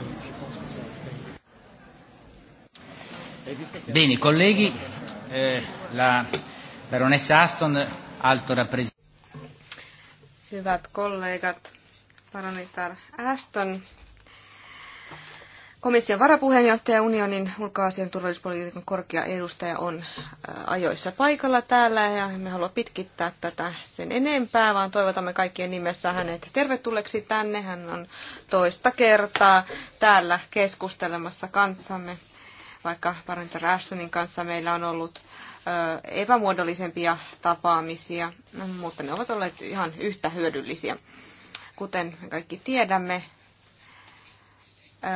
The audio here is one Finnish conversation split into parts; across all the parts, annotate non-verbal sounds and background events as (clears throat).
je pense que ça Bene, colleghi, eh, la baronessa Aston, alto rappresentante. Hyvät kollegat, paranitar Aston, Komission varapuheenjohtaja unionin ulkoasian turvallisuuspolitiikan korkea edustaja on äh, ajoissa paikalla täällä ja me halua pitkittää tätä sen enempää, vaan toivotamme kaikkien nimessä hänet tervetulleeksi tänne. Hän on toista kertaa täällä keskustelemassa kanssamme, vaikka Baronter Ashtonin kanssa meillä on ollut äh, epämuodollisempia tapaamisia, mutta ne ovat olleet ihan yhtä hyödyllisiä. Kuten kaikki tiedämme,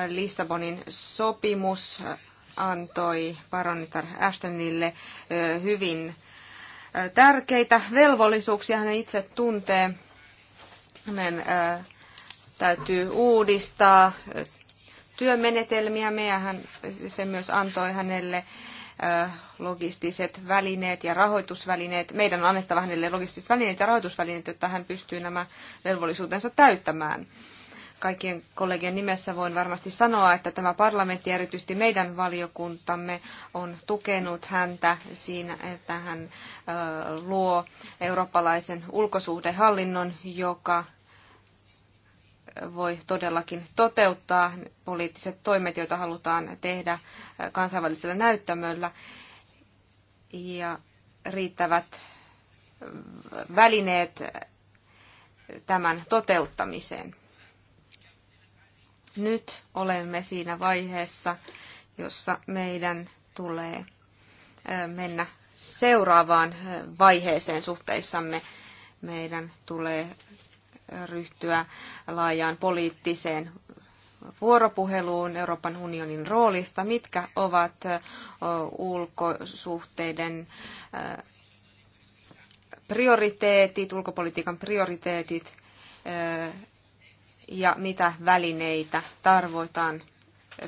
Lissabonin sopimus antoi paronitar Ashtonille hyvin tärkeitä velvollisuuksia. Hän itse tuntee, hänen täytyy uudistaa työmenetelmiä. Meidän se myös antoi hänelle logistiset välineet ja rahoitusvälineet. Meidän on annettava hänelle logistiset välineet ja rahoitusvälineet, jotta hän pystyy nämä velvollisuutensa täyttämään kaikkien kollegien nimessä voin varmasti sanoa, että tämä parlamentti ja erityisesti meidän valiokuntamme on tukenut häntä siinä, että hän luo eurooppalaisen ulkosuhdehallinnon, joka voi todellakin toteuttaa poliittiset toimet, joita halutaan tehdä kansainvälisellä näyttämöllä ja riittävät välineet tämän toteuttamiseen. Nyt olemme siinä vaiheessa, jossa meidän tulee mennä seuraavaan vaiheeseen suhteissamme. Meidän tulee ryhtyä laajaan poliittiseen vuoropuheluun Euroopan unionin roolista. Mitkä ovat ulkosuhteiden prioriteetit, ulkopolitiikan prioriteetit ja mitä välineitä tarvitaan,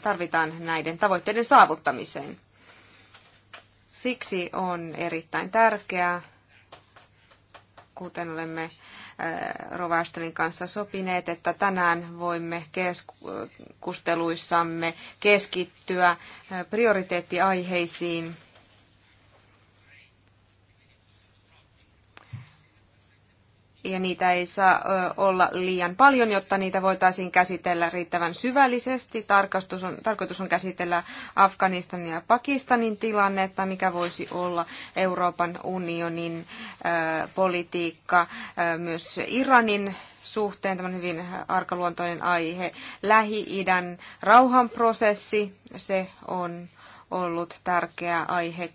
tarvitaan näiden tavoitteiden saavuttamiseen. Siksi on erittäin tärkeää, kuten olemme äh, Rovastelin kanssa sopineet, että tänään voimme keskusteluissamme keskittyä äh, prioriteettiaiheisiin, ja niitä ei saa olla liian paljon, jotta niitä voitaisiin käsitellä riittävän syvällisesti. Tarkastus on, tarkoitus on käsitellä Afganistanin ja Pakistanin tilannetta, mikä voisi olla Euroopan unionin politiikka myös Iranin suhteen, tämä on hyvin arkaluontoinen aihe. Lähi-idän rauhanprosessi, se on ollut tärkeä aihe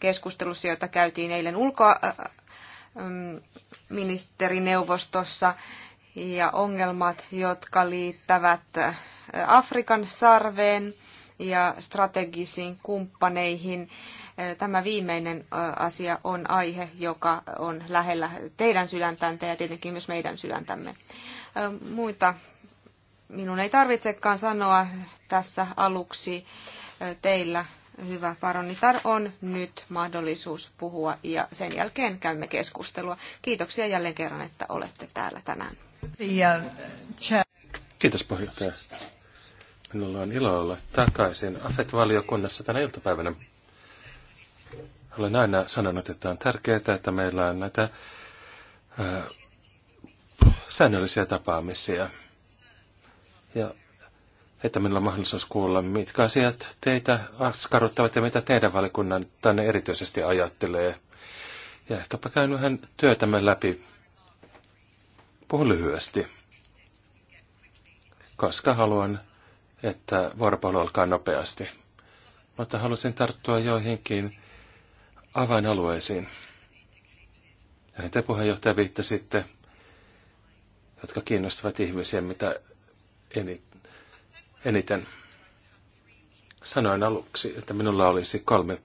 keskustelussa, jota käytiin eilen ulkoa ministerineuvostossa ja ongelmat, jotka liittävät äh, Afrikan sarveen ja strategisiin kumppaneihin. Äh, tämä viimeinen asia on aihe, joka on lähellä teidän sydäntäntä ja tietenkin myös meidän sydäntämme. Äh, muita minun ei tarvitsekaan sanoa tässä aluksi teillä Hyvä paronitar on nyt mahdollisuus puhua ja sen jälkeen käymme keskustelua. Kiitoksia jälleen kerran, että olette täällä tänään. Kiitos puheenjohtaja. Minulla on ilo olla takaisin AFET-valiokunnassa tänä iltapäivänä. Olen aina sanonut, että on tärkeää, että meillä on näitä äh, säännöllisiä tapaamisia. Ja että minulla on mahdollisuus kuulla, mitkä asiat teitä askarruttavat ja mitä teidän valikunnan tänne erityisesti ajattelee. Ja ehkäpä käyn vähän työtämme läpi. Puhun lyhyesti, koska haluan, että vuoropuhelu alkaa nopeasti. Mutta halusin tarttua joihinkin avainalueisiin, Ja te puheenjohtaja viittasitte, jotka kiinnostavat ihmisiä mitä eniten eniten. Sanoin aluksi, että minulla olisi kolme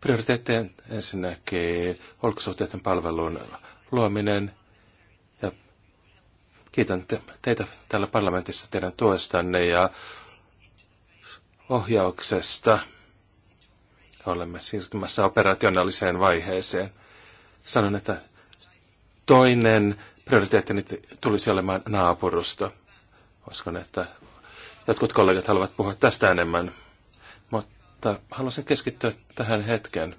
prioriteetteja. Ensinnäkin olkosuhteiden palvelun luominen. Ja kiitän te, teitä täällä parlamentissa teidän tuestanne ja ohjauksesta. Olemme siirtymässä operationaaliseen vaiheeseen. Sanon, että toinen prioriteettini tulisi olemaan naapurusto. Uskon, että Jotkut kollegat haluavat puhua tästä enemmän, mutta haluaisin keskittyä tähän hetken.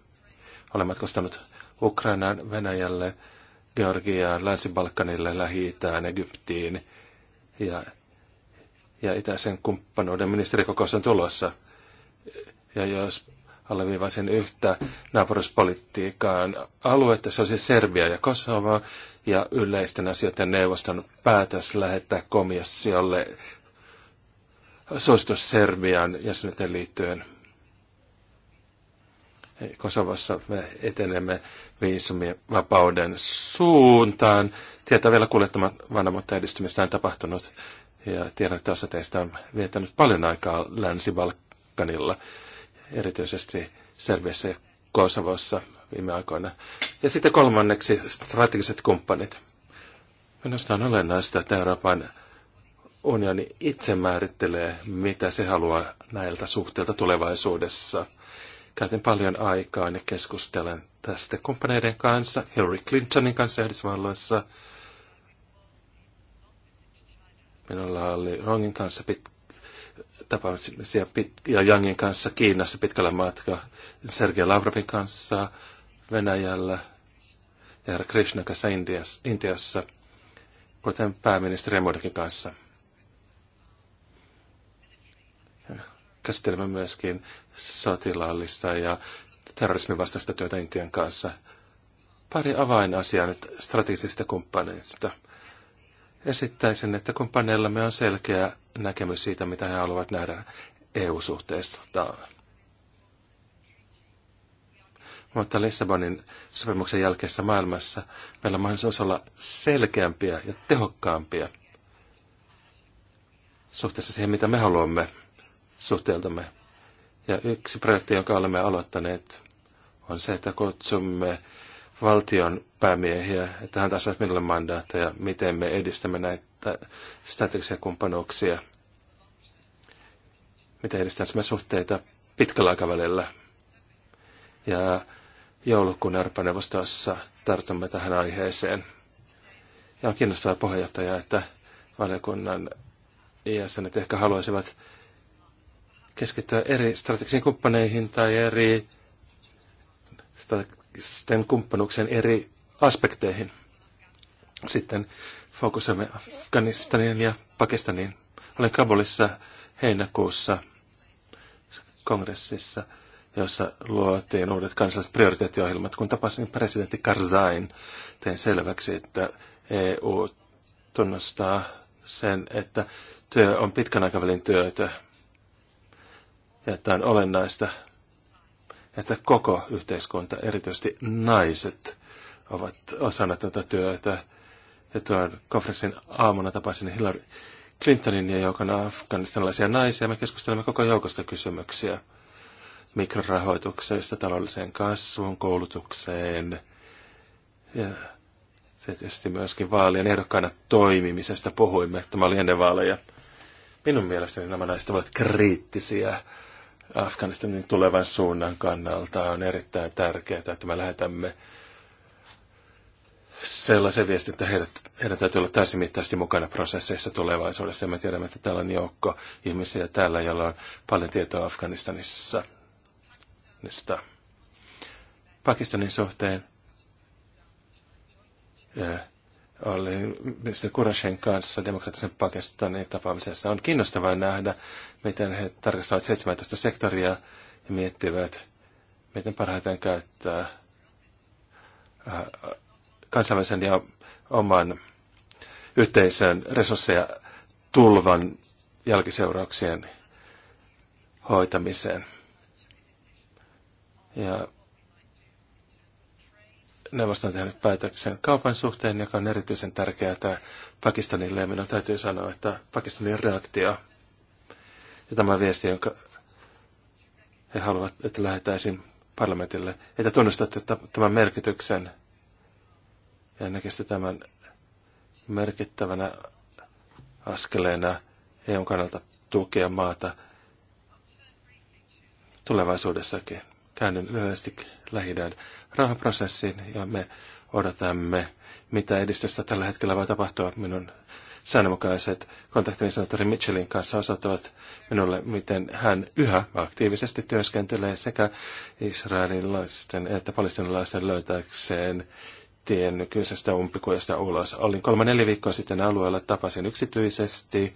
Olen matkustanut Ukrainaan, Venäjälle, Georgiaan, Länsi-Balkanille, Lähi-Itään, Egyptiin ja, ja itäisen kumppanuuden ministerikokous on tulossa. Ja jos alleviivaisin yhtä naapuruspolitiikan aluetta, se olisi Serbia ja Kosovo, ja yleisten asioiden neuvoston päätös lähettää komissiolle suositus Serbian jäsenyyteen liittyen. Kosovassa me etenemme viisumivapauden suuntaan. Tietää vielä kuljettamana, mutta edistymistä on tapahtunut. Ja tiedän, että osa teistä on viettänyt paljon aikaa Länsi-Balkanilla, erityisesti Serbiassa ja Kosovossa viime aikoina. Ja sitten kolmanneksi strategiset kumppanit. Minusta on olennaista, että Euroopan unioni itse määrittelee, mitä se haluaa näiltä suhteilta tulevaisuudessa. Käytin paljon aikaa ja keskustelen tästä kumppaneiden kanssa, Hillary Clintonin kanssa Yhdysvalloissa. Minulla oli Rongin kanssa pit, tapaamisia pit, ja Yangin kanssa Kiinassa pitkällä matka, Sergei Lavrovin kanssa Venäjällä ja Krishna kanssa Intiassa, kuten pääministeri ja kanssa. Käsittelemme myöskin sotilaallista ja terrorismin vastaista työtä Intian kanssa. Pari avainasiaa nyt strategisista kumppaneista. Esittäisin, että kumppaneillamme on selkeä näkemys siitä, mitä he haluavat nähdä EU-suhteesta. Mutta Lissabonin sopimuksen jälkeisessä maailmassa meillä on mahdollisuus olla selkeämpiä ja tehokkaampia suhteessa siihen, mitä me haluamme – suhteeltamme. Ja yksi projekti, jonka olemme aloittaneet, on se, että kutsumme valtion päämiehiä, että hän taas minulle mandaatteja, miten me edistämme näitä strategisia kumppanuuksia. Miten edistämme suhteita pitkällä aikavälillä. Ja joulukuun Euroopan neuvostossa tartumme tähän aiheeseen. Ja on kiinnostavaa puheenjohtaja, että valiokunnan jäsenet ehkä haluaisivat keskittyä eri strategisiin kumppaneihin tai eri strategisten kumppanuksen eri aspekteihin. Sitten fokusoimme Afganistaniin ja Pakistaniin. Olen Kabulissa heinäkuussa kongressissa, jossa luotiin uudet kansalliset prioriteettiohjelmat. Kun tapasin presidentti Karzain, tein selväksi, että EU tunnustaa sen, että työ on pitkän aikavälin työtä ja että on olennaista, että koko yhteiskunta, erityisesti naiset, ovat osana tätä työtä. Ja tuon konferenssin aamuna tapasin Hillary Clintonin ja joukon afganistanilaisia naisia. Me keskustelemme koko joukosta kysymyksiä mikrorahoituksesta, taloudelliseen kasvuun, koulutukseen ja tietysti myöskin vaalien ehdokkaana toimimisesta puhuimme. Tämä oli ennen vaaleja. Minun mielestäni nämä naiset ovat kriittisiä Afganistanin tulevan suunnan kannalta on erittäin tärkeää, että me lähetämme sellaisen viestin, että heidät, heidän täytyy olla mittaisesti mukana prosesseissa tulevaisuudessa. Ja me tiedämme, että täällä on joukko ihmisiä täällä, joilla on paljon tietoa Afganistanissa. Nista. Pakistanin suhteen eh, oli ministeri Kurashen kanssa demokraattisen Pakistanin tapaamisessa. On kiinnostavaa nähdä, miten he tarkastavat 17 sektoria ja miettivät, miten parhaiten käyttää äh, kansainvälisen ja oman yhteisön resursseja tulvan jälkiseurauksien hoitamiseen. Ja neuvosto on tehnyt päätöksen kaupan suhteen, joka on erityisen tärkeää Pakistanille. Ja minun täytyy sanoa, että Pakistanin reaktio ja tämä viesti, jonka he haluavat, että lähetäisiin parlamentille, että tunnustatte tämän merkityksen ja näkisitte tämän merkittävänä askeleena EUn kannalta tukea maata tulevaisuudessakin. Käyn lyhyesti lähi rahaprosessiin ja me odotamme, mitä edistystä tällä hetkellä voi tapahtua. Minun säännönmukaiset kontaktini senaattori Mitchellin kanssa osoittavat minulle, miten hän yhä aktiivisesti työskentelee sekä israelilaisten että palestinalaisten löytääkseen tien nykyisestä umpikujasta ulos. Olin kolme neljä viikkoa sitten alueella, tapasin yksityisesti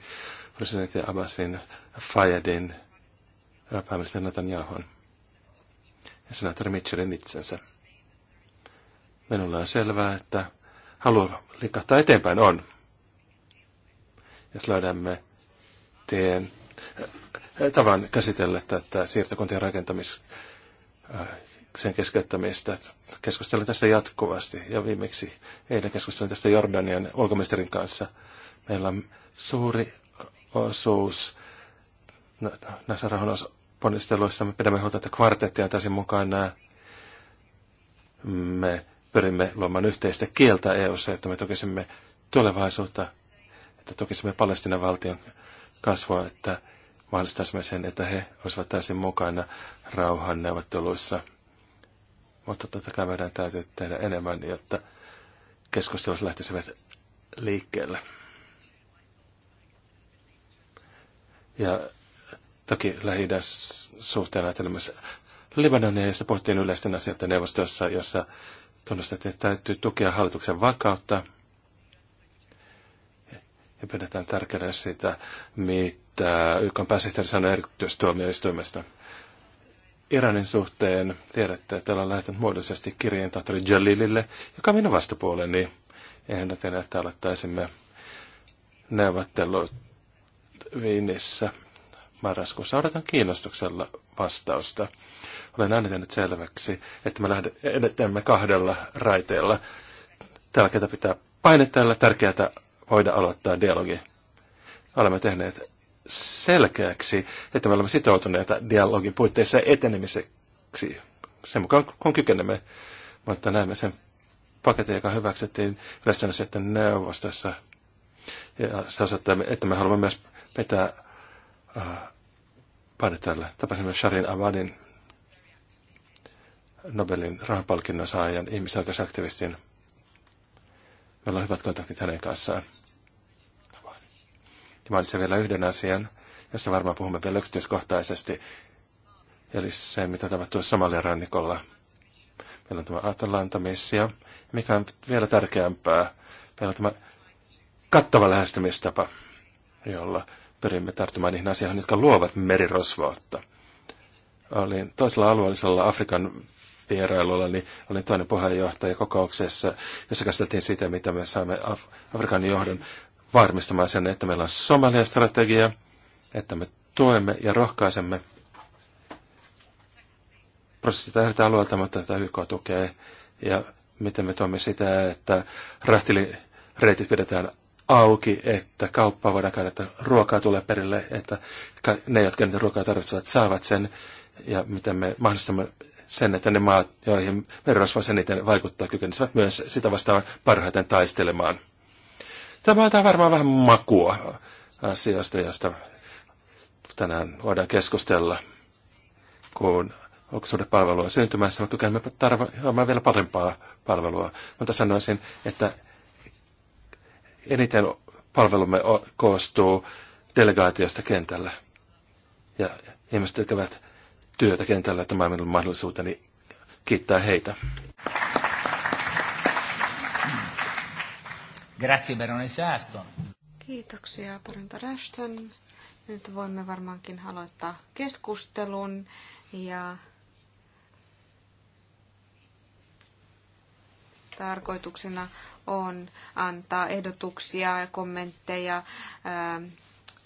presidentti Abbasin Fayadin pääministeri Netanjahon ja senaattori Mitchellin itsensä. Minulla on selvää, että halua liikahtaa eteenpäin on. Jos löydämme teen, äh, tavan käsitellä tätä siirtokuntien rakentamisen äh, keskeyttämistä. keskustelen tästä jatkuvasti ja viimeksi eilen keskustelin tästä Jordanian ulkoministerin kanssa. Meillä on suuri osuus näissä rahoissa ponnisteluissa me pidämme huolta, että kvartetti ja täysin nämä Me pyrimme luomaan yhteistä kieltä EU:ssa, että me tukisimme tulevaisuutta, että tukisimme Palestinan valtion kasvua, että mahdollistaisimme sen, että he olisivat täysin mukana rauhan neuvotteluissa. Mutta totta kai meidän täytyy tehdä enemmän, jotta keskustelut lähtisivät liikkeelle. Ja Toki lähi suhteen Libanonia, josta puhuttiin yleisten asioiden neuvostossa, jossa tunnustettiin, että täytyy tukea hallituksen vakautta ja pidetään tärkeänä sitä, mitä YK pääsihteeri sanoi erityistuomioistuimesta. Iranin suhteen tiedätte, että olen lähettänyt muodollisesti kirjeen tohtori Jalilille, joka on minun vastapuoleni. Ehdotin, että aloittaisimme neuvottelut Viinissä marraskuussa. Odotan kiinnostuksella vastausta. Olen äänitänyt tehnyt selväksi, että me lähdemme kahdella raiteella. tällä ketä pitää painetella, tärkeää voida aloittaa dialogi. Olemme tehneet selkeäksi, että me olemme sitoutuneita dialogin puitteissa etenemiseksi. Sen mukaan kun kykenemme, mutta näemme sen paketin, joka hyväksyttiin yleensä sitten neuvostossa. Ja se osoittaa, että me haluamme myös pitää Äh, Paaditalla. Tapasimme Sharin Avadin, Nobelin rahapalkinnon saajan ihmisoikeusaktivistin. Meillä on hyvät kontaktit hänen kanssaan. Ja mainitsen vielä yhden asian, josta varmaan puhumme vielä yksityiskohtaisesti, eli se, mitä tapahtuu Somalian rannikolla. Meillä on tämä Atalanta-missio. Mikä on vielä tärkeämpää, meillä on tämä kattava lähestymistapa, jolla pyrimme tarttumaan niihin asioihin, jotka luovat merirosvoutta. Olin toisella alueellisella Afrikan vierailulla, niin olin toinen puheenjohtaja kokouksessa, jossa käsiteltiin sitä, mitä me saamme Af- Afrikan johdon varmistamaan sen, että meillä on Somalia-strategia, että me tuemme ja rohkaisemme prosessit eri alueelta, mutta tätä YK tukee. Ja miten me tuomme sitä, että rahtilireitit pidetään auki, että kauppaa voidaan käydä, että ruokaa tulee perille, että ne, jotka niitä ruokaa tarvitsevat, saavat sen, ja miten me mahdollistamme sen, että ne maat, joihin merirosvaus eniten vaikuttaa, kykenisivät myös sitä vastaan parhaiten taistelemaan. Tämä antaa varmaan vähän makua asiasta, josta tänään voidaan keskustella, kun palvelua syntymässä, me kykenemme tarvitsemaan vielä parempaa palvelua. Mutta sanoisin, että eniten palvelumme koostuu delegaatiosta kentällä. Ja ihmiset tekevät työtä kentällä, että mä mahdollisuuteni kiittää heitä. Grazie, Baronessa Aston. Kiitoksia, Baronta Rashton. Nyt voimme varmaankin aloittaa keskustelun ja tarkoituksena on antaa ehdotuksia ja kommentteja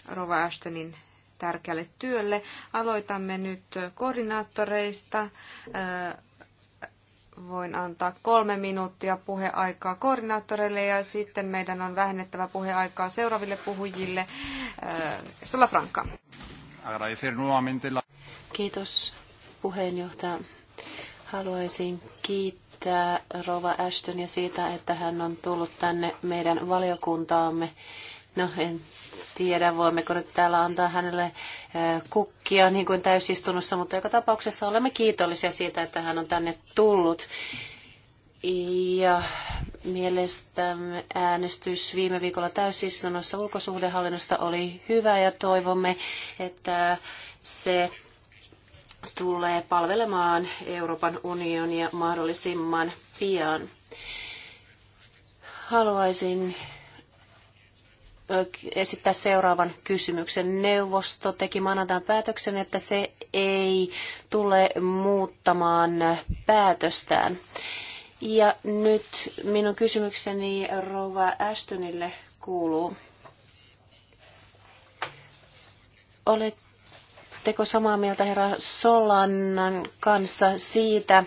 Rova Ashtonin tärkeälle työlle. Aloitamme nyt koordinaattoreista. Voin antaa kolme minuuttia puheaikaa koordinaattoreille ja sitten meidän on vähennettävä puheaikaa seuraaville puhujille. Sala Franka. Kiitos puheenjohtaja. Haluaisin kiittää kiittää Rova Ashtonia siitä, että hän on tullut tänne meidän valiokuntaamme. No en tiedä, voimmeko nyt täällä antaa hänelle kukkia niin kuin täysistunnossa, mutta joka tapauksessa olemme kiitollisia siitä, että hän on tänne tullut. Ja mielestämme äänestys viime viikolla täysistunnossa ulkosuhdehallinnosta oli hyvä ja toivomme, että se tulee palvelemaan Euroopan unionia mahdollisimman pian. Haluaisin esittää seuraavan kysymyksen. Neuvosto teki maanantain päätöksen, että se ei tule muuttamaan päätöstään. Ja nyt minun kysymykseni Rova Ashtonille kuuluu. Olet Oletteko samaa mieltä herra Solannan kanssa siitä,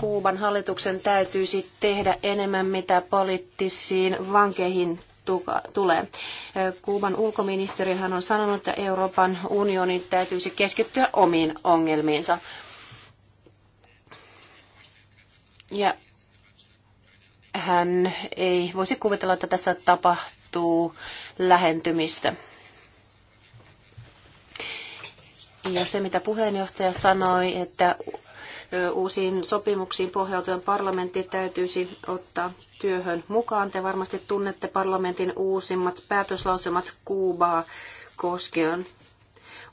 Kuuban hallituksen täytyisi tehdä enemmän, mitä poliittisiin vankeihin tulee. Kuuban ulkoministerihän on sanonut, että Euroopan unionin täytyisi keskittyä omiin ongelmiinsa. Ja hän ei voisi kuvitella, että tässä tapahtuu lähentymistä. Ja se, mitä puheenjohtaja sanoi, että uusiin sopimuksiin pohjautuen parlamentti täytyisi ottaa työhön mukaan. Te varmasti tunnette parlamentin uusimmat päätöslausemat Kuubaa koskien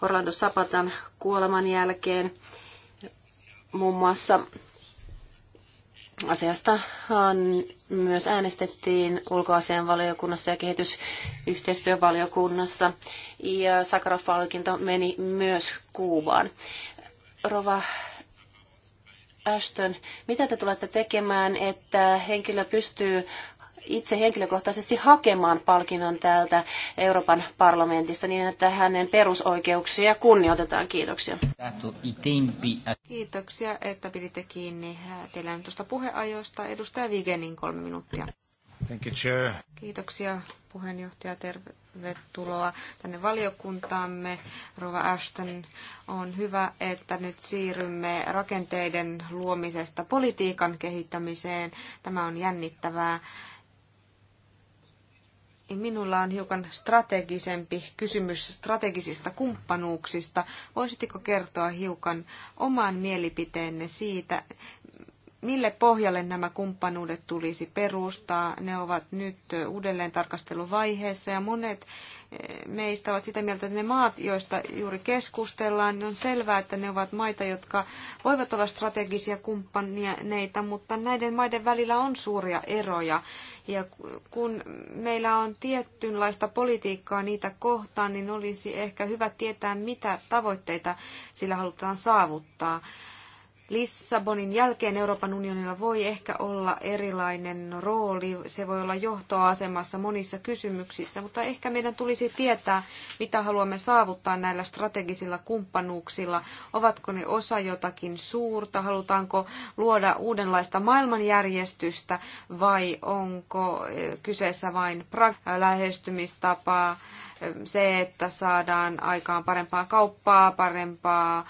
Orlando Sapatan kuoleman jälkeen muun muassa asiasta myös äänestettiin ulkoasianvaliokunnassa ja kehitysyhteistyövaliokunnassa ja sakharov palkinto meni myös Kuubaan. Rova Ashton, mitä te tulette tekemään, että henkilö pystyy itse henkilökohtaisesti hakemaan palkinnon täältä Euroopan parlamentista niin, että hänen perusoikeuksia kunnioitetaan. Kiitoksia. Kiitoksia, että piditte kiinni teillä nyt tuosta puheajoista. Edustaja Vigenin kolme minuuttia. Thank you, chair. Kiitoksia puheenjohtaja. Terve tervetuloa tänne valiokuntaamme. Rova Ashton, on hyvä, että nyt siirrymme rakenteiden luomisesta politiikan kehittämiseen. Tämä on jännittävää. Minulla on hiukan strategisempi kysymys strategisista kumppanuuksista. Voisitteko kertoa hiukan oman mielipiteenne siitä, mille pohjalle nämä kumppanuudet tulisi perustaa. Ne ovat nyt uudelleen tarkasteluvaiheessa ja monet eh, meistä ovat sitä mieltä, että ne maat, joista juuri keskustellaan, on selvää, että ne ovat maita, jotka voivat olla strategisia kumppaneita, mutta näiden maiden välillä on suuria eroja. Ja kun meillä on tietynlaista politiikkaa niitä kohtaan, niin olisi ehkä hyvä tietää, mitä tavoitteita sillä halutaan saavuttaa. Lissabonin jälkeen Euroopan unionilla voi ehkä olla erilainen rooli. Se voi olla johtoasemassa monissa kysymyksissä, mutta ehkä meidän tulisi tietää, mitä haluamme saavuttaa näillä strategisilla kumppanuuksilla. Ovatko ne osa jotakin suurta? Halutaanko luoda uudenlaista maailmanjärjestystä vai onko eh, kyseessä vain pra- lähestymistapaa? se, että saadaan aikaan parempaa kauppaa, parempaa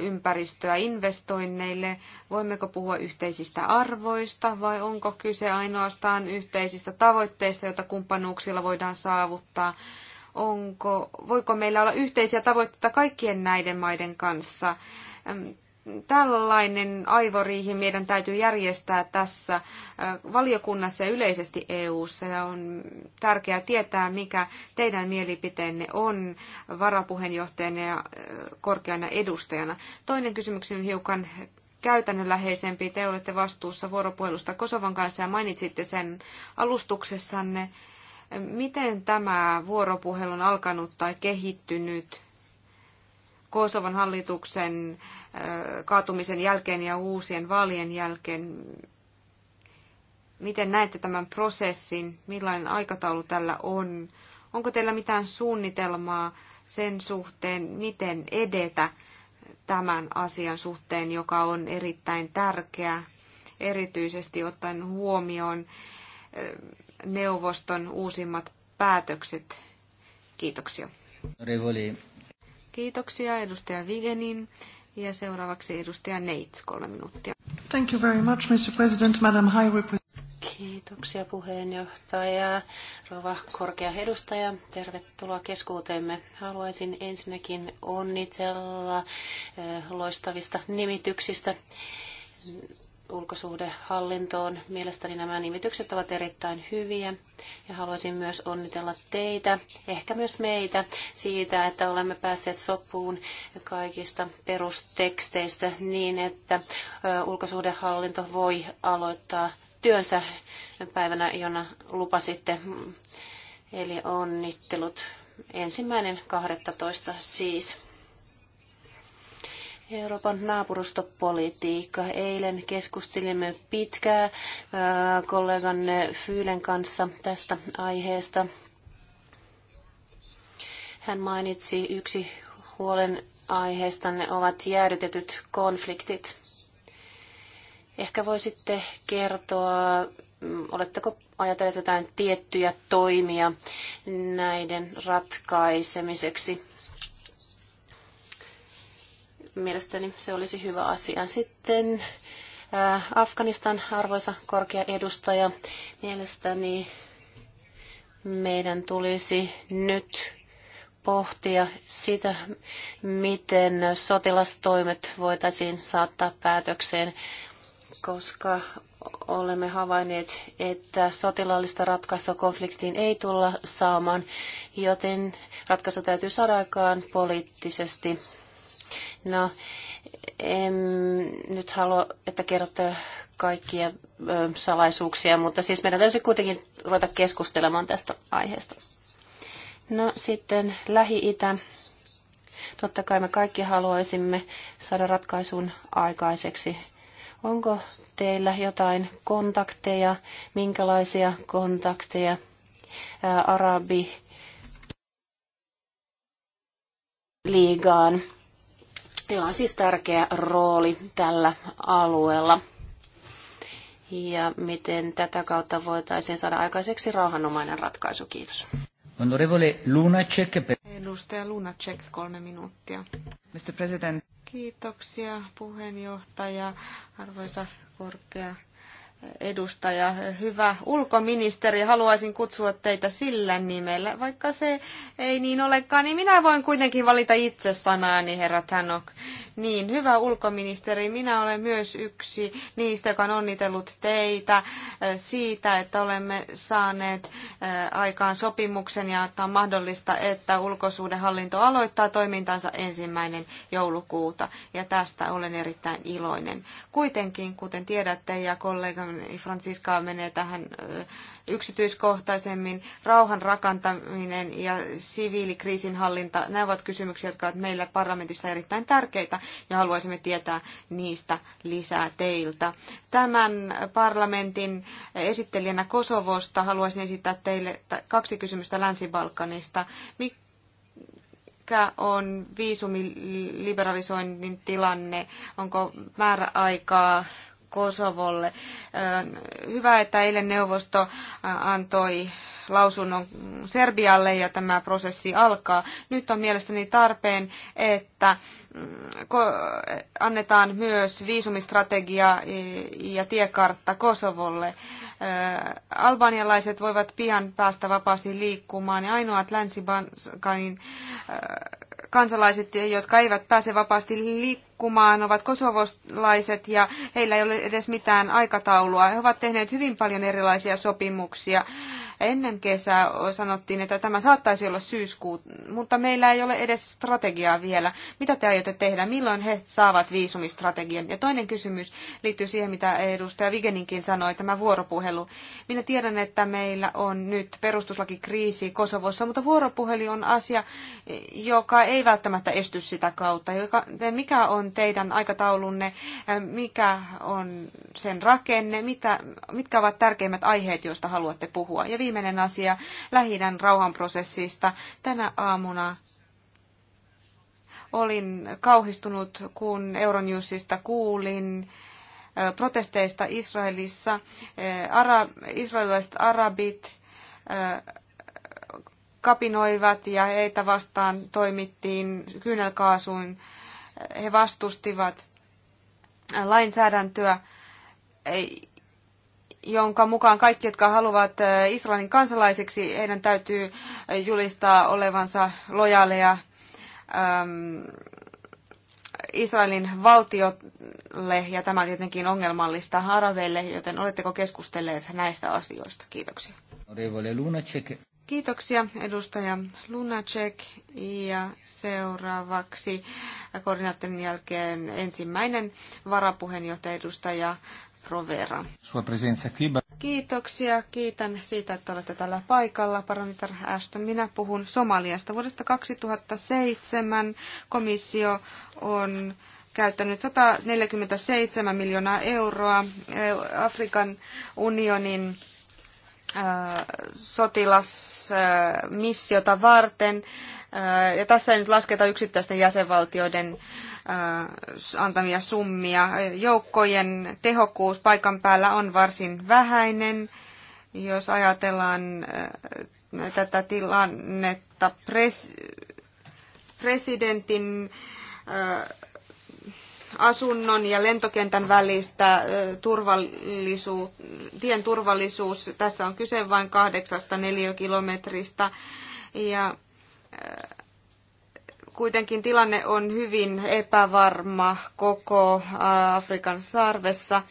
ympäristöä investoinneille? Voimmeko puhua yhteisistä arvoista vai onko kyse ainoastaan yhteisistä tavoitteista, joita kumppanuuksilla voidaan saavuttaa? Onko, voiko meillä olla yhteisiä tavoitteita kaikkien näiden maiden kanssa? tällainen aivoriihi meidän täytyy järjestää tässä valiokunnassa ja yleisesti EU:ssa ja on tärkeää tietää, mikä teidän mielipiteenne on varapuheenjohtajana ja korkeana edustajana. Toinen kysymykseni on hiukan käytännönläheisempi. Te olette vastuussa vuoropuhelusta Kosovan kanssa ja mainitsitte sen alustuksessanne. Miten tämä vuoropuhelu on alkanut tai kehittynyt? Kosovon hallituksen kaatumisen jälkeen ja uusien vaalien jälkeen. Miten näette tämän prosessin? Millainen aikataulu tällä on? Onko teillä mitään suunnitelmaa sen suhteen, miten edetä tämän asian suhteen, joka on erittäin tärkeä, erityisesti ottaen huomioon neuvoston uusimmat päätökset? Kiitoksia. Kiitoksia edustaja Vigenin ja seuraavaksi edustaja Neits, kolme minuuttia. Thank you very much, Mr. President, Madam High Representative. Kiitoksia puheenjohtaja, rouva korkea edustaja. Tervetuloa keskuuteemme. Haluaisin ensinnäkin onnitella eh, loistavista nimityksistä ulkosuhdehallintoon. Mielestäni nämä nimitykset ovat erittäin hyviä ja haluaisin myös onnitella teitä, ehkä myös meitä, siitä, että olemme päässeet sopuun kaikista perusteksteistä niin, että ulkosuhdehallinto voi aloittaa työnsä päivänä, jona lupasitte. Eli onnittelut ensimmäinen 12. siis. Euroopan naapurustopolitiikka. Eilen keskustelimme pitkään äh, kolleganne Fyylen kanssa tästä aiheesta. Hän mainitsi yksi huolen ne ovat jäädytetyt konfliktit. Ehkä voisitte kertoa, mm, oletteko ajatelleet jotain tiettyjä toimia näiden ratkaisemiseksi? mielestäni se olisi hyvä asia. Sitten äh, Afganistan, arvoisa korkea edustaja, mielestäni meidän tulisi nyt pohtia sitä, miten sotilastoimet voitaisiin saattaa päätökseen, koska olemme havainneet, että sotilaallista ratkaisua konfliktiin ei tulla saamaan, joten ratkaisu täytyy saada aikaan poliittisesti. No, en nyt halua, että kerrotte kaikkia salaisuuksia, mutta siis meidän täytyy kuitenkin ruveta keskustelemaan tästä aiheesta. No sitten Lähi-Itä. Totta kai me kaikki haluaisimme saada ratkaisun aikaiseksi. Onko teillä jotain kontakteja, minkälaisia kontakteja? Ää, arabi liigaan Niillä on siis tärkeä rooli tällä alueella. Ja miten tätä kautta voitaisiin saada aikaiseksi rauhanomainen ratkaisu. Kiitos. Onorevole Lunacek. Edustaja Lunacek, kolme minuuttia. Mr. President. Kiitoksia puheenjohtaja, arvoisa korkea edustaja, hyvä ulkoministeri, haluaisin kutsua teitä sillä nimellä, vaikka se ei niin olekaan, niin minä voin kuitenkin valita itse sanaani, herra Tanok. Niin, hyvä ulkoministeri, minä olen myös yksi niistä, joka on onnitellut teitä äh, siitä, että olemme saaneet äh, aikaan sopimuksen ja että on mahdollista, että ulkosuudenhallinto aloittaa toimintansa ensimmäinen joulukuuta. Ja tästä olen erittäin iloinen. Kuitenkin, kuten tiedätte ja kollegani Francisca menee tähän äh, yksityiskohtaisemmin. Rauhan rakentaminen ja siviilikriisinhallinta, nämä ovat kysymyksiä, jotka ovat meillä parlamentissa erittäin tärkeitä ja haluaisimme tietää niistä lisää teiltä. Tämän parlamentin esittelijänä Kosovosta haluaisin esittää teille kaksi kysymystä Länsi-Balkanista. mikä on viisumiliberalisoinnin tilanne? Onko määräaikaa Kosovolle. Ähm, hyvä, että eilen neuvosto äh, antoi lausunnon Serbialle ja tämä prosessi alkaa. Nyt on mielestäni tarpeen, että mm, annetaan myös viisumistrategia e, ja tiekartta Kosovolle. Äh, albanialaiset voivat pian päästä vapaasti liikkumaan ja ainoat länsi kansalaiset, jotka eivät pääse vapaasti liikkumaan, ovat kosovolaiset ja heillä ei ole edes mitään aikataulua. He ovat tehneet hyvin paljon erilaisia sopimuksia Ennen kesää sanottiin, että tämä saattaisi olla syyskuu, mutta meillä ei ole edes strategiaa vielä. Mitä te aiotte tehdä? Milloin he saavat viisumistrategian? Ja toinen kysymys liittyy siihen, mitä edustaja Vigeninkin sanoi, tämä vuoropuhelu. Minä tiedän, että meillä on nyt perustuslakikriisi Kosovossa, mutta vuoropuhelu on asia, joka ei välttämättä esty sitä kautta. Mikä on teidän aikataulunne? Mikä on sen rakenne? Mitä, mitkä ovat tärkeimmät aiheet, joista haluatte puhua? Ja viime viimeinen asia lähi rauhanprosessista. Tänä aamuna olin kauhistunut, kun Euronewsista kuulin protesteista Israelissa. Ara, israelilaiset arabit kapinoivat ja heitä vastaan toimittiin kyynelkaasuin. He vastustivat lainsäädäntöä. Ei, jonka mukaan kaikki, jotka haluavat Israelin kansalaisiksi, heidän täytyy julistaa olevansa lojaaleja ähm, Israelin valtiolle, ja tämä on tietenkin ongelmallista haraveille, joten oletteko keskustelleet näistä asioista? Kiitoksia. Kiitoksia edustaja Lunacek ja seuraavaksi koordinaattorin jälkeen ensimmäinen varapuheenjohtaja edustaja Rovera. Sua presenza qui. Kiitoksia. Kiitän siitä, että olette tällä paikalla. Paronitar Ashton, minä puhun Somaliasta. Vuodesta 2007 komissio on käyttänyt 147 miljoonaa euroa eh, Afrikan unionin eh, sotilasmissiota varten. Eh, ja tässä ei nyt lasketa yksittäisten jäsenvaltioiden antamia summia. Joukkojen tehokkuus paikan päällä on varsin vähäinen. Jos ajatellaan tätä tilannetta pres, presidentin asunnon ja lentokentän välistä turvallisuus, tien turvallisuus. Tässä on kyse vain kahdeksasta neliökilometristä. Ja Kuitenkin tilanne on hyvin epävarma koko Afrikan sarvessa.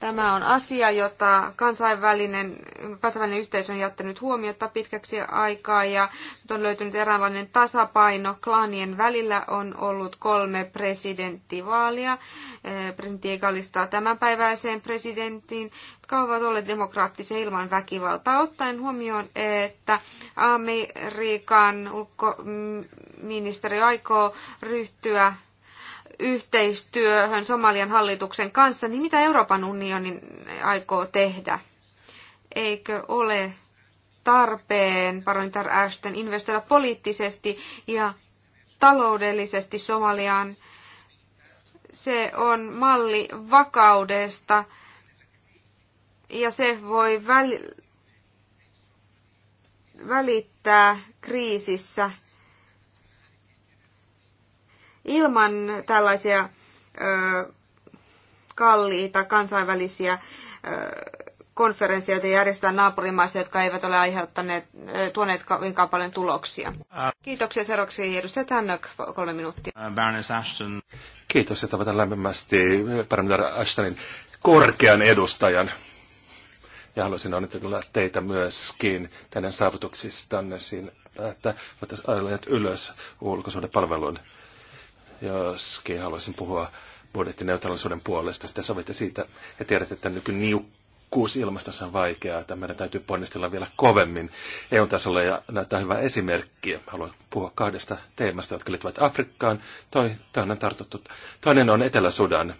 Tämä on asia, jota kansainvälinen, kansainvälinen yhteisö on jättänyt huomiota pitkäksi aikaa ja nyt on löytynyt eräänlainen tasapaino. Klaanien välillä on ollut kolme presidenttivaalia. Eh, presidentti Egalista tämänpäiväiseen presidenttiin, jotka ovat olleet demokraattisia ilman väkivaltaa, ottaen huomioon, että Amerikan ulkoministeri aikoo ryhtyä yhteistyöhön Somalian hallituksen kanssa, niin mitä Euroopan unionin aikoo tehdä? Eikö ole tarpeen parlamentar Ashton investoida poliittisesti ja taloudellisesti Somaliaan? Se on malli vakaudesta ja se voi välittää kriisissä ilman tällaisia kalliita kansainvälisiä konferensseja, joita järjestetään naapurimaissa, jotka eivät ole aiheuttaneet, tuoneet kovinkaan paljon tuloksia. Uh, Kiitoksia seuraavaksi edustaja Tännök, kolme minuuttia. Uh, Ashton. Kiitos, että tavataan lämpimästi Baroness Ashtonin korkean edustajan. Ja haluaisin onnitella teitä myöskin teidän saavutuksistanne siinä, että olette ylös ulkosuuden palveluun joskin haluaisin puhua budjettineutraalisuuden puolesta. Sitten sovitte siitä ja tiedätte, että nykyniukkuus ilmastossa on vaikeaa, että meidän täytyy ponnistella vielä kovemmin EU-tasolla ja näyttää hyvää esimerkkiä. Haluan puhua kahdesta teemasta, jotka liittyvät Afrikkaan. Toi, toinen, tartuttu, toinen on Etelä-Sudan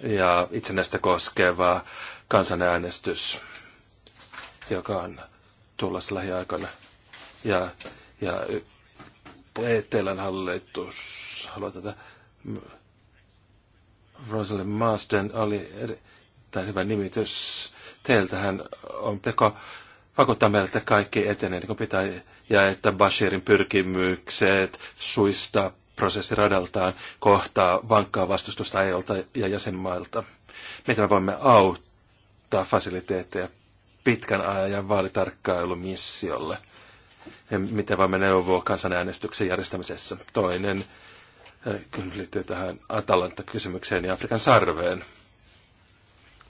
ja itsenäistä koskeva kansanäänestys, joka on tullut lähiaikoina. Ja, ja Etelän hallitus haluaa tätä. Rosalind Marsden oli erittäin hyvä nimitys. Teiltähän on teko pakottaa meille, että kaikki etenee niin kuin pitää, ja että Bashirin pyrkimykset suista prosessiradaltaan kohtaa vankkaa vastustusta EUlta ja jäsenmailta. Miten me voimme auttaa fasiliteetteja pitkän ajan vaalitarkkailumissiolle? missiolle? Mitä miten voimme neuvoa kansanäänestyksen järjestämisessä. Toinen eh, liittyy tähän Atalanta-kysymykseen ja Afrikan sarveen.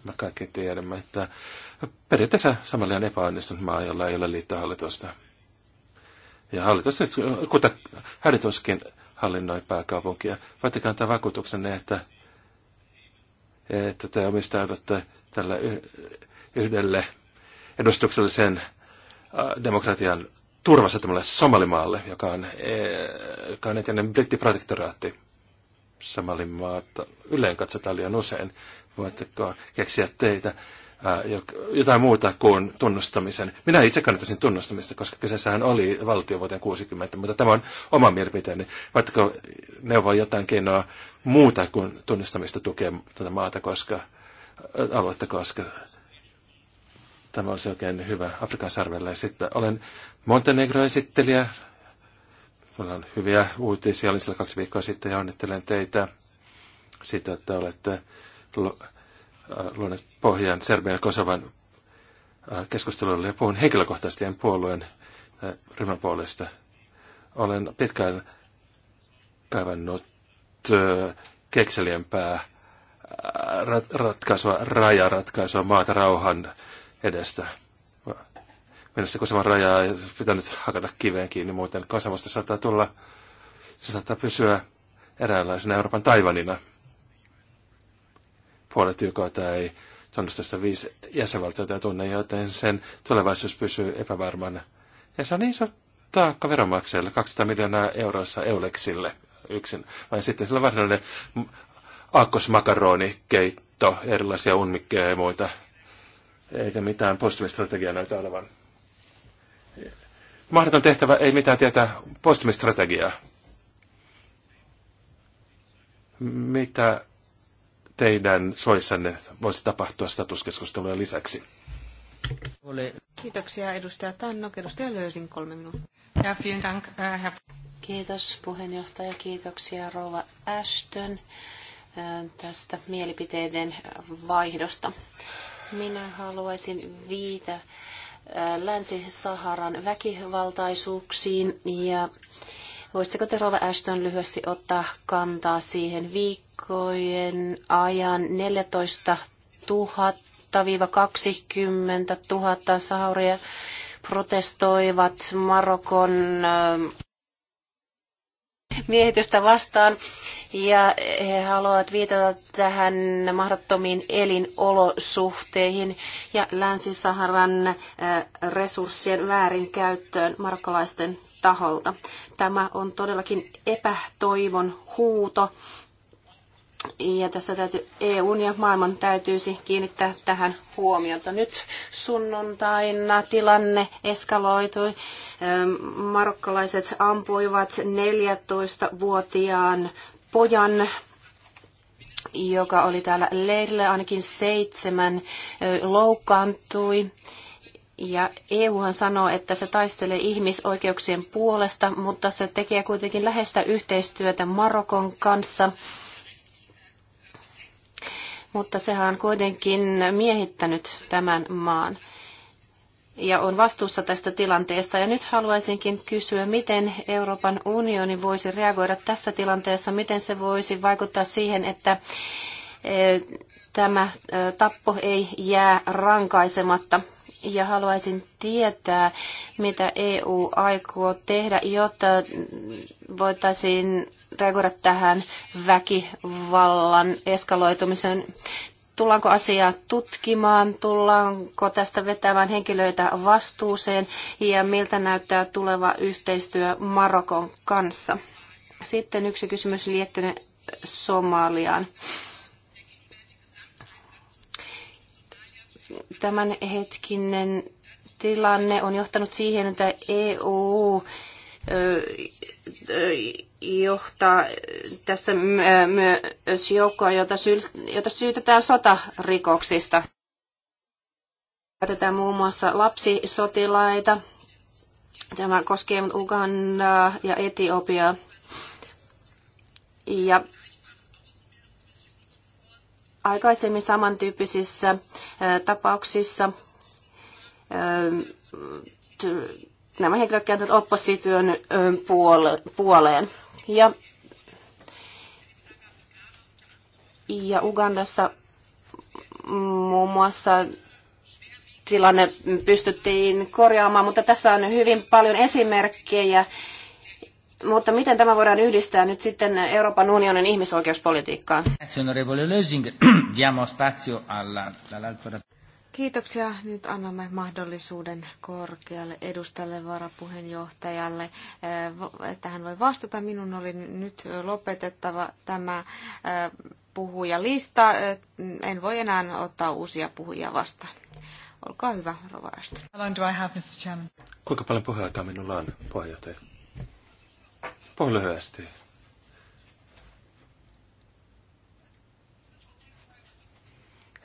Me kaikki tiedämme, että periaatteessa samalla on epäonnistunut maa, jolla ei ole liittohallitusta. Ja hallitus nyt, eh, kuten hallituskin hallinnoi pääkaupunkia, voitte antaa vakuutuksenne, että, että te omistaudutte tällä yhdelle edustukselliseen eh, demokratian turvassa tämmölle Somalimaalle, joka on, e, joka on etinen brittiprotektoraatti. Somalimaata yleen katsotaan liian usein. Voitteko keksiä teitä jotain muuta kuin tunnustamisen. Minä itse kannattaisin tunnustamista, koska kyseessähän oli valtio vuoteen 60, mutta tämä on oma mielipiteeni. Voitteko neuvoa jotain keinoa muuta kuin tunnustamista tukea tätä maata, koska, aluetta, koska Tämä olisi oikein hyvä Afrikan sarvella. Ja sitten olen Montenegro-esittelijä. Minulla on hyviä uutisia. Olin siellä kaksi viikkoa sitten ja onnittelen teitä siitä, että olette äh, luoneet pohjan Serbian ja Kosovan äh, keskustelulle ja puhun henkilökohtaisesti en puolueen äh, ryhmän puolesta. Olen pitkään kaivannut kekseliämpää ratkaisua, rajaratkaisua, maata rauhan edestä. Mennessä kosemaan rajaa ja pitänyt hakata kiveen kiinni muuten. Kosovasta saattaa tulla, se saattaa pysyä eräänlaisena Euroopan taivanina. Puolet YK tai tunnusta sitä viisi jäsenvaltiota ja tunne, joten sen tulevaisuus pysyy epävarmana. Ja se on iso taakka veronmaksajalle, 200 miljoonaa euroissa Euleksille yksin. Vai sitten sillä on varsinainen aakkosmakaronikeitto, erilaisia unmikkeja ja muita eikä mitään poistumistrategiaa näytä olevan. Mahdoton tehtävä ei mitään tietää poistumistrategiaa. Mitä teidän soissanne voisi tapahtua statuskeskustelujen lisäksi? Ole. Kiitoksia edustaja Tanno, Edustaja Löysin kolme minuuttia. Äh, Kiitos puheenjohtaja, kiitoksia Rova Ashton äh, tästä mielipiteiden vaihdosta. Minä haluaisin viitä äh, Länsi-Saharan väkivaltaisuuksiin ja voisitteko te Rova Ashton lyhyesti ottaa kantaa siihen viikkojen ajan 14 000 20 000 sahauria protestoivat Marokon äh, miehitystä vastaan ja he haluavat viitata tähän mahdottomiin elinolosuhteihin ja Länsi-Saharan äh, resurssien väärinkäyttöön marokkalaisten taholta. Tämä on todellakin epätoivon huuto. Ja tässä täytyy, EU ja maailman täytyisi kiinnittää tähän huomiota. Nyt sunnuntaina tilanne eskaloitui. Ähm, marokkalaiset ampuivat 14-vuotiaan pojan joka oli täällä leirillä, ainakin seitsemän, loukkaantui. Ja EUhan sanoo, että se taistelee ihmisoikeuksien puolesta, mutta se tekee kuitenkin läheistä yhteistyötä Marokon kanssa. Mutta sehän on kuitenkin miehittänyt tämän maan ja on vastuussa tästä tilanteesta. Ja nyt haluaisinkin kysyä, miten Euroopan unioni voisi reagoida tässä tilanteessa, miten se voisi vaikuttaa siihen, että e, tämä e, tappo ei jää rankaisematta. Ja haluaisin tietää, mitä EU aikoo tehdä, jotta voitaisiin reagoida tähän väkivallan eskaloitumiseen tullaanko asiaa tutkimaan, tullaanko tästä vetämään henkilöitä vastuuseen ja miltä näyttää tuleva yhteistyö Marokon kanssa. Sitten yksi kysymys liittyen Somaliaan. Tämänhetkinen tilanne on johtanut siihen, että EU johtaa tässä myös joukkoa, jota, syl- jota syytetään sotarikoksista. Käytetään muun muassa lapsisotilaita. Tämä koskee Ugandaa ja Etiopiaa. Ja aikaisemmin samantyyppisissä tapauksissa nämä henkilöt kääntyvät opposition puoleen. Ja, ja Ugandassa muun muassa tilanne pystyttiin korjaamaan, mutta tässä on hyvin paljon esimerkkejä. Mutta miten tämä voidaan yhdistää nyt sitten Euroopan unionin ihmisoikeuspolitiikkaan? (clears throat) Kiitoksia. Nyt annamme mahdollisuuden korkealle edustajalle, varapuheenjohtajalle, eh, että hän voi vastata. Minun oli nyt lopetettava tämä eh, puhujalista. Eh, en voi enää ottaa uusia puhujia vastaan. Olkaa hyvä, Rova Kuinka paljon puheaikaa minulla on, puheenjohtaja? Puhun lyhyesti.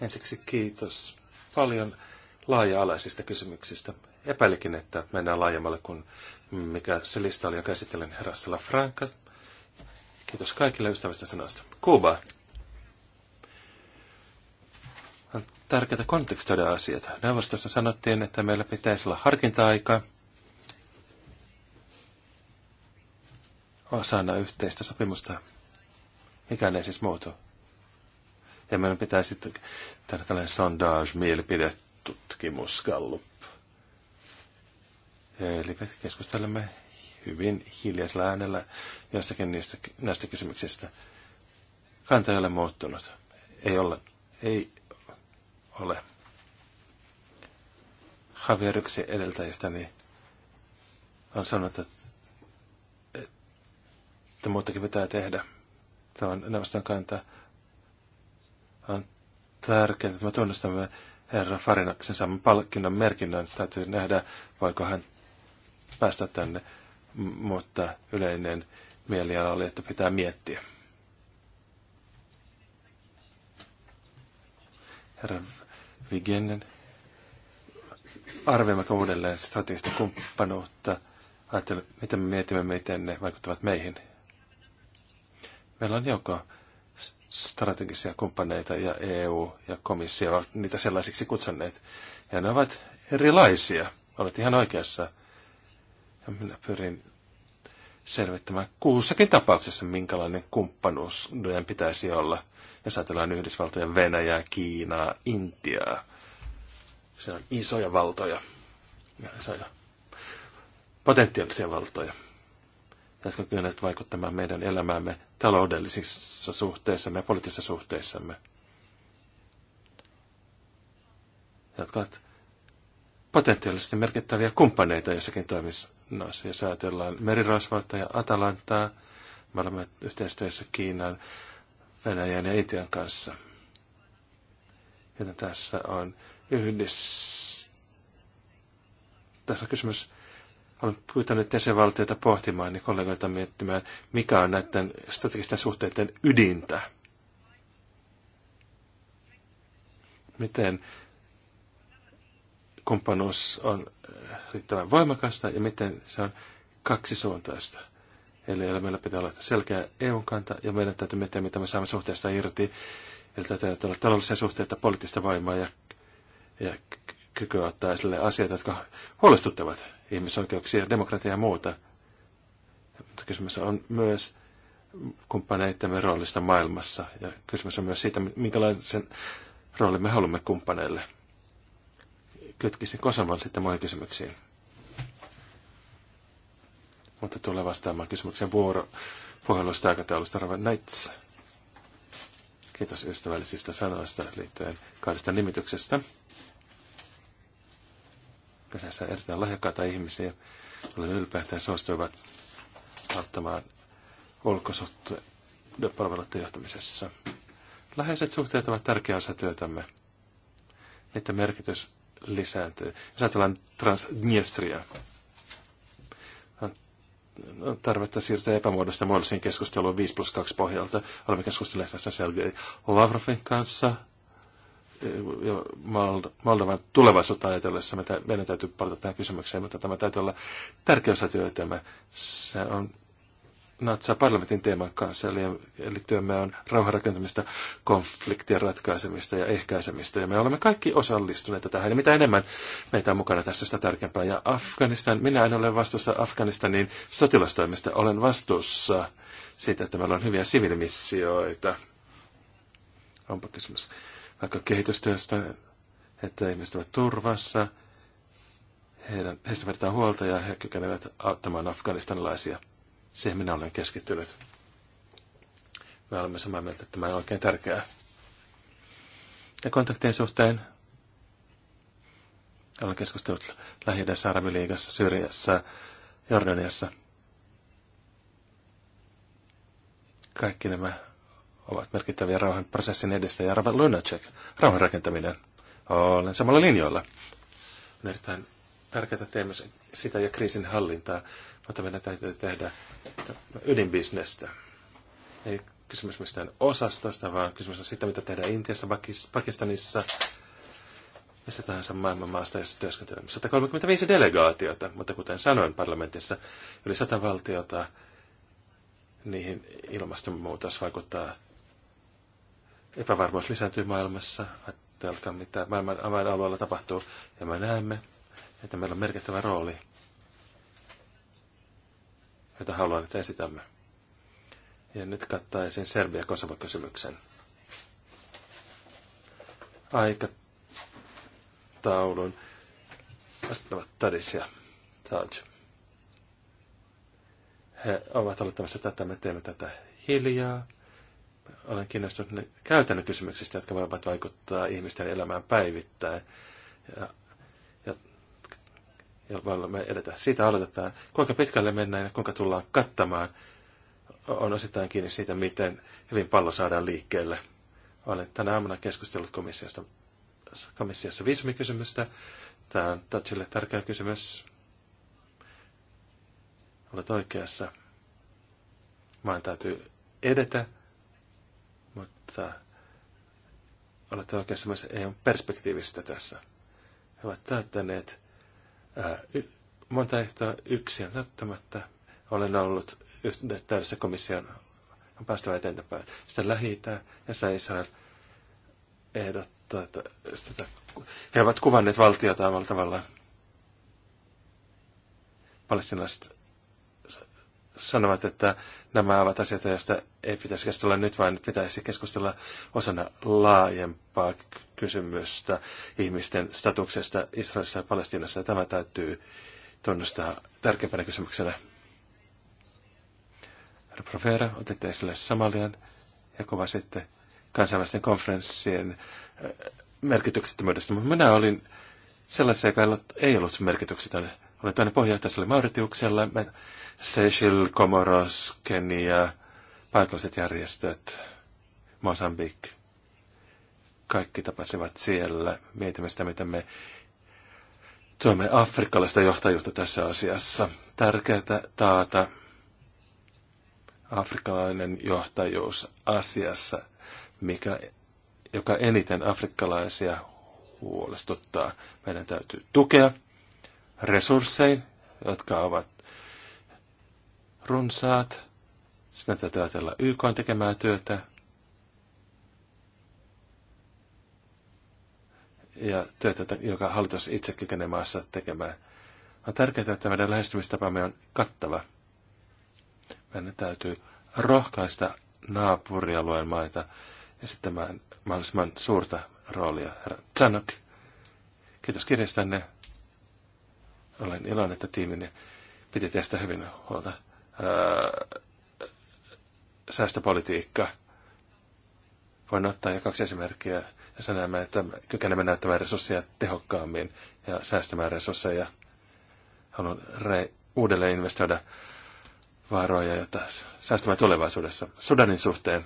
Ensiksi kiitos paljon laaja-alaisista kysymyksistä. Epäilikin, että mennään laajemmalle kuin mikä se lista oli, jonka käsittelen herrassella Franka. Kiitos kaikille ystävistä sanoista. Kuba. On tärkeää kontekstoida asiat. Neuvostossa sanottiin, että meillä pitäisi olla harkinta aika osana yhteistä sopimusta. Mikään ei siis muutu. Ja meidän pitää sitten tehdä tällainen sondage, mielipidetutkimus, Gallup. Eli me keskustelemme hyvin hiljaisella äänellä jostakin niistä, näistä kysymyksistä. Kanta ei ole muuttunut. Ei ole. Ei ole. Javier yksi edeltäjistäni on sanonut, että, että muutakin pitää tehdä. Tämä on neuvoston kanta tärkeää, että me tunnistamme herra Farinaksen saaman palkinnon merkinnön. Täytyy nähdä, voiko hän päästä tänne, mutta yleinen mieliala oli, että pitää miettiä. Herra Vigenen, arvioimmeko uudelleen strategista kumppanuutta? Ajattele, miten me mietimme, miten ne vaikuttavat meihin. Meillä on joukko strategisia kumppaneita ja EU ja komissio ovat niitä sellaisiksi kutsanneet, Ja ne ovat erilaisia. Olet ihan oikeassa. Ja minä pyrin selvittämään kuussakin tapauksessa, minkälainen kumppanuuden pitäisi olla. Ja ajatellaan Yhdysvaltoja, Venäjää, Kiinaa, Intiaa. Se on isoja valtoja. Ja isoja potentiaalisia valtoja jotka kykenevät vaikuttamaan meidän elämäämme taloudellisissa suhteissamme ja poliittisissa suhteissamme. Jotka ovat potentiaalisesti merkittäviä kumppaneita jossakin toiminnassa. No, jos ajatellaan merirosvoutta ja Atalantaa, me olemme yhteistyössä Kiinan, Venäjän ja Intian kanssa. Joten tässä on yhdessä. Tässä on kysymys olen pyytänyt jäsenvaltioita pohtimaan ja kollegoita miettimään, mikä on näiden strategisten suhteiden ydintä. Miten kumppanuus on riittävän voimakasta ja miten se on kaksisuuntaista. Eli meillä pitää olla selkeä EU-kanta ja meidän täytyy miettiä, mitä me saamme suhteesta irti. Eli täytyy olla taloudellisia suhteita, poliittista voimaa ja, ja kykyä ottaa esille asioita, jotka huolestuttavat ihmisoikeuksia, demokratiaa ja muuta. Mutta kysymys on myös kumppaneittemme roolista maailmassa ja kysymys on myös siitä, minkälaisen roolin me haluamme kumppaneille. Kytkisin Kosovan sitten muihin kysymyksiin. Mutta tulee vastaamaan kysymyksen vuoro puhelusta aikataulusta Rava Nights. Kiitos ystävällisistä sanoista liittyen kahdesta nimityksestä. Kyseessä erittäin lahjakkaita ihmisiä, olen ylpeä, että he suostuivat auttamaan ulkosuhteiden johtamisessa. Läheiset suhteet ovat tärkeä osa työtämme. Niiden merkitys lisääntyy. Jos ajatellaan Transniestria, on tarvetta siirtyä epämuodosta muodollisiin keskusteluun 5 plus 2 pohjalta. Olemme keskustelleet tästä Sergei Lavrovin kanssa, Moldovan tulevaisuutta ajatellessa meidän täytyy palata tähän kysymykseen, mutta tämä täytyy olla tärkeä osa työtämme. Se on natsaa parlamentin teeman kanssa, eli, eli työmme on rauhanrakentamista, konfliktien ratkaisemista ja ehkäisemistä, ja me olemme kaikki osallistuneita tähän, ja mitä enemmän meitä on mukana tässä, sitä tärkeämpää. Ja Afganistan, minä en ole vastuussa Afganistanin sotilastoimista, olen vastuussa siitä, että meillä on hyviä sivilimissioita. Onpa kysymys vaikka kehitystyöstä, että ihmiset ovat turvassa, heidän, heistä vedetään huolta ja he kykenevät auttamaan afganistanilaisia. Siihen minä olen keskittynyt. Me olemme samaa mieltä, että tämä on oikein tärkeää. Ja kontaktien suhteen olen keskustellut lähi Arabiliigassa, Syyriassa, Jordaniassa. Kaikki nämä ovat merkittäviä rauhanprosessin edessä ja Ravan Lunacek, rauhan rakentaminen. Olen samalla linjoilla. On erittäin tärkeää teemme sitä ja kriisin hallintaa, mutta meidän täytyy tehdä ydinbisnestä. Ei kysymys mistään osastosta, vaan kysymys on siitä, mitä tehdään Intiassa, Pakistanissa, mistä tahansa maailman maasta, jossa työskentelemme. 135 delegaatiota, mutta kuten sanoin parlamentissa, yli 100 valtiota, niihin ilmastonmuutos vaikuttaa epävarmuus lisääntyy maailmassa. Ajatelkaa, mitä maailman avainalueella tapahtuu. Ja me näemme, että meillä on merkittävä rooli, jota haluan, että esitämme. Ja nyt kattaisin serbia kosovo kysymyksen Aikataulun vastaavat Tadis ja Taj. He ovat aloittamassa tätä, me teemme tätä hiljaa olen kiinnostunut käytännön kysymyksistä, jotka voivat vaikuttaa ihmisten elämään päivittäin. Ja, ja, ja me edetä. Siitä aloitetaan. Kuinka pitkälle mennään ja kuinka tullaan kattamaan, on osittain kiinni siitä, miten hyvin pallo saadaan liikkeelle. Olen tänä aamuna keskustellut komissiosta, komissiossa viisumikysymystä. Tämä on Tatsille tärkeä kysymys. Olet oikeassa. Maan täytyy edetä mutta olette oikeassa myös EUn perspektiivistä tässä. He ovat täyttäneet ää, y- monta ehtoa yksin näyttämättä. Olen ollut yhteydessä komission on päästävä eteenpäin. Sitten lähi ja se Israel ehdottaa, että sitä, he ovat kuvanneet valtiota omalla tavallaan. Palestinaiset sanovat, että nämä ovat asioita, joista ei pitäisi keskustella nyt, vaan pitäisi keskustella osana laajempaa kysymystä ihmisten statuksesta Israelissa ja Palestiinassa. tämä täytyy tunnustaa tärkeimpänä kysymyksenä. Herra Profeera, otitte esille Samalian ja kuvasitte kansainvälisten konferenssien äh, merkityksettömyydestä, mutta minä olin sellaisia, joka ei ollut merkityksetön. Olen toinen pohjohtaiselle Mauritiukselle, Seychelles, Komoros, Kenia, paikalliset järjestöt, Mosambik. Kaikki tapasivat siellä. Mietimme sitä, miten me tuomme afrikkalaista johtajuutta tässä asiassa. Tärkeää taata afrikkalainen johtajuus asiassa, mikä, joka eniten afrikkalaisia huolestuttaa. Meidän täytyy tukea resursseja, jotka ovat runsaat. Sinä täytyy ajatella YK on tekemää työtä. Ja työtä, joka hallitus itse kykenee maassa tekemään. On tärkeää, että meidän lähestymistapamme on kattava. Meidän täytyy rohkaista naapurialueen maita esittämään mahdollisimman suurta roolia. Herra Tsanok, kiitos kirjastanne. Olen iloinen, että tiimini piti tästä hyvin huolta. Öö, säästöpolitiikka. Voin ottaa jo kaksi esimerkkiä ja sanoa, että kykenemme näyttämään resursseja tehokkaammin ja säästämään resursseja. Haluan re- uudelleen investoida varoja, jotta säästämme tulevaisuudessa. Sudanin suhteen.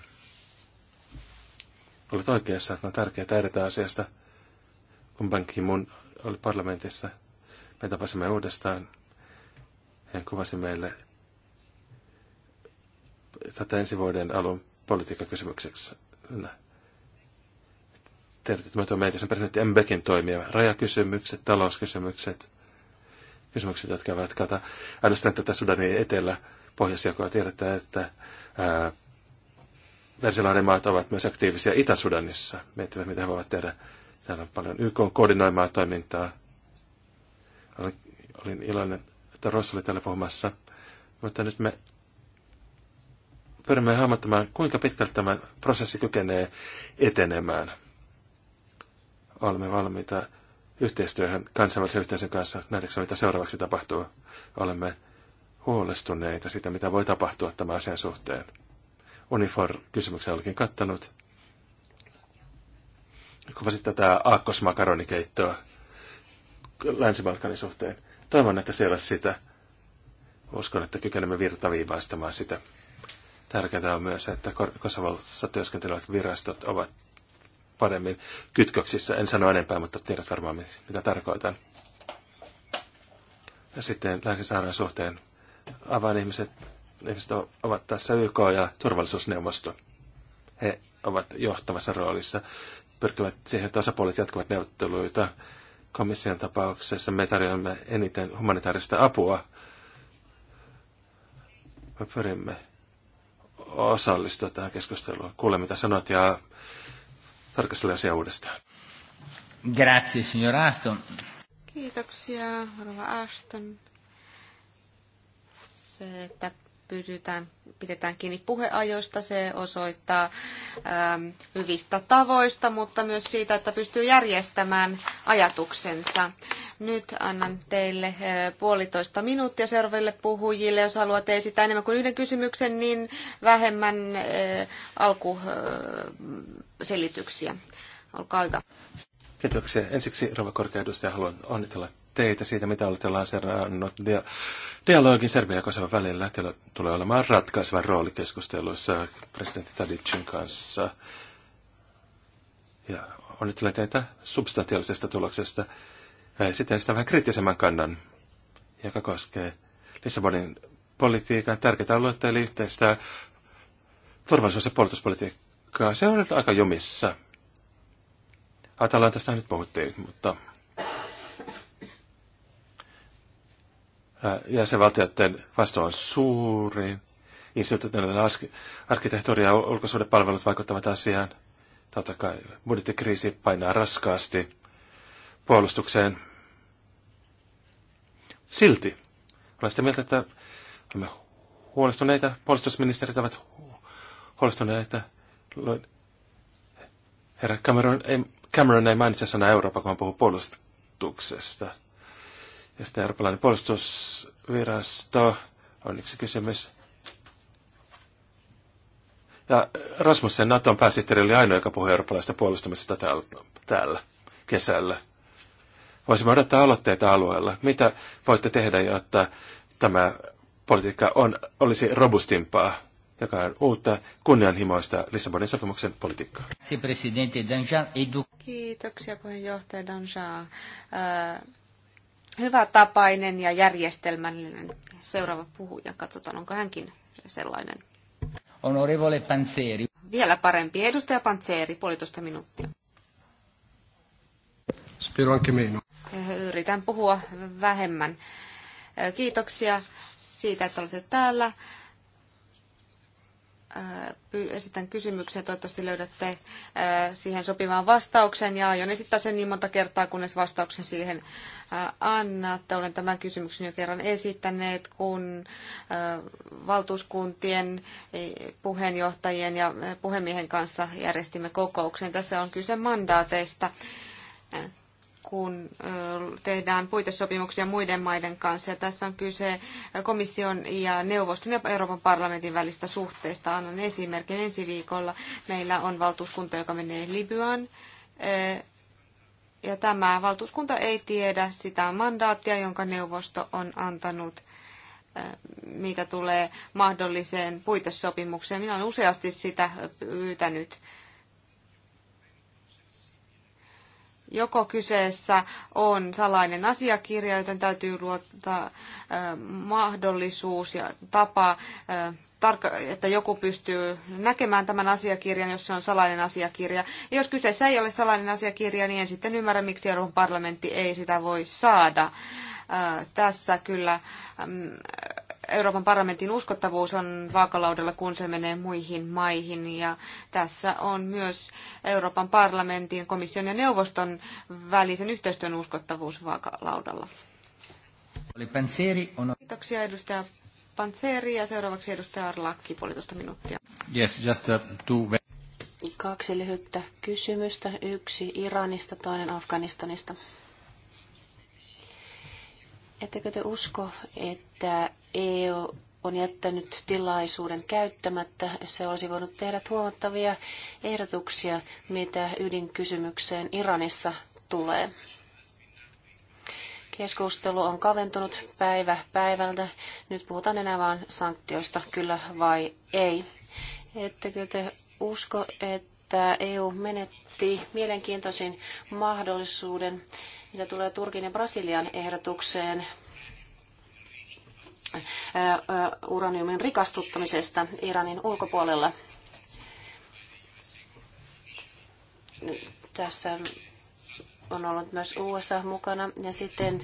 Olet oikeassa, että on tärkeää edetä asiasta. Kun Ban Ki-moon oli parlamentissa – me tapasimme uudestaan. Hän kuvasi meille tätä ensi vuoden alun politiikkakysymykseksi. Tiedätte, että me tuomme entisen presidentti Mbekin toimia. Rajakysymykset, talouskysymykset, kysymykset, jotka ovat kautta. Ainoastaan tätä Sudanin etelä pohjasiakoa tiedetään, että ää, maat ovat myös aktiivisia Itä-Sudanissa. Miettivät, mitä he voivat tehdä. Täällä on paljon YK koordinoimaa toimintaa. Olin iloinen, että Ross oli täällä puhumassa. Mutta nyt me pyrimme hahmottamaan, kuinka pitkälti tämä prosessi kykenee etenemään. Olemme valmiita yhteistyöhön kansainvälisen yhteisön kanssa. Nähdäänkö mitä seuraavaksi tapahtuu? Olemme huolestuneita siitä, mitä voi tapahtua tämän asian suhteen. Unifor-kysymyksen olikin kattanut. Kuvasit tätä aakkosmakaronikeittoa. Länsi-Balkanin suhteen. Toivon, että siellä sitä. Uskon, että kykenemme virtaviivaistamaan sitä. Tärkeää on myös, että Kosovossa työskentelevät virastot ovat paremmin kytköksissä. En sano enempää, mutta tiedät varmaan, mitä tarkoitan. Ja sitten länsi suhteen avainihmiset ihmiset ovat tässä YK ja turvallisuusneuvosto. He ovat johtavassa roolissa, pyrkivät siihen, että osapuolet jatkuvat neuvotteluita Komission tapauksessa me tarjoamme eniten humanitaarista apua. Me pyrimme osallistua tähän keskusteluun. Kuule, mitä sanot ja tarkastella asiaa uudestaan. Grazie, signor Aston. Kiitoksia, Rova Aston. Se, että pysytään, pidetään kiinni puheajoista. Se osoittaa äm, hyvistä tavoista, mutta myös siitä, että pystyy järjestämään ajatuksensa. Nyt annan teille ä, äh, puolitoista minuuttia seuraaville puhujille. Jos haluatte esittää enemmän kuin yhden kysymyksen, niin vähemmän ä, äh, alkuselityksiä. Äh, Olkaa hyvä. Kiitoksia. Ensiksi Rova Korkeudusta haluan onnitella teitä siitä, mitä olette lanseerannut dia- dialogin Serbia ja Kosovan välillä. Teillä tulee olemaan ratkaiseva rooli keskusteluissa presidentti Tadicin kanssa. Ja onnittelen teitä substantiaalisesta tuloksesta. Sitten sitä vähän kriittisemmän kannan, joka koskee Lissabonin politiikan tärkeitä alueita, eli yhteistä turvallisuus- ja puolustuspolitiikkaa. Se on aika jumissa. Atalantasta nyt puhuttiin, mutta jäsenvaltioiden vastuu on suuri. Instituutioiden arkkitehtuuri ja ulkosuhdepalvelut vaikuttavat asiaan. Totta kai budjettikriisi painaa raskaasti puolustukseen. Silti olen sitä mieltä, että olemme huolestuneita. Puolustusministerit ovat huolestuneita. Herra Cameron ei, Cameron ei mainitse sanaa Eurooppa, kun hän puhuu puolustuksesta. Ja sitten Euroopan puolustusvirasto on se kysymys. Ja Rasmussen Naton pääsihteeri oli ainoa, joka puhui eurooppalaista puolustamisesta täällä, täällä kesällä. Voisimme odottaa aloitteita alueella. Mitä voitte tehdä, jotta tämä politiikka on, olisi robustimpaa, joka on uutta kunnianhimoista Lissabonin sopimuksen politiikkaa. Kiitoksia puheenjohtaja Danjean. Äh, hyvä tapainen ja järjestelmällinen. Seuraava puhuja, katsotaan onko hänkin sellainen. Onorevole Panzeri. Vielä parempi. Edustaja Panzeri, puolitoista minuuttia. Spiro anche meno. Yritän puhua vähemmän. Kiitoksia siitä, että olette täällä. Äh, esitän kysymyksen, toivottavasti löydätte äh, siihen sopivan vastauksen ja aion esittää sen niin monta kertaa, kunnes vastauksen siihen äh, annatte. Olen tämän kysymyksen jo kerran esittäneet, kun valtuuskuntien eh, puheenjohtajien ja eh, puhemiehen kanssa järjestimme kokouksen. Tässä on kyse mandaateista kun tehdään puitesopimuksia muiden maiden kanssa. Ja tässä on kyse komission ja neuvoston ja Euroopan parlamentin välistä suhteista. Annan esimerkin. Ensi viikolla meillä on valtuuskunta, joka menee Libyaan. Ja tämä valtuuskunta ei tiedä sitä mandaattia, jonka neuvosto on antanut mitä tulee mahdolliseen puitesopimukseen. Minä olen useasti sitä pyytänyt Joko kyseessä on salainen asiakirja, joten täytyy luottaa mahdollisuus ja tapa, että joku pystyy näkemään tämän asiakirjan, jos se on salainen asiakirja. Ja jos kyseessä ei ole salainen asiakirja, niin en sitten ymmärrä, miksi Euroopan parlamentti ei sitä voi saada. tässä kyllä mm, Euroopan parlamentin uskottavuus on vaakalaudella, kun se menee muihin maihin. Ja tässä on myös Euroopan parlamentin, komission ja neuvoston välisen yhteistyön uskottavuus vaakalaudalla. Kiitoksia edustaja Panseri ja seuraavaksi edustaja Arlakki, puolitoista minuuttia. Yes, just uh, two... Kaksi lyhyttä kysymystä. Yksi Iranista, toinen Afganistanista. Ettekö te usko, että EU on jättänyt tilaisuuden käyttämättä, se olisi voinut tehdä huomattavia ehdotuksia, mitä ydinkysymykseen Iranissa tulee. Keskustelu on kaventunut päivä päivältä. Nyt puhutaan enää vain sanktioista, kyllä vai ei. Ettekö te usko, että EU menetti mielenkiintoisin mahdollisuuden, mitä tulee Turkin ja Brasilian ehdotukseen uraniumin rikastuttamisesta Iranin ulkopuolella. Tässä on ollut myös USA mukana ja sitten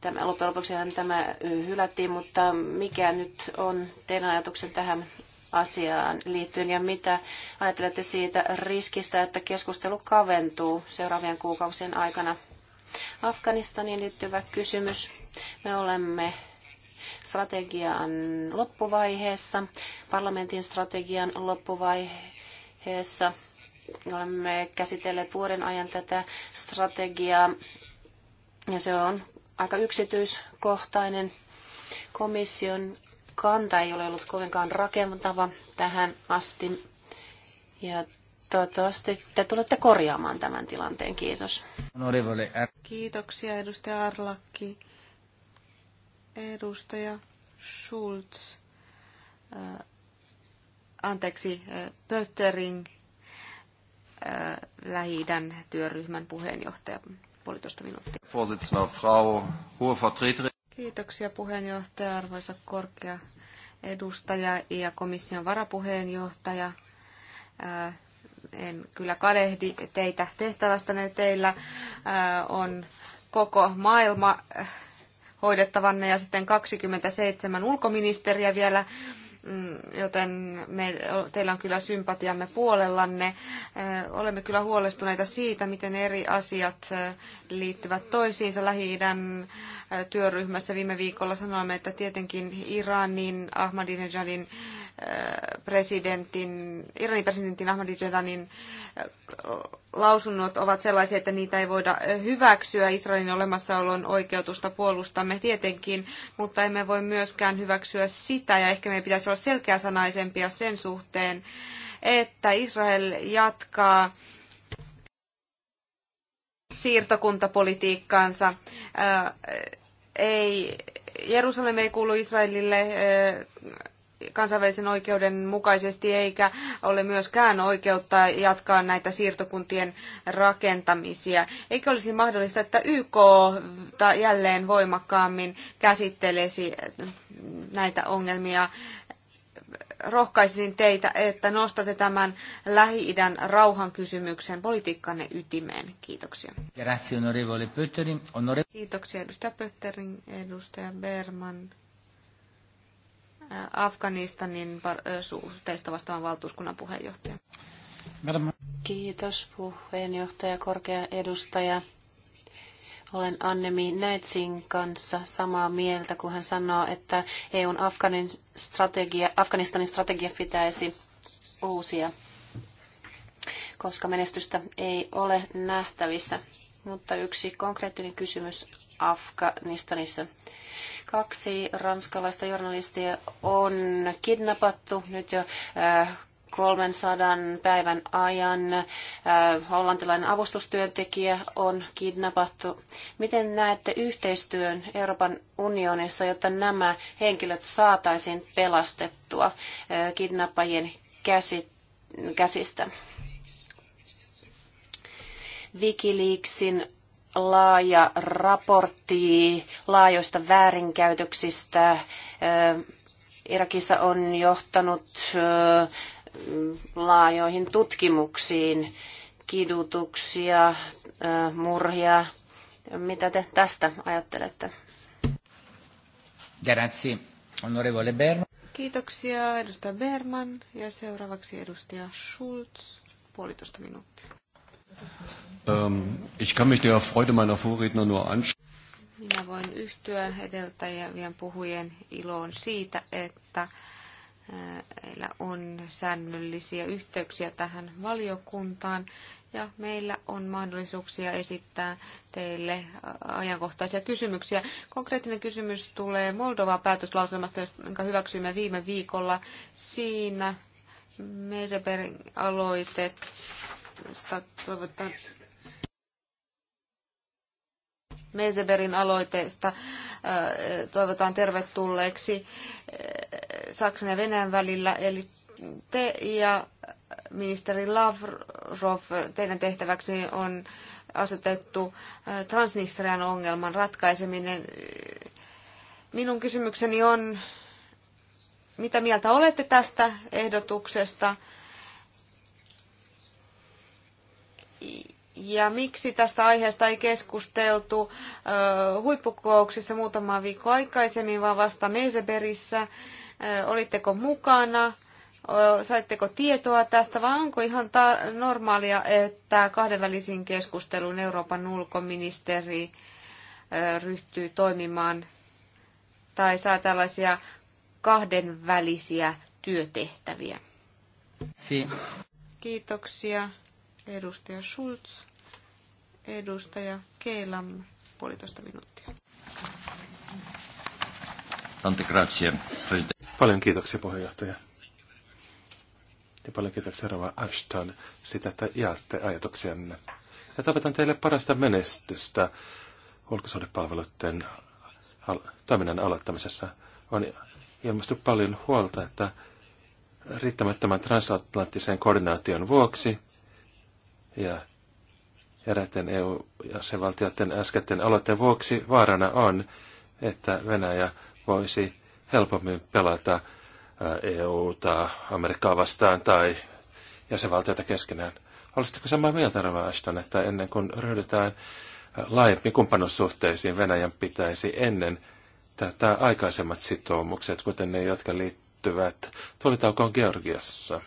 tämä, loppujen lopuksi tämä hylättiin, mutta mikä nyt on teidän ajatuksen tähän asiaan liittyen ja mitä ajattelette siitä riskistä, että keskustelu kaventuu seuraavien kuukausien aikana? Afganistaniin liittyvä kysymys. Me olemme strategian loppuvaiheessa, parlamentin strategian loppuvaiheessa. Olemme käsitelleet vuoden ajan tätä strategiaa ja se on aika yksityiskohtainen. Komission kanta ei ole ollut kovinkaan rakentava tähän asti. Ja toivottavasti te tulette korjaamaan tämän tilanteen. Kiitos. Kiitoksia edustaja Arlakki. Edustaja Schulz, äh, anteeksi, äh, Pöttering, äh, Lähi-idän työryhmän puheenjohtaja, puolitoista minuuttia. Vorsitzender Frau Hohe Vertreterin. Kiitoksia puheenjohtaja, arvoisa korkea edustaja ja komission varapuheenjohtaja. En kyllä kadehdi teitä tehtävästä, Teillä on koko maailma hoidettavanne ja sitten 27 ulkoministeriä vielä, mm, joten me, teillä on kyllä sympatiamme puolellanne. Olemme kyllä huolestuneita siitä, miten eri asiat liittyvät toisiinsa. Lähi-idän työryhmässä viime viikolla sanoimme, että tietenkin Iranin, Ahmadinejadin Äh, presidentin, Iranin presidentin Ahmadinejadin äh, lausunnot ovat sellaisia, että niitä ei voida äh, hyväksyä Israelin olemassaolon oikeutusta puolustamme tietenkin, mutta emme voi myöskään hyväksyä sitä ja ehkä meidän pitäisi olla selkeäsanaisempia sen suhteen, että Israel jatkaa siirtokuntapolitiikkaansa. ei, Jerusalem ei kuulu Israelille, kansainvälisen oikeuden mukaisesti eikä ole myöskään oikeutta jatkaa näitä siirtokuntien rakentamisia. Eikö olisi mahdollista, että YK jälleen voimakkaammin käsittelisi näitä ongelmia? Rohkaisin teitä, että nostatte tämän Lähi-idän kysymyksen politiikkanne ytimeen. Kiitoksia. Grazie, onorevole Pötteri. Onore... Kiitoksia, edustaja Pötterin, edustaja Berman. Afganistanin suhteista vastaavan valtuuskunnan puheenjohtaja. Kiitos puheenjohtaja, korkea edustaja. Olen Annemi Näitsin kanssa samaa mieltä, kun hän sanoo, että EUn Afganin strategia, Afganistanin strategia pitäisi uusia, koska menestystä ei ole nähtävissä. Mutta yksi konkreettinen kysymys Afganistanissa. Kaksi ranskalaista journalistia on kidnappattu nyt jo 300 äh, päivän ajan. Äh, hollantilainen avustustyöntekijä on kidnappattu. Miten näette yhteistyön Euroopan unionissa, jotta nämä henkilöt saataisiin pelastettua äh, kidnappajien käsi käsistä? Wikileaksin laaja raportti laajoista väärinkäytöksistä. Irakissa on johtanut laajoihin tutkimuksiin kidutuksia, murhia. Mitä te tästä ajattelette? Grazie, onorevole Berman. Kiitoksia edustaja Berman ja seuraavaksi edustaja Schulz, puolitoista minuuttia. Ähm, ich kann mich der Freude meiner Vorredner nur anschließen. Minä voin yhtyä edeltäjien puhujien iloon siitä, että äh, meillä on säännöllisiä yhteyksiä tähän valiokuntaan ja meillä on mahdollisuuksia esittää teille äh, ajankohtaisia kysymyksiä. Konkreettinen kysymys tulee Moldovan päätöslauselmasta, jonka hyväksyimme viime viikolla. Siinä Meseberg aloite, toivotan Meseberin aloitteesta äh, toivotaan tervetulleeksi äh, Saksan ja Venäjän välillä. Eli te ja ministeri Lavrov, teidän tehtäväksi on asetettu äh, Transnistrian ongelman ratkaiseminen. Minun kysymykseni on, mitä mieltä olette tästä ehdotuksesta? Ja miksi tästä aiheesta ei keskusteltu ö, huippukouksissa muutama viikko aikaisemmin, vaan vasta Meiseberissä? olitteko mukana? Saitteko tietoa tästä vai onko ihan normaalia, että kahdenvälisiin keskusteluun Euroopan ulkoministeri ryhtyy toimimaan tai saa tällaisia kahdenvälisiä työtehtäviä? Si. Kiitoksia, edustaja Schulz. Edustaja Keelam, puolitoista minuuttia. Tante grazie, Paljon kiitoksia puheenjohtaja. Ja paljon kiitoksia Rava Ashton sitä, että jaatte ajatuksianne. Ja toivotan teille parasta menestystä ulkosuhdepalveluiden al- toiminnan aloittamisessa. On ilmastu paljon huolta, että riittämättömän transatlanttisen koordinaation vuoksi ja eräten eu ja valtioiden äsketten aloitteen vuoksi vaarana on, että Venäjä voisi helpommin pelata EUta, Amerikkaa vastaan tai jäsenvaltioita keskenään. Olisitteko samaa mieltä, Rava Ashton, että ennen kuin ryhdytään laajempiin kumppanuussuhteisiin, Venäjän pitäisi ennen tätä aikaisemmat sitoumukset, kuten ne, jotka liittyvät tulitaukoon Georgiassa?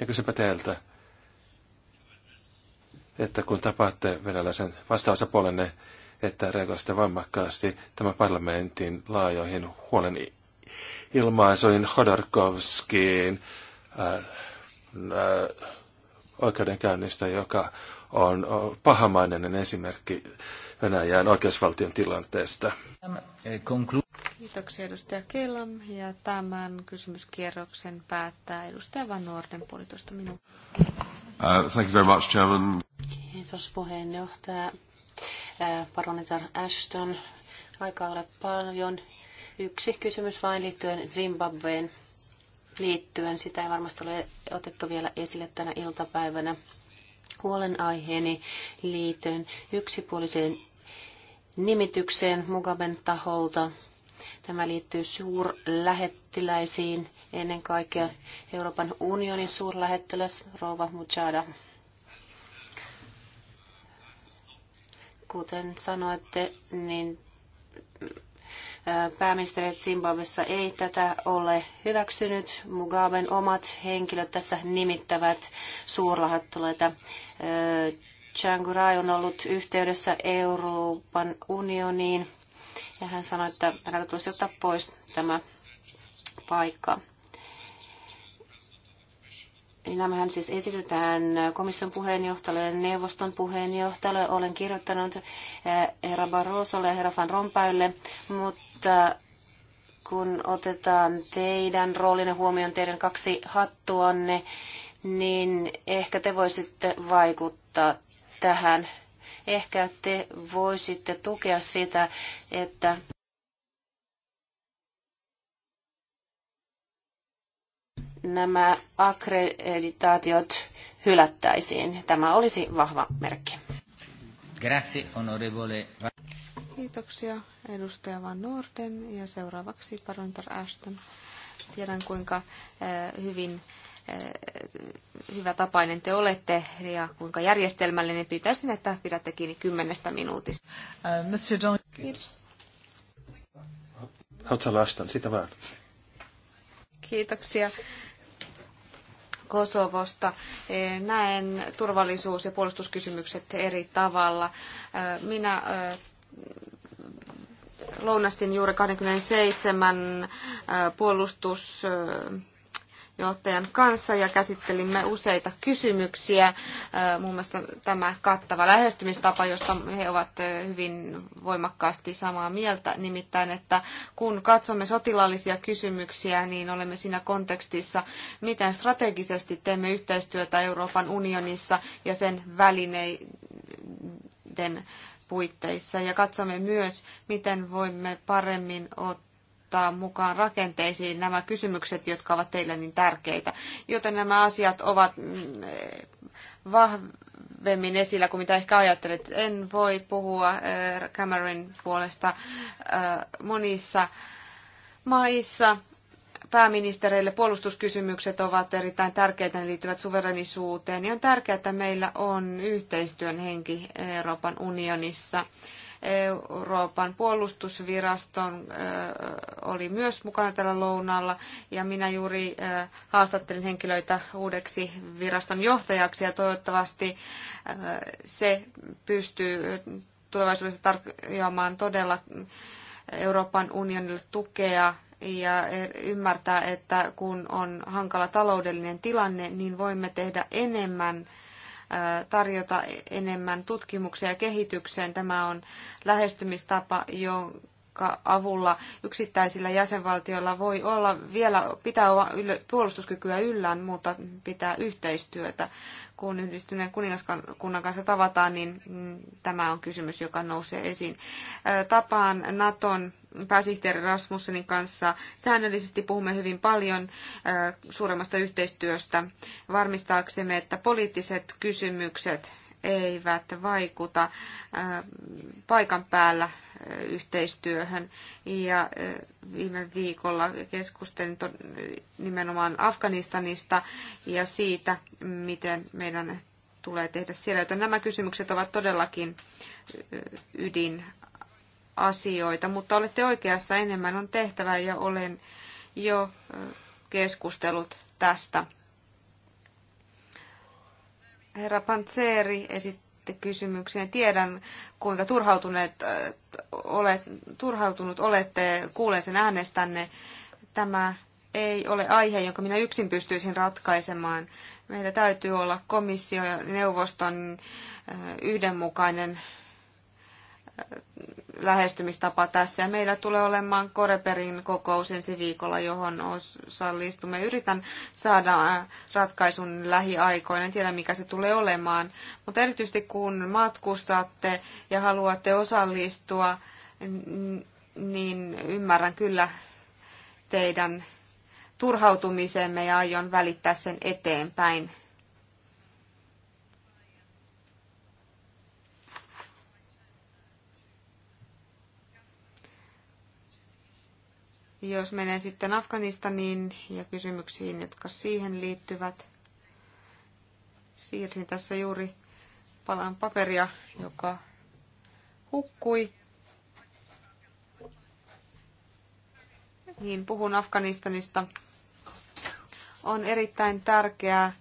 Ja kysypä teiltä, että kun tapaatte venäläisen vastaosapuolenne, että reagoisitte voimakkaasti tämän parlamentin laajoihin huolen ilmaisuihin Hodorkovskiin äh, äh, oikeudenkäynnistä, joka on pahamainen esimerkki Venäjän oikeusvaltion tilanteesta. Kiitoksia edustaja Kellam ja tämän kysymyskierroksen päättää edustaja Van Norden puolitoista minuuttia. Uh, thank you very much, Chairman. Kiitos puheenjohtaja. Äh, Paronitar Ashton, aikaa ole paljon. Yksi kysymys vain liittyen Zimbabween liittyen. Sitä ei varmasti ole otettu vielä esille tänä iltapäivänä. Huolenaiheeni liittyen yksipuoliseen nimitykseen Mugaben taholta Tämä liittyy suurlähettiläisiin, ennen kaikkea Euroopan unionin suurlähettiläs Rova Mujada. Kuten sanoitte, niin äh, pääministeri Zimbabwessa ei tätä ole hyväksynyt. Mugaben omat henkilöt tässä nimittävät suurlähettiläitä. Changurai äh, on ollut yhteydessä Euroopan unioniin ja hän sanoi, että häneltä tulisi ottaa pois tämä paikka. Niin nämähän siis esitetään komission puheenjohtajalle ja neuvoston puheenjohtajalle. Olen kirjoittanut eh, herra Barrosolle ja herra Van Rompäylle, mutta kun otetaan teidän roolinne huomioon, teidän kaksi hattuanne, niin ehkä te voisitte vaikuttaa tähän Ehkä te voisitte tukea sitä, että nämä akkreditaatiot hylättäisiin. Tämä olisi vahva merkki. Grazie, onorevole. Kiitoksia edustaja Van Norden ja seuraavaksi parantar Ashton. Tiedän kuinka eh, hyvin Eh, hyvä tapainen te olette ja kuinka järjestelmällinen pitäisin, että pidätte kiinni kymmenestä minuutista. Eh, monsieur John. Sitä vaan. Kiitoksia. Kosovosta. Eh, näen turvallisuus- ja puolustuskysymykset eri tavalla. Minä lounastin juuri 27 puolustus johtajan kanssa ja käsittelimme useita kysymyksiä. Muun muassa tämä kattava lähestymistapa, josta he ovat hyvin voimakkaasti samaa mieltä, nimittäin, että kun katsomme sotilaallisia kysymyksiä, niin olemme siinä kontekstissa, miten strategisesti teemme yhteistyötä Euroopan unionissa ja sen välineiden puitteissa ja katsomme myös, miten voimme paremmin ottaa ottaa mukaan rakenteisiin nämä kysymykset, jotka ovat teille niin tärkeitä. Joten nämä asiat ovat mm, vahvemmin esillä kuin mitä ehkä ajattelet. En voi puhua äh, Cameron puolesta äh, monissa maissa pääministereille puolustuskysymykset ovat erittäin tärkeitä, ne liittyvät suverenisuuteen. Ja on tärkeää, että meillä on yhteistyön henki Euroopan unionissa. Euroopan puolustusviraston oli myös mukana tällä lounalla ja minä juuri haastattelin henkilöitä uudeksi viraston johtajaksi ja toivottavasti se pystyy tulevaisuudessa tarjoamaan todella Euroopan unionille tukea ja ymmärtää, että kun on hankala taloudellinen tilanne, niin voimme tehdä enemmän tarjota enemmän tutkimuksia ja kehitykseen. Tämä on lähestymistapa, jonka avulla yksittäisillä jäsenvaltioilla voi olla vielä, pitää olla puolustuskykyä yllään, mutta pitää yhteistyötä. Kun yhdistyneen kuningaskunnan kanssa tavataan, niin mm, tämä on kysymys, joka nousee esiin. Tapaan Naton pääsihteeri Rasmussenin kanssa säännöllisesti puhumme hyvin paljon suuremmasta yhteistyöstä varmistaaksemme, että poliittiset kysymykset eivät vaikuta paikan päällä yhteistyöhön. Ja viime viikolla keskustelin nimenomaan Afganistanista ja siitä, miten meidän tulee tehdä siellä. Joten nämä kysymykset ovat todellakin ydin asioita, mutta olette oikeassa, enemmän on tehtävää ja olen jo keskustellut tästä. Herra Pantseeri esitti kysymyksen. Tiedän, kuinka turhautuneet olet, turhautunut olette. kuulee sen äänestänne. Tämä ei ole aihe, jonka minä yksin pystyisin ratkaisemaan. Meillä täytyy olla komissio ja neuvoston yhdenmukainen lähestymistapa tässä. Ja meillä tulee olemaan Koreperin kokous ensi viikolla, johon osallistumme. Yritän saada äh, ratkaisun lähiaikoina, en tiedä mikä se tulee olemaan. Mutta erityisesti kun matkustatte ja haluatte osallistua, niin ymmärrän kyllä teidän turhautumisemme ja aion välittää sen eteenpäin Jos menen sitten Afganistaniin ja kysymyksiin, jotka siihen liittyvät, siirsin tässä juuri palan paperia, joka hukkui. Niin, puhun Afganistanista. On erittäin tärkeää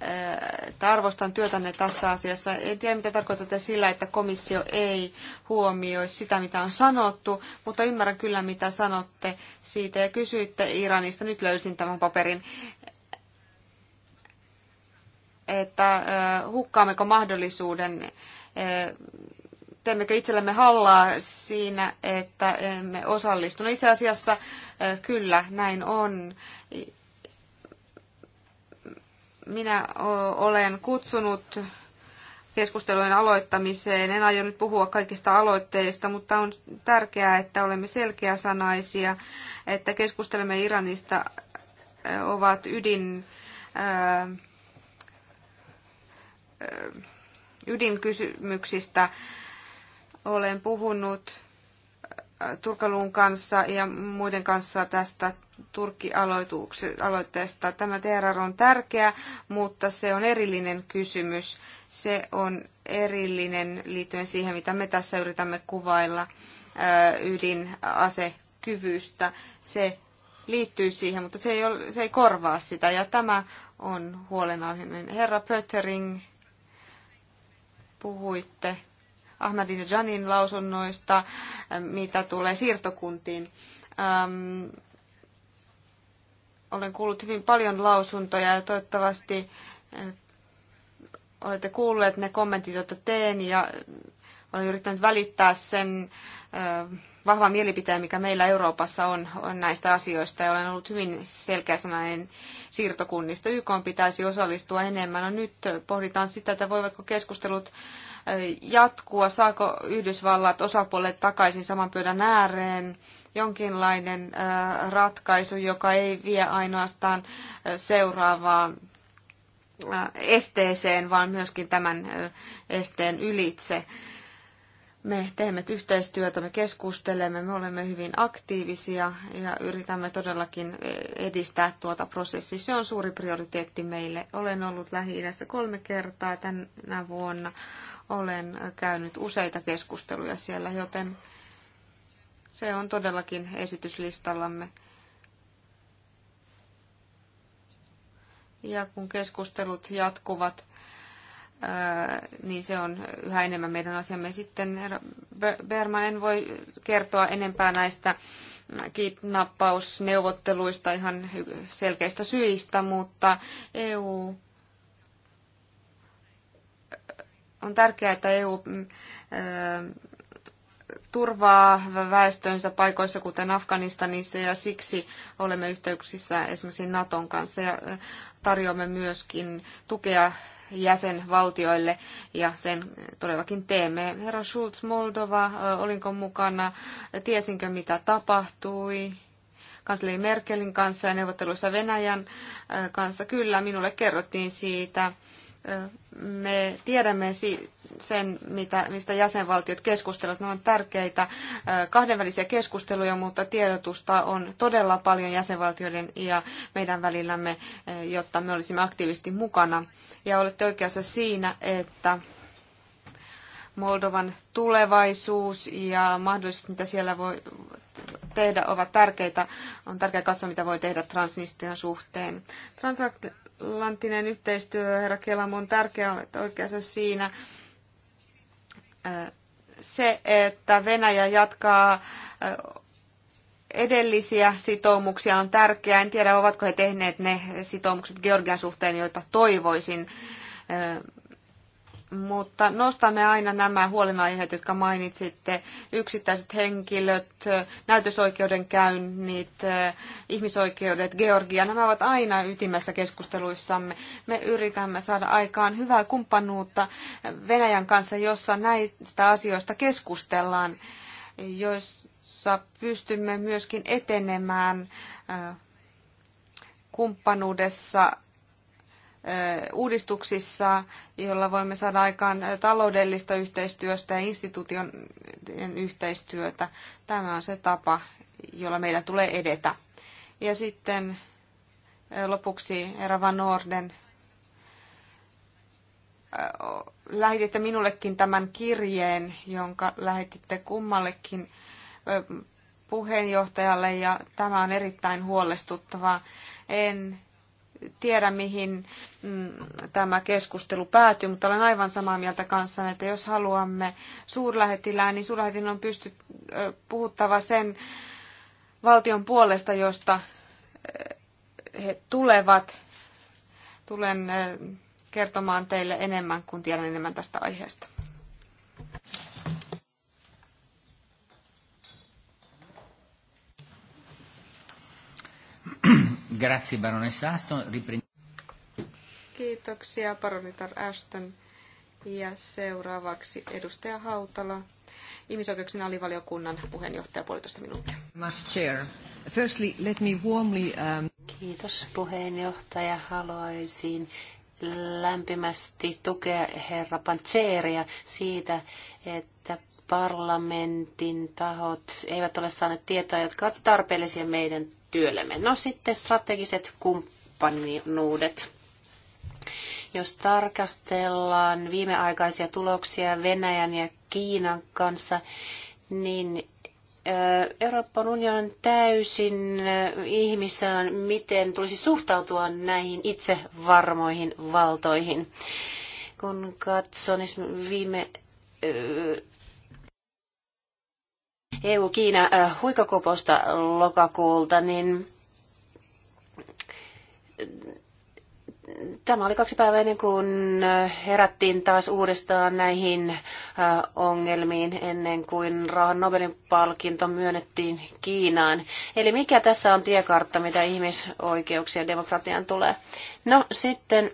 että äh, arvostan työtänne tässä asiassa. En tiedä, mitä tarkoitatte sillä, että komissio ei huomioi sitä, mitä on sanottu, mutta ymmärrän kyllä, mitä sanotte siitä. Ja kysyitte Iranista, nyt löysin tämän paperin, että äh, hukkaammeko mahdollisuuden, äh, teemmekö itsellemme hallaa siinä, että emme osallistu. No itse asiassa kyllä, näin on. Minä olen kutsunut keskustelujen aloittamiseen. En aio nyt puhua kaikista aloitteista, mutta on tärkeää, että olemme selkeäsanaisia, että keskustelemme Iranista ovat ydin, ää, ydinkysymyksistä. Olen puhunut Turkalun kanssa ja muiden kanssa tästä Turkki-aloitteesta. Tämä TRR on tärkeä, mutta se on erillinen kysymys. Se on erillinen liittyen siihen, mitä me tässä yritämme kuvailla ydinasekyvystä. Se liittyy siihen, mutta se ei, ole, se ei korvaa sitä. Ja tämä on huolenaiheinen. Herra Pöttering, puhuitte Ahmadinejanin ja Janin lausunnoista, mitä tulee siirtokuntiin. Ähm, olen kuullut hyvin paljon lausuntoja ja toivottavasti eh, olette kuulleet ne kommentit, joita teen ja eh, olen yrittänyt välittää sen eh, vahva mielipiteen, mikä meillä Euroopassa on, on näistä asioista ja olen ollut hyvin sanainen siirtokunnista. YK pitäisi osallistua enemmän. No nyt pohditaan sitä, että voivatko keskustelut jatkua, saako Yhdysvallat osapuolet takaisin saman pöydän ääreen, jonkinlainen ratkaisu, joka ei vie ainoastaan seuraavaan esteeseen, vaan myöskin tämän esteen ylitse. Me teemme yhteistyötä, me keskustelemme, me olemme hyvin aktiivisia ja yritämme todellakin edistää tuota prosessia. Se on suuri prioriteetti meille. Olen ollut lähi kolme kertaa tänä vuonna. Olen käynyt useita keskusteluja siellä, joten se on todellakin esityslistallamme. Ja kun keskustelut jatkuvat, niin se on yhä enemmän meidän asiamme. Sitten Berman, en voi kertoa enempää näistä kidnappausneuvotteluista ihan selkeistä syistä, mutta EU on tärkeää, että EU turvaa väestönsä paikoissa, kuten Afganistanissa, ja siksi olemme yhteyksissä esimerkiksi Naton kanssa ja tarjoamme myöskin tukea jäsenvaltioille ja sen todellakin teemme. Herra Schulz Moldova, olinko mukana, tiesinkö mitä tapahtui? Kansleri Merkelin kanssa ja neuvotteluissa Venäjän kanssa. Kyllä, minulle kerrottiin siitä me tiedämme sen, mitä, mistä jäsenvaltiot keskustelevat. Ne ovat tärkeitä kahdenvälisiä keskusteluja, mutta tiedotusta on todella paljon jäsenvaltioiden ja meidän välillämme, jotta me olisimme aktiivisesti mukana. Ja olette oikeassa siinä, että Moldovan tulevaisuus ja mahdollisuudet, mitä siellä voi tehdä, ovat tärkeitä. On tärkeää katsoa, mitä voi tehdä Transnistrian suhteen. Transatl- transatlanttinen yhteistyö, herra Kelam, on tärkeää, olet oikeassa siinä. Se, että Venäjä jatkaa edellisiä sitoumuksia on tärkeää. En tiedä, ovatko he tehneet ne sitoumukset Georgian suhteen, joita toivoisin mutta nostamme aina nämä huolenaiheet, jotka mainitsitte, yksittäiset henkilöt, käynnit ihmisoikeudet, Georgia, nämä ovat aina ytimessä keskusteluissamme. Me yritämme saada aikaan hyvää kumppanuutta Venäjän kanssa, jossa näistä asioista keskustellaan, joissa pystymme myöskin etenemään äh, kumppanuudessa uudistuksissa, jolla voimme saada aikaan taloudellista yhteistyöstä ja instituution yhteistyötä. Tämä on se tapa, jolla meidän tulee edetä. Ja sitten lopuksi Rava Norden lähetitte minullekin tämän kirjeen, jonka lähetitte kummallekin puheenjohtajalle ja tämä on erittäin huolestuttavaa. En tiedä, mihin mm, tämä keskustelu päätyy, mutta olen aivan samaa mieltä kanssanne, että jos haluamme suurlähettilään, niin suurlähetin on pystyt puhuttava sen valtion puolesta, josta he tulevat. Tulen kertomaan teille enemmän, kun tiedän enemmän tästä aiheesta. Grazie, baronessa Aston. Kiitoksia, baronitar Ashton. Ja seuraavaksi edustaja Hautala, ihmisoikeuksien alivaliokunnan puheenjohtaja, puolitoista minuuttia. chair. Firstly, let me warmly, um... Kiitos puheenjohtaja. Haluaisin lämpimästi tukea herra Pantseeria siitä, että parlamentin tahot eivät ole saaneet tietoa, jotka ovat tarpeellisia meidän työllemme. No sitten strategiset kumppanuudet. Jos tarkastellaan viimeaikaisia tuloksia Venäjän ja Kiinan kanssa, niin Euroopan unionin täysin ihmisään, miten tulisi suhtautua näihin itsevarmoihin valtoihin. Kun katson viime EU-Kiina äh, huikakoposta lokakuulta, niin äh, tämä oli kaksi päivää ennen kuin äh, herättiin taas uudestaan näihin ongelmiin ennen kuin rahan Nobelin palkinto myönnettiin Kiinaan. Eli mikä tässä on tiekartta, mitä ihmisoikeuksia demokratian demokratiaan tulee? No sitten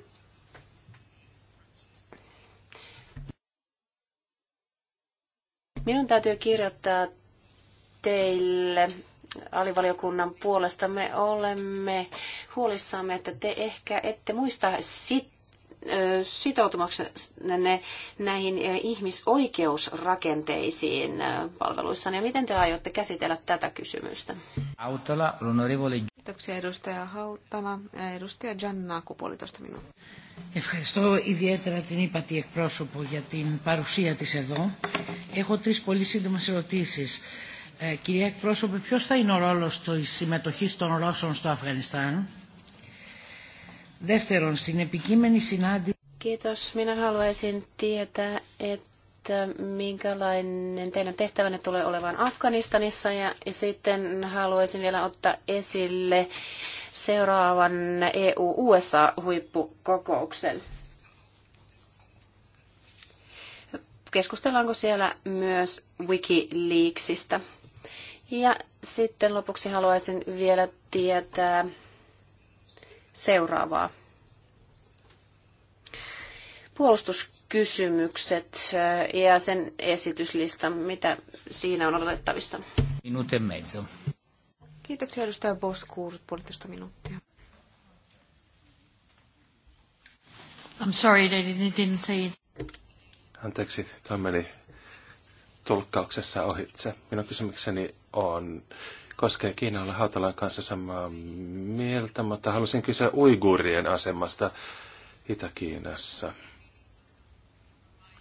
Minun täytyy kirjoittaa teille alivaliokunnan puolesta. Me olemme huolissamme, että te ehkä ette muista sit, sitoutumaksenne näihin ihmisoikeusrakenteisiin palveluissa. Ja miten te aiotte käsitellä tätä kysymystä? Autala, l'onorevole... Kiitoksia edustaja Hautala. Edustaja Gianna, puolitoista minuuttia. Ευχαριστώ ιδιαίτερα την ύπατη εκπρόσωπο για την παρουσία της εδώ. Έχω τρεις πολύ σύντομες ερωτήσεις. Ε, κυρία εκπρόσωπη, ποιος θα είναι ο ρόλος της συμμετοχής των Ρώσων στο Αφγανιστάν. Δεύτερον, στην επικείμενη συνάντηση... Kiitos. Minä haluaisin tietää, että minkälainen teidän tehtävänne tulee olevan Afganistanissa ja sitten haluaisin vielä ottaa esille seuraavan EU-USA-huippukokouksen. Keskustellaanko siellä myös Wikileaksista? Ja sitten lopuksi haluaisin vielä tietää seuraavaa. Puolustuskysymykset äh, ja sen esityslista, mitä siinä on odotettavissa? Minuutin e mezzo. Kiitoksia edustaja Boskuur, puolitoista minuuttia. I'm sorry, they didn't say it. Anteeksi, tämä meni tulkkauksessa ohitse. Minun kysymykseni on koskee Kiinalla Hautalan kanssa samaa mieltä, mutta halusin kysyä uigurien asemasta Itä-Kiinassa.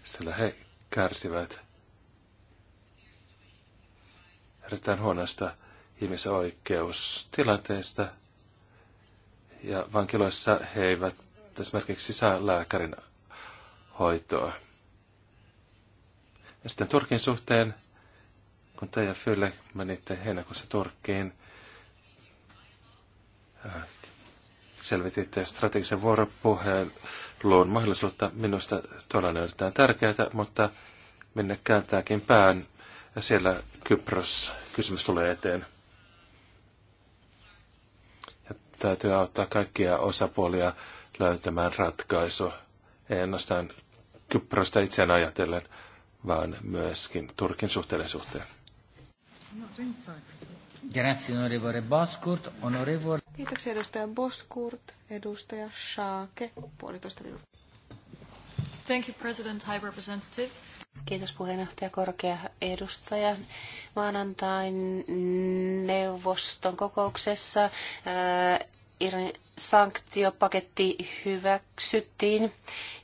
Sillä he kärsivät erittäin huonosta ihmisoikeustilanteesta ja vankiloissa he eivät esimerkiksi saa lääkärin hoitoa. Ja sitten Turkin suhteen kun te ja Fylle menitte heinäkuussa Turkkiin, äh, selvititte strategisen vuoropuheluun mahdollisuutta. Minusta tuolla on erittäin tärkeää, mutta minne kääntääkin pään, ja siellä Kypros kysymys tulee eteen. Ja täytyy auttaa kaikkia osapuolia löytämään ratkaisu, ei ainoastaan Kyprosta itseään ajatellen, vaan myöskin Turkin suhteellisuuteen. suhteen. Grazie, onorevole Boskurt. Onorevole... Kiitoksia edustaja Boskurt, edustaja Shaake, puolitoista minuuttia. Thank you, President High Representative. Kiitos puheenjohtaja korkea edustaja. Maanantain neuvoston kokouksessa äh, Iranin sanktiopaketti hyväksyttiin,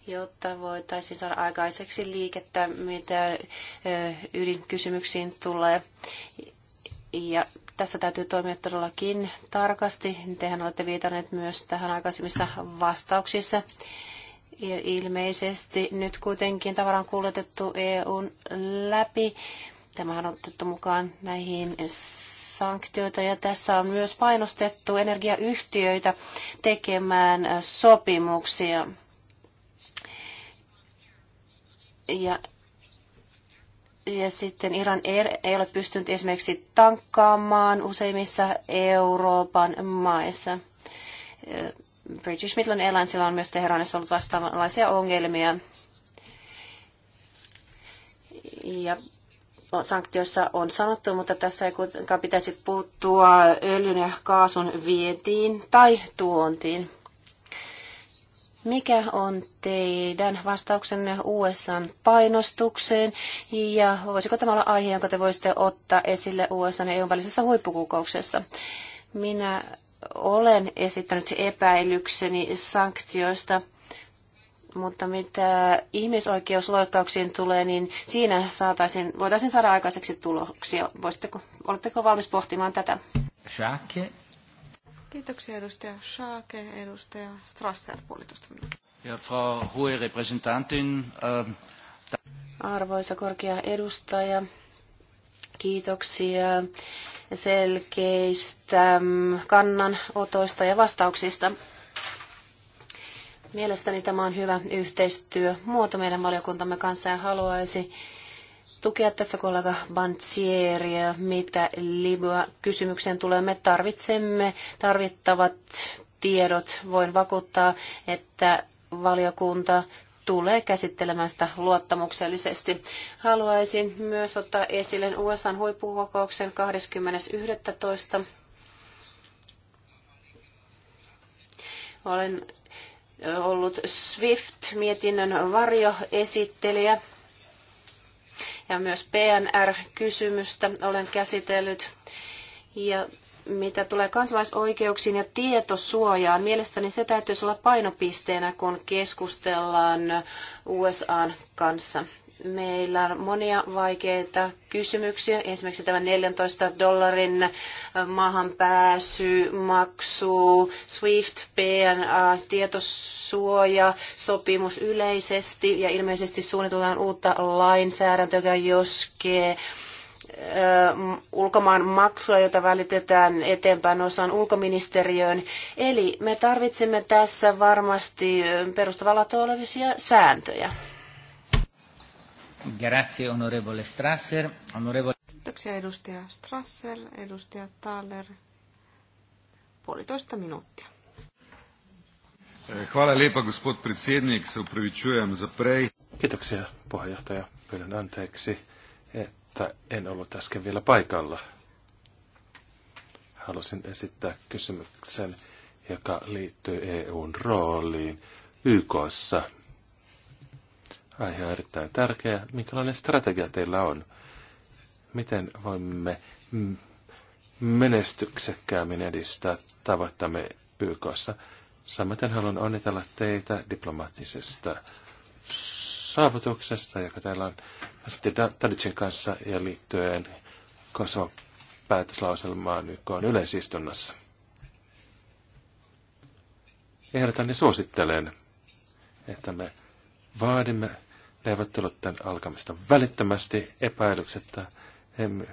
jotta voitaisiin saada aikaiseksi liikettä, mitä äh, ydinkysymyksiin tulee. Ja tässä täytyy toimia todellakin tarkasti. Tehän olette viitanneet myös tähän aikaisemmissa vastauksissa. Ja ilmeisesti nyt kuitenkin tavaran kuljetettu EUn läpi. Tämähän on otettu mukaan näihin sanktioita ja tässä on myös painostettu energiayhtiöitä tekemään sopimuksia. Ja ja sitten Iran ei ole pystynyt esimerkiksi tankkaamaan useimmissa Euroopan maissa. British Midland Airlinesilla on myös Teheranissa ollut vastaavanlaisia ongelmia. Ja sanktioissa on sanottu, mutta tässä ei kuitenkaan pitäisi puuttua öljyn ja kaasun vientiin tai tuontiin. Mikä on teidän vastauksenne USAn painostukseen ja voisiko tämä olla aihe, jonka te voisitte ottaa esille USAn ja EUn välisessä huippukokouksessa? Minä olen esittänyt epäilykseni sanktioista, mutta mitä ihmisoikeusloikkauksiin tulee, niin siinä saataisiin, voitaisiin saada aikaiseksi tuloksia. Voisitteko, oletteko valmis pohtimaan tätä? Jacques. Kiitoksia edustaja Schaake, edustaja Strasser, puolitoista minuuttia. Ja Frau hohe Repräsentantin. Ähm, Arvoisa korkea edustaja, kiitoksia selkeistä mm, kannanotoista ja vastauksista. Mielestäni tämä on hyvä yhteistyömuoto meidän valiokuntamme kanssa ja haluaisi tukea tässä kollega Bantsieria, mitä Libya kysymykseen tulee. Me tarvitsemme tarvittavat tiedot. Voin vakuuttaa, että valiokunta tulee käsittelemään sitä luottamuksellisesti. Haluaisin myös ottaa esille USA huippukokouksen 20.11. Olen ollut SWIFT-mietinnön varjoesittelijä ja myös PNR-kysymystä olen käsitellyt. Ja mitä tulee kansalaisoikeuksiin ja tietosuojaan, mielestäni se täytyisi olla painopisteenä, kun keskustellaan USAn kanssa. Meillä on monia vaikeita kysymyksiä. Esimerkiksi tämä 14 dollarin äh, maahanpääsy, maksu, SWIFT, PNA, tietosuoja, sopimus yleisesti ja ilmeisesti suunnitellaan uutta lainsäädäntöä, joka joskee äh, ulkomaan maksua, jota välitetään eteenpäin osaan ulkoministeriöön. Eli me tarvitsemme tässä varmasti äh, perustavalla olevia sääntöjä. Grazie, onorevole Strasser. Onorevole... Kiitoksia edustaja Strasser, edustaja Thaler. Puolitoista minuuttia. Eh, hvala lepa, gospod Se upravičujem za prej. Kiitoksia, puheenjohtaja. Pyydän anteeksi, että en ollut äsken vielä paikalla. Halusin esittää kysymyksen, joka liittyy EUn rooliin YKssa Aihe on erittäin tärkeä. Minkälainen strategia teillä on? Miten voimme menestyksekkäämmin edistää tavoittamme YKssa? Samaten haluan onnitella teitä diplomaattisesta saavutuksesta, joka täällä on Tadicin kanssa ja liittyen Kosovan päätöslauselmaan YK on yleisistunnassa. Ehdotan ja suosittelen, että me vaadimme neuvottelut tämän alkamista välittömästi epäilyksettä. Emme,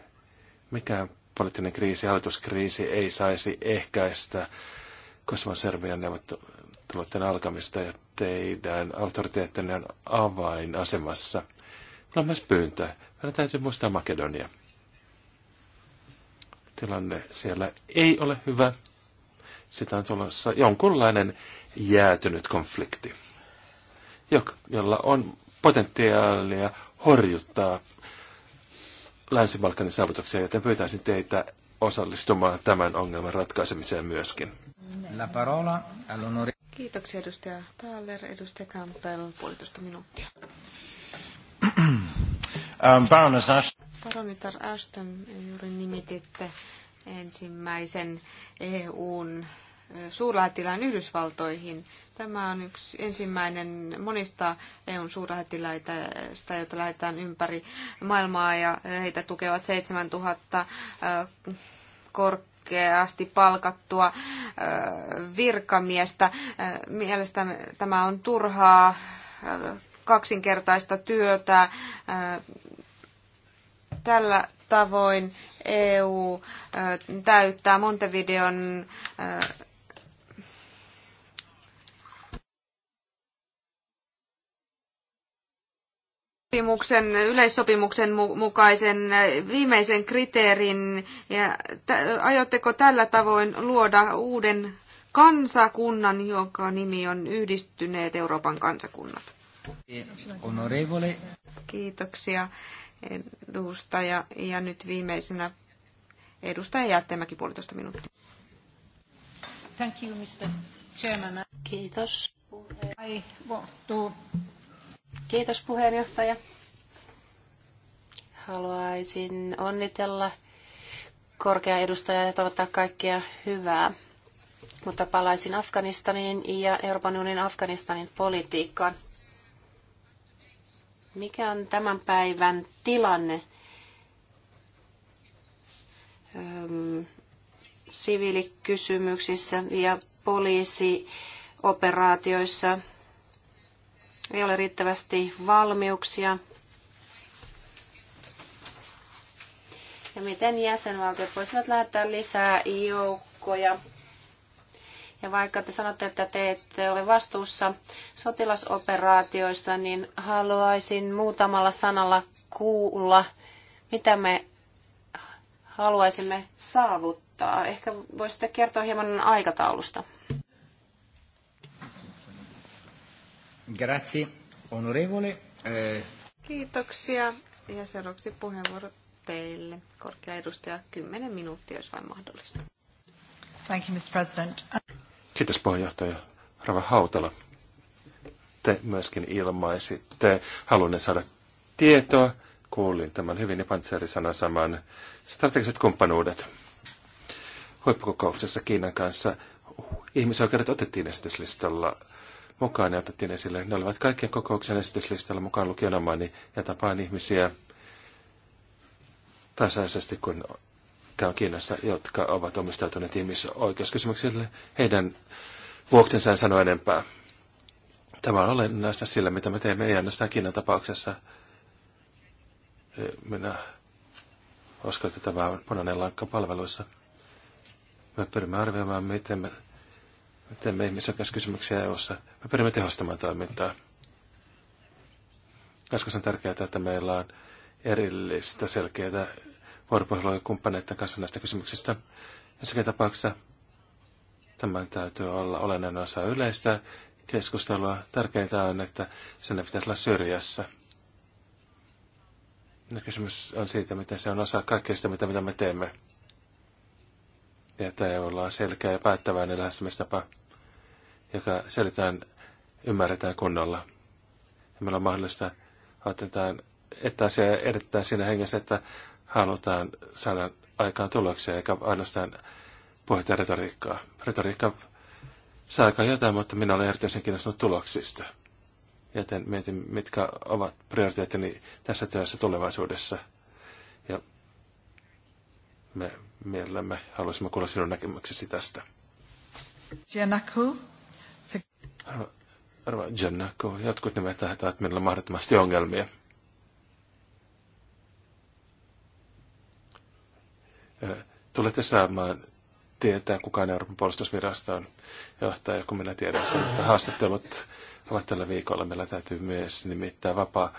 mikään poliittinen kriisi, hallituskriisi ei saisi ehkäistä Kosovon Serbian neuvotteluiden alkamista ja teidän autoriteettinen on avainasemassa. Meillä on myös pyyntö. Meillä täytyy muistaa Makedonia. Tilanne siellä ei ole hyvä. Sitä on tulossa jonkunlainen jäätynyt konflikti, jolla on potentiaalia horjuttaa Länsi-Balkanin saavutuksia, joten pyytäisin teitä osallistumaan tämän ongelman ratkaisemiseen myöskin. La parola all'onore. Kiitoksia edustaja Thaler, edustaja Campbell, puolitoista minuuttia. um, (clears throat) ähm, Baroness Ashton. Baronitar Ashton, juuri nimititte ensimmäisen EUn suurlähettilään Yhdysvaltoihin. Tämä on yksi ensimmäinen monista EUn suurlähettiläitä, joita lähetään ympäri maailmaa ja heitä tukevat 7000 äh, korkeasti palkattua äh, virkamiestä. Äh, mielestäni tämä on turhaa kaksinkertaista työtä. Tällä tavoin EU täyttää Montevideon sopimuksen, yleissopimuksen mukaisen äh, viimeisen kriteerin. Ja aiotteko tällä tavoin luoda uuden kansakunnan, jonka nimi on Yhdistyneet Euroopan kansakunnat? Honorevole. Kiitoksia edustaja. Ja nyt viimeisenä edustaja Jättemäki puolitoista minuuttia. Thank you, Mr. Chairman. Kiitos. I want to Kiitos puheenjohtaja. Haluaisin onnitella korkea edustaja ja toivottaa kaikkea hyvää. Mutta palaisin Afganistaniin ja Euroopan unionin Afganistanin politiikkaan. Mikä on tämän päivän tilanne? Öm, siviilikysymyksissä ja poliisioperaatioissa ei ole riittävästi valmiuksia. Ja miten jäsenvaltiot voisivat lähettää lisää joukkoja? Ja vaikka te sanotte, että te ette ole vastuussa sotilasoperaatioista, niin haluaisin muutamalla sanalla kuulla, mitä me haluaisimme saavuttaa. Ehkä voisitte kertoa hieman aikataulusta. Grazie, onorevole. Eh, Kiitoksia. Ja seuraavaksi puheenvuoro teille. Korkea edustaja, 10 minuuttia, jos vain mahdollista. Thank you, Mr. President. Kiitos puheenjohtaja Rava Hautala. Te myöskin ilmaisitte halunne saada tietoa. Kuulin tämän hyvin ja Pantseri saman. Strategiset kumppanuudet. Huippukokouksessa Kiinan kanssa ihmisoikeudet otettiin esityslistalla mukaan ja otettiin esille. Ne olivat kaikkien kokouksen esityslistalla mukaan lukien omani ja tapaan ihmisiä tasaisesti, kun käyn Kiinassa, jotka ovat omistautuneet ihmisoikeuskysymyksille. Heidän vuoksensa en sano enempää. Tämä on olennaista sillä, mitä me teemme, ei ainoastaan Kiinan tapauksessa. Minä uskon, että tämä on punainen lankka palveluissa. Me pyrimme arvioimaan, miten me teemme ihmisoikeuskysymyksiä EU-ssa. Me pyrimme tehostamaan toimintaa. Koska se on tärkeää, että meillä on erillistä selkeää vuoropuhelua kumppaneiden kanssa näistä kysymyksistä. Jossakin tapauksessa tämän täytyy olla olennainen osa yleistä keskustelua. Tärkeintä on, että sen pitäisi olla syrjässä. Ja no, kysymys on siitä, miten se on osa kaikkea sitä, mitä, mitä me teemme ja että EUlla on selkeä ja päättäväinen lähestymistapa, joka selitään, ymmärretään kunnolla. Ja meillä on mahdollista, otetaan, että asia edetään siinä hengessä, että halutaan saada aikaan tuloksia, eikä ainoastaan puhetta retoriikkaa. Retoriikka saa aikaan jotain, mutta minä olen erityisen kiinnostunut tuloksista. Joten mietin, mitkä ovat prioriteettini tässä työssä tulevaisuudessa. Ja me mielellämme haluaisimme kuulla sinun näkemyksesi tästä. Giannaku. Arva Giannaku, jotkut nimet aiheuttavat meillä mahdottomasti ongelmia. Tulette saamaan tietää, kuka on Euroopan puolustusviraston johtaja, kun minä tiedän sen, että haastattelut ovat tällä viikolla. Meillä täytyy myös nimittää vapaa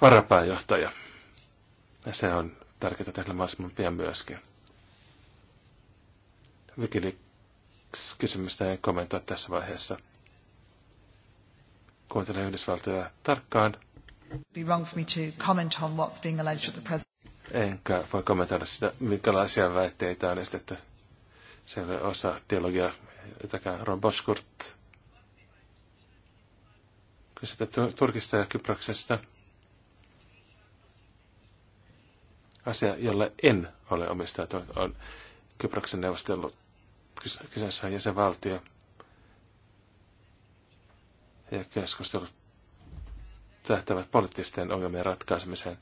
varapääjohtaja. Ja se on tärkeää tehdä mahdollisimman pian myöskin. Wikileaks-kysymystä en kommentoi tässä vaiheessa. Kuuntelen Yhdysvaltoja tarkkaan. Be wrong for me to comment on what's being alleged at the present. Enkä voi kommentoida sitä, minkälaisia väitteitä on esitetty. Se ei ole osa dialogia, jotakään Ron Boskurt. Kysytään Turkista ja Kyproksesta. asia, jolle en ole omistautunut, on Kyproksen neuvostelu. Kyseessä on jäsenvaltio ja keskustelut tähtävät poliittisten ongelmien ratkaisemiseen,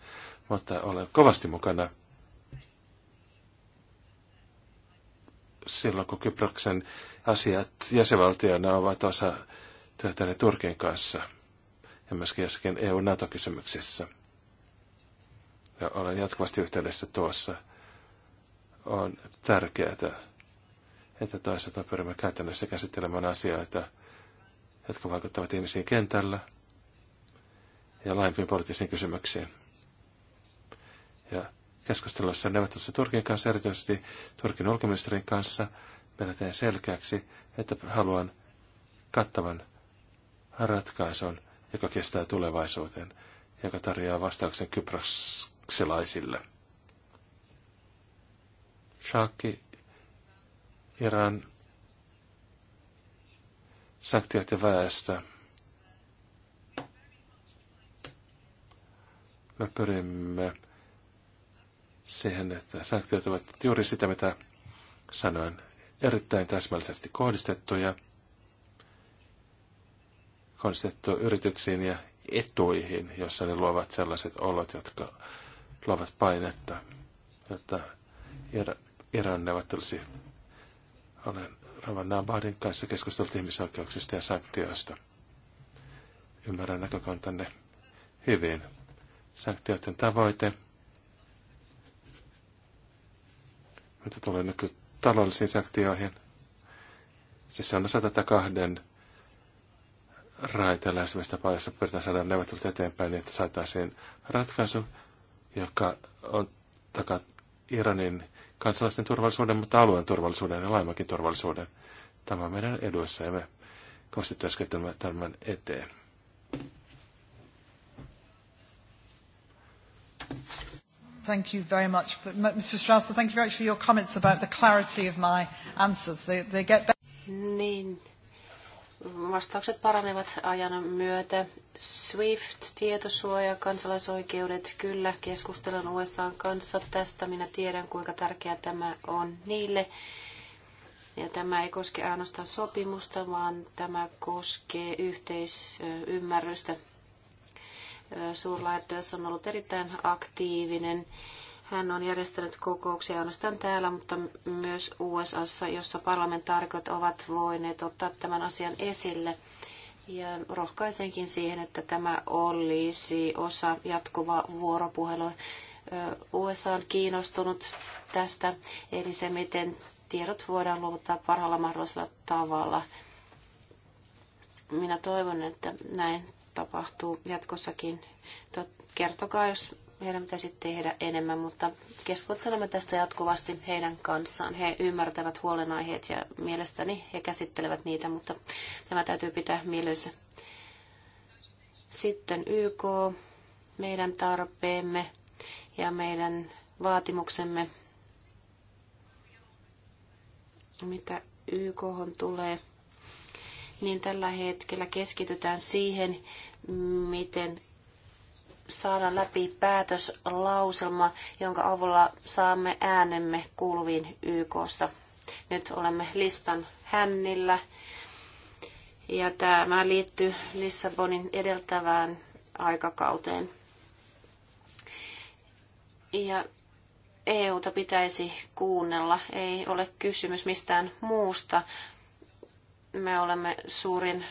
mutta olen kovasti mukana silloin, kun Kyproksen asiat jäsenvaltiona ovat osa työtäni Turkin kanssa ja myöskin jossakin EU-NATO-kysymyksissä ja olen jatkuvasti yhteydessä tuossa, on tärkeää, että toisaalta pyrimme käytännössä käsittelemään asioita, jotka vaikuttavat ihmisiin kentällä ja laajempiin poliittisiin kysymyksiin. Ja keskustelussa ja neuvottelussa Turkin kanssa, erityisesti Turkin ulkoministerin kanssa, minä teen selkeäksi, että haluan kattavan ratkaisun, joka kestää tulevaisuuteen, joka tarjoaa vastauksen Kypros saksalaisille. Shaki, Iran, sanktiot ja Me pyrimme siihen, että sanktiot ovat juuri sitä, mitä sanoin, erittäin täsmällisesti kohdistettuja, kohdistettu yrityksiin ja etuihin, jossa ne luovat sellaiset olot, jotka luovat painetta, jotta Iran neuvottelisi. Olen Ravan Nabahdin kanssa keskustellut ihmisoikeuksista ja sanktioista. Ymmärrän näkökantanne hyvin. Sanktioiden tavoite, mitä tulee nykytaloudellisiin sanktioihin, siis se on osa tätä kahden raiteella esimerkiksi tapaa, jossa pyritään saada neuvottelut eteenpäin, niin että saataisiin ratkaisu, joka on takaa Iranin kansalaisten turvallisuuden, mutta alueen turvallisuuden ja laimakin turvallisuuden. Tämä on meidän eduissa ja me kovasti työskentelemme tämän eteen. Thank you very much, for, Mr. Strasser. Thank you very much for your comments about the clarity of my answers. They, they get better. Niin, vastaukset paranevat ajan myötä. SWIFT, tietosuoja, kansalaisoikeudet, kyllä, keskustelen USA kanssa tästä. Minä tiedän, kuinka tärkeää tämä on niille. Ja tämä ei koske ainoastaan sopimusta, vaan tämä koskee yhteisymmärrystä. Suurlaitteessa on ollut erittäin aktiivinen hän on järjestänyt kokouksia ainoastaan täällä, mutta myös USAssa, jossa parlamentaarikot ovat voineet ottaa tämän asian esille. Ja rohkaisenkin siihen, että tämä olisi osa jatkuvaa vuoropuhelua. USA on kiinnostunut tästä, eli se, miten tiedot voidaan luovuttaa parhaalla mahdollisella tavalla. Minä toivon, että näin tapahtuu jatkossakin. Kertokaa, jos meidän pitäisi tehdä enemmän, mutta keskustelemme tästä jatkuvasti heidän kanssaan. He ymmärtävät huolenaiheet ja mielestäni he käsittelevät niitä, mutta tämä täytyy pitää mielessä. Sitten YK, meidän tarpeemme ja meidän vaatimuksemme, mitä YK tulee, niin tällä hetkellä keskitytään siihen, miten saada läpi päätöslauselma, jonka avulla saamme äänemme kuuluviin YKssa. Nyt olemme listan hännillä. Ja tämä liittyy Lissabonin edeltävään aikakauteen. Ja EUta pitäisi kuunnella. Ei ole kysymys mistään muusta. Me olemme suurin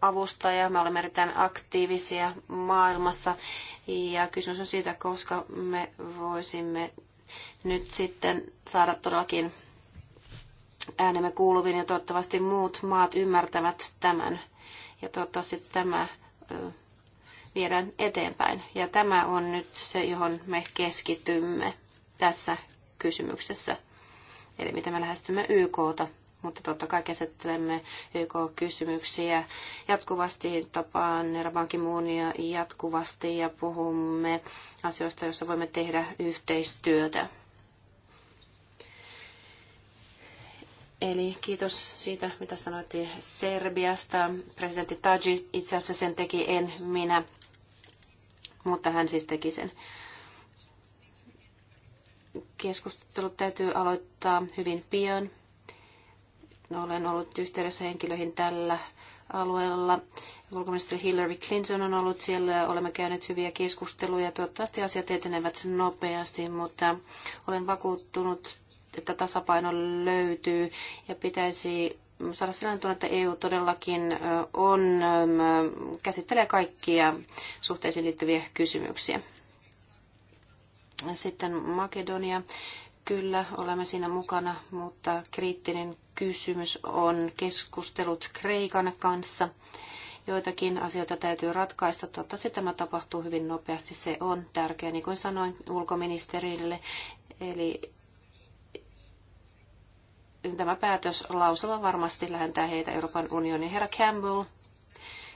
avustaja. Me olemme erittäin aktiivisia maailmassa ja kysymys on siitä, koska me voisimme nyt sitten saada todellakin äänemme kuuluviin ja toivottavasti muut maat ymmärtävät tämän ja toivottavasti tämä viedään eteenpäin. Ja tämä on nyt se, johon me keskitymme tässä kysymyksessä, eli miten me lähestymme YKta mutta totta kai käsittelemme YK-kysymyksiä jatkuvasti, tapaan Nerbankin muunia jatkuvasti ja puhumme asioista, joissa voimme tehdä yhteistyötä. Eli kiitos siitä, mitä sanoitte Serbiasta. Presidentti Taji itse asiassa sen teki, en minä, mutta hän siis teki sen. Keskustelut täytyy aloittaa hyvin pian. Olen ollut yhteydessä henkilöihin tällä alueella. Ulkoministeri Hillary Clinton on ollut siellä ja olemme käyneet hyviä keskusteluja. Toivottavasti asiat etenevät nopeasti, mutta olen vakuuttunut, että tasapaino löytyy ja pitäisi saada sellainen tunne, että EU todellakin on, käsittelee kaikkia suhteisiin liittyviä kysymyksiä. Sitten Makedonia. Kyllä, olemme siinä mukana, mutta kriittinen kysymys on keskustelut Kreikan kanssa. Joitakin asioita täytyy ratkaista. Toivottavasti tämä tapahtuu hyvin nopeasti. Se on tärkeää, niin kuin sanoin ulkoministerille. Eli tämä päätös lausuma varmasti lähentää heitä Euroopan unionin. Herra Campbell,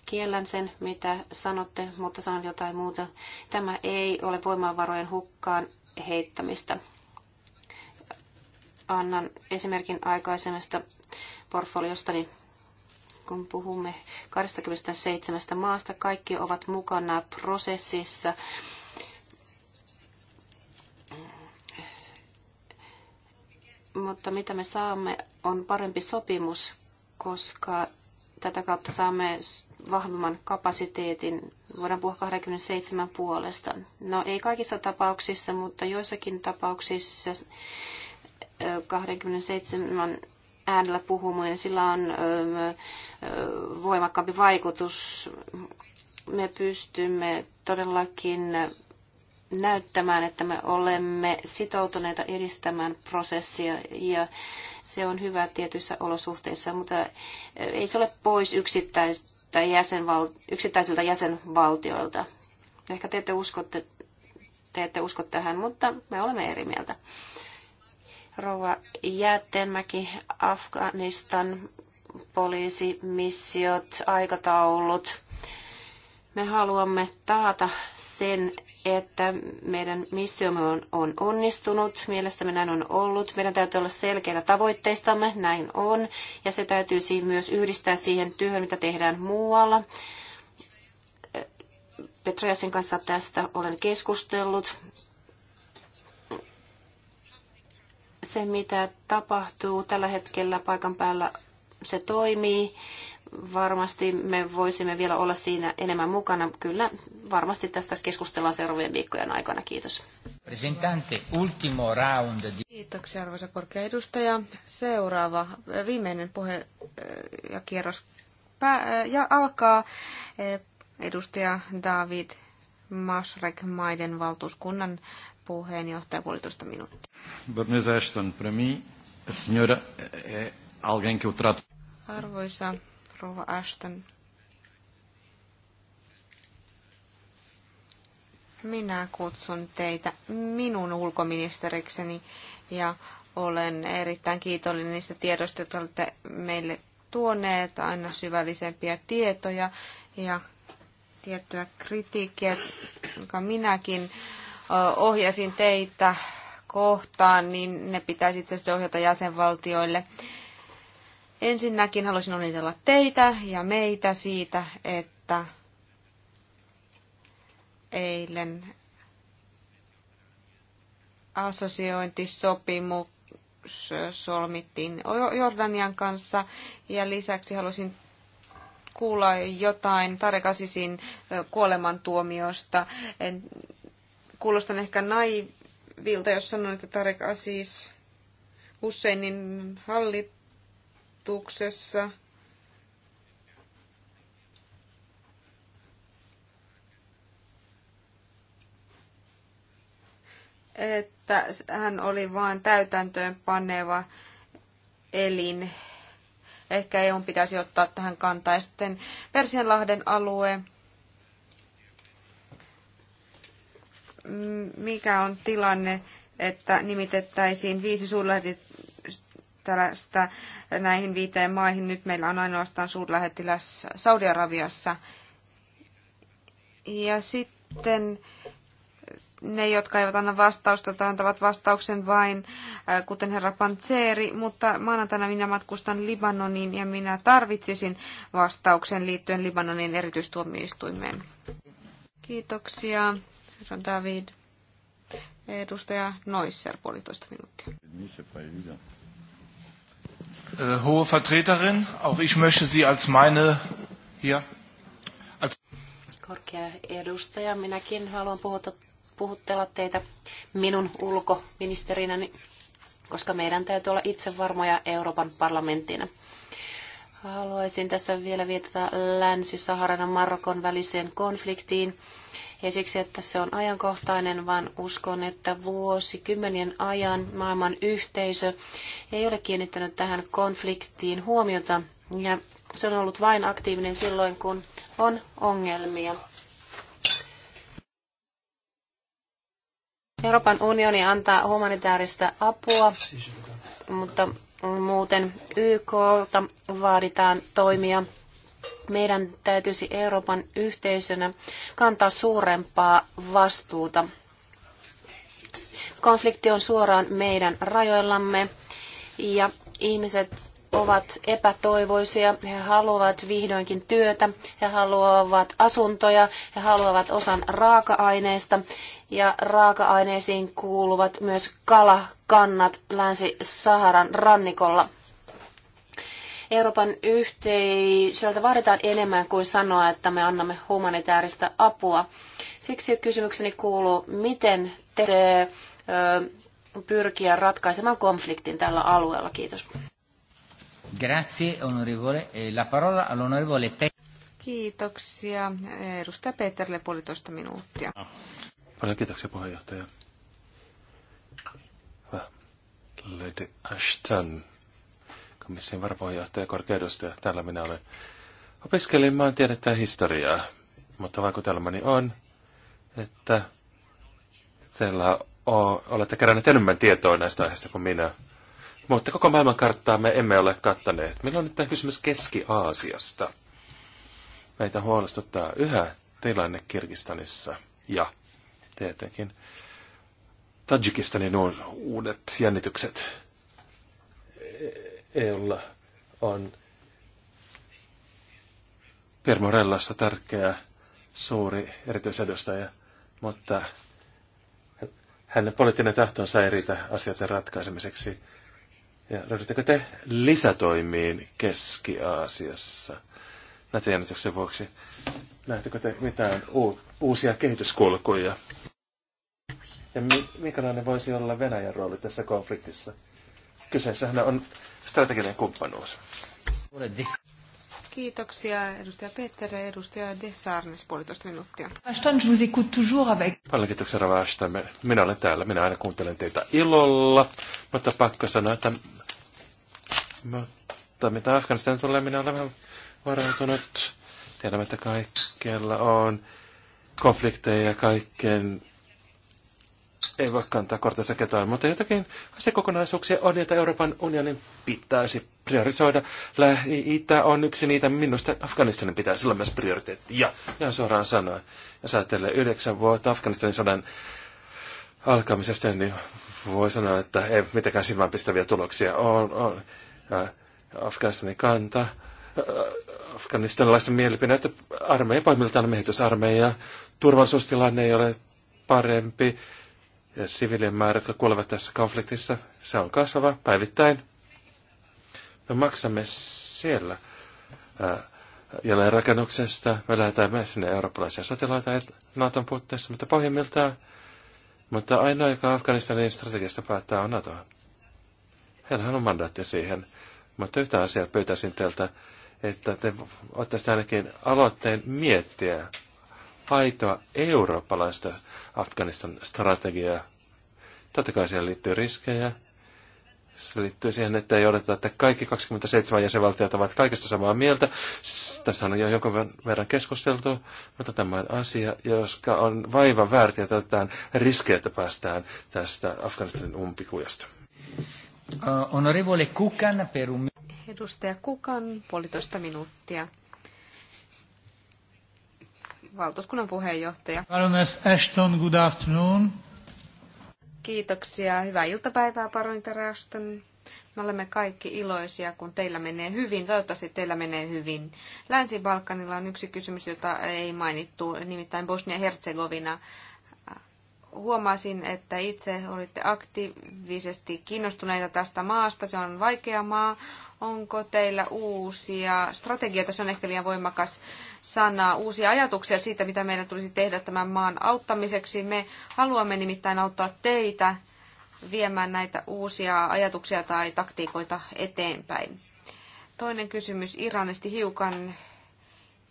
kiellän sen, mitä sanotte, mutta sanon jotain muuta. Tämä ei ole voimavarojen hukkaan heittämistä annan esimerkin aikaisemmasta portfoliostani. Kun puhumme 27 maasta, kaikki ovat mukana prosessissa. Mutta mitä me saamme on parempi sopimus, koska tätä kautta saamme vahvemman kapasiteetin, voidaan puhua 27 puolesta. No ei kaikissa tapauksissa, mutta joissakin tapauksissa 27 äänellä ja niin sillä on voimakkaampi vaikutus. Me pystymme todellakin näyttämään, että me olemme sitoutuneita edistämään prosessia ja se on hyvä tietyissä olosuhteissa, mutta ei se ole pois yksittäistä jäsenval- yksittäisiltä jäsenvaltioilta. Ehkä te ette, usko, te, te ette usko tähän, mutta me olemme eri mieltä. Rouva Jäätteenmäki, Afganistan, missiot aikataulut. Me haluamme taata sen, että meidän missiomme on, on onnistunut. Mielestämme näin on ollut. Meidän täytyy olla selkeitä tavoitteistamme, näin on. Ja se täytyy myös yhdistää siihen työhön, mitä tehdään muualla. Petrajasin kanssa tästä olen keskustellut. se, mitä tapahtuu tällä hetkellä paikan päällä, se toimii. Varmasti me voisimme vielä olla siinä enemmän mukana. Kyllä, varmasti tästä keskustellaan seuraavien viikkojen aikana. Kiitos. Presentante, ultimo round. Kiitoksia arvoisa korkea edustaja. Seuraava, äh, viimeinen puhe äh, ja kierros pää, äh, ja alkaa edustaja David Masrek maiden valtuuskunnan puheenjohtaja puolitoista minuuttia. Ashton, para eh, eh, Arvoisa rouva Ashton, minä kutsun teitä minun ulkoministerikseni ja olen erittäin kiitollinen niistä tiedoista, joita olette meille tuoneet, aina syvällisempiä tietoja ja tiettyä kritiikkiä, jonka minäkin ohjasin teitä kohtaan, niin ne pitäisi itse asiassa ohjata jäsenvaltioille. Ensinnäkin haluaisin onnitella teitä ja meitä siitä, että eilen assosiointisopimus solmittiin Jordanian kanssa ja lisäksi halusin kuulla jotain Tarekasisin kuolemantuomiosta kuulostan ehkä naivilta, jos sanon, että Tarek Asis Husseinin hallituksessa että hän oli vain täytäntöön paneva elin. Ehkä EU pitäisi ottaa tähän kantaa. Ja sitten Persianlahden alue mikä on tilanne, että nimitettäisiin viisi suurlähettilästä näihin viiteen maihin. Nyt meillä on ainoastaan suurlähettiläs Saudi-Arabiassa. Ja sitten ne, jotka eivät anna vastausta tai antavat vastauksen vain, äh, kuten herra Pantseeri, mutta maanantaina minä matkustan Libanoniin ja minä tarvitsisin vastauksen liittyen Libanonin erityistuomioistuimeen. Kiitoksia herra David. Edustaja Noisser, puolitoista minuuttia. Äh, hohe Vertreterin, auch ich möchte Sie als meine hier. Als Korkea edustaja, minäkin haluan puhuta, puhuttella teitä minun ulkoministerinäni, koska meidän täytyy olla itsevarmoja Euroopan parlamenttina. Haluaisin tässä vielä viitata Länsi-Saharan ja Marokon väliseen konfliktiin ja siksi, että se on ajankohtainen, vaan uskon, että vuosikymmenien ajan maailman yhteisö ei ole kiinnittänyt tähän konfliktiin huomiota ja se on ollut vain aktiivinen silloin, kun on ongelmia. Euroopan unioni antaa humanitaarista apua, mutta muuten YK vaaditaan toimia meidän täytyisi Euroopan yhteisönä kantaa suurempaa vastuuta. Konflikti on suoraan meidän rajoillamme ja ihmiset ovat epätoivoisia, he haluavat vihdoinkin työtä, he haluavat asuntoja, he haluavat osan raaka-aineista ja raaka-aineisiin kuuluvat myös kalakannat Länsi-Saharan rannikolla. Euroopan yhteisöltä vaaditaan enemmän kuin sanoa, että me annamme humanitaarista apua. Siksi kysymykseni kuuluu, miten te pyrkiä ratkaisemaan konfliktin tällä alueella. Kiitos. Grazie, onorevole. E, la parola all'onorevole Pe- Kiitoksia. Edustaja Peterle puolitoista minuuttia. Paljon kiitoksia puheenjohtaja. Lady Ashton komission varapuheenjohtaja ja korkeudustaja. Täällä minä olen. Opiskelin maantiedettä ja historiaa, mutta vaikutelmani on, että teillä on, olette keränneet enemmän tietoa näistä aiheista kuin minä. Mutta koko maailman karttaa me emme ole kattaneet. Meillä on nyt tämä kysymys Keski-Aasiasta. Meitä huolestuttaa yhä tilanne Kirgistanissa ja tietenkin Tajikistanin uudet jännitykset EUlla on Permorellassa tärkeä suuri erityisedustaja, mutta hänen poliittinen tahtonsa ei riitä asioiden ratkaisemiseksi. Ja ryhdyttekö te lisätoimiin Keski-Aasiassa näiden jännityksen vuoksi? Näettekö te mitään uusia kehityskulkuja? Ja minkälainen voisi olla Venäjän rooli tässä konfliktissa? kyseessähän on strateginen kumppanuus. Kiitoksia edustaja Peter ja edustaja Desarnes puolitoista minuuttia. Ashton, je vous écoute toujours avec... Paljon kiitoksia Rava Ashton. Minä olen täällä. Minä aina kuuntelen teitä ilolla. Mutta pakko sanoa, että... Mutta mitä Afganistan tulee, minä olen vähän varautunut. Tiedämme, että kaikkella on konflikteja ja kaiken ei voi kantaa kortensa ketään, mutta jotakin asiakokonaisuuksia on, joita Euroopan unionin pitäisi priorisoida. Lähi-Itä on yksi niitä, minusta Afganistanin pitää olla myös prioriteetti. Ja ihan suoraan sanoen, jos ajattelee yhdeksän vuotta Afganistanin sodan alkamisesta, niin voi sanoa, että ei mitenkään silmäänpistäviä tuloksia on. on. Afganistanin kanta, äh, afganistanilaisten mielipide, että armeija pahimmiltaan miehitysarmeija, turvallisuustilanne ei ole parempi, ja sivilien määrät, jotka kuolevat tässä konfliktissa, se on kasvava päivittäin. Me maksamme siellä jälleenrakennuksesta, me myös sinne eurooppalaisia sotilaita Naton puutteessa, mutta pohjimmiltaan, mutta ainoa, joka Afganistanin strategiasta päättää, on NATO. Heillähän on mandaatti siihen, mutta yhtä asiaa pyytäisin teiltä, että te ottaisitte ainakin aloitteen miettiä aitoa eurooppalaista Afganistan strategiaa. Totta kai siihen liittyy riskejä. Se liittyy siihen, että ei odoteta, että kaikki 27 jäsenvaltiot ovat kaikesta samaa mieltä. Tästä on jo jonkun verran keskusteltu, mutta tämä on asia, joska on vaiva väärti, että otetaan riskejä, että päästään tästä Afganistanin umpikujasta. Uh, äh, onorevole Kukan per Edustaja Kukan, puolitoista minuuttia valtuuskunnan puheenjohtaja. Baroness Ashton, good afternoon. Kiitoksia. Hyvää iltapäivää, Paroniter Ashton. Me olemme kaikki iloisia, kun teillä menee hyvin. Toivottavasti teillä menee hyvin. Länsi-Balkanilla on yksi kysymys, jota ei mainittu, nimittäin Bosnia-Herzegovina huomasin, että itse olitte aktiivisesti kiinnostuneita tästä maasta. Se on vaikea maa. Onko teillä uusia strategioita, se on ehkä liian voimakas sana, uusia ajatuksia siitä, mitä meidän tulisi tehdä tämän maan auttamiseksi? Me haluamme nimittäin auttaa teitä viemään näitä uusia ajatuksia tai taktiikoita eteenpäin. Toinen kysymys Iranesti hiukan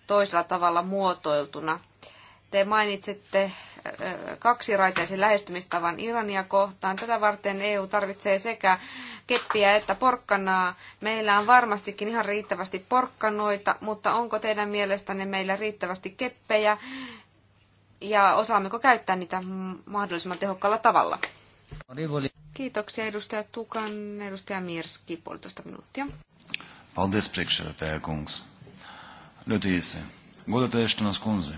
toisella tavalla muotoiltuna te mainitsitte kaksiraiteisen lähestymistavan Irania kohtaan. Tätä varten EU tarvitsee sekä keppiä että porkkanaa. Meillä on varmastikin ihan riittävästi porkkanoita, mutta onko teidän mielestänne meillä riittävästi keppejä ja osaammeko käyttää niitä mahdollisimman tehokkaalla tavalla? Kiitoksia edustaja Tukan, edustaja Mirski, puolitoista minuuttia. Paldies priekšsēdētāja kungs. Ļoti īsi. Godātais kundze,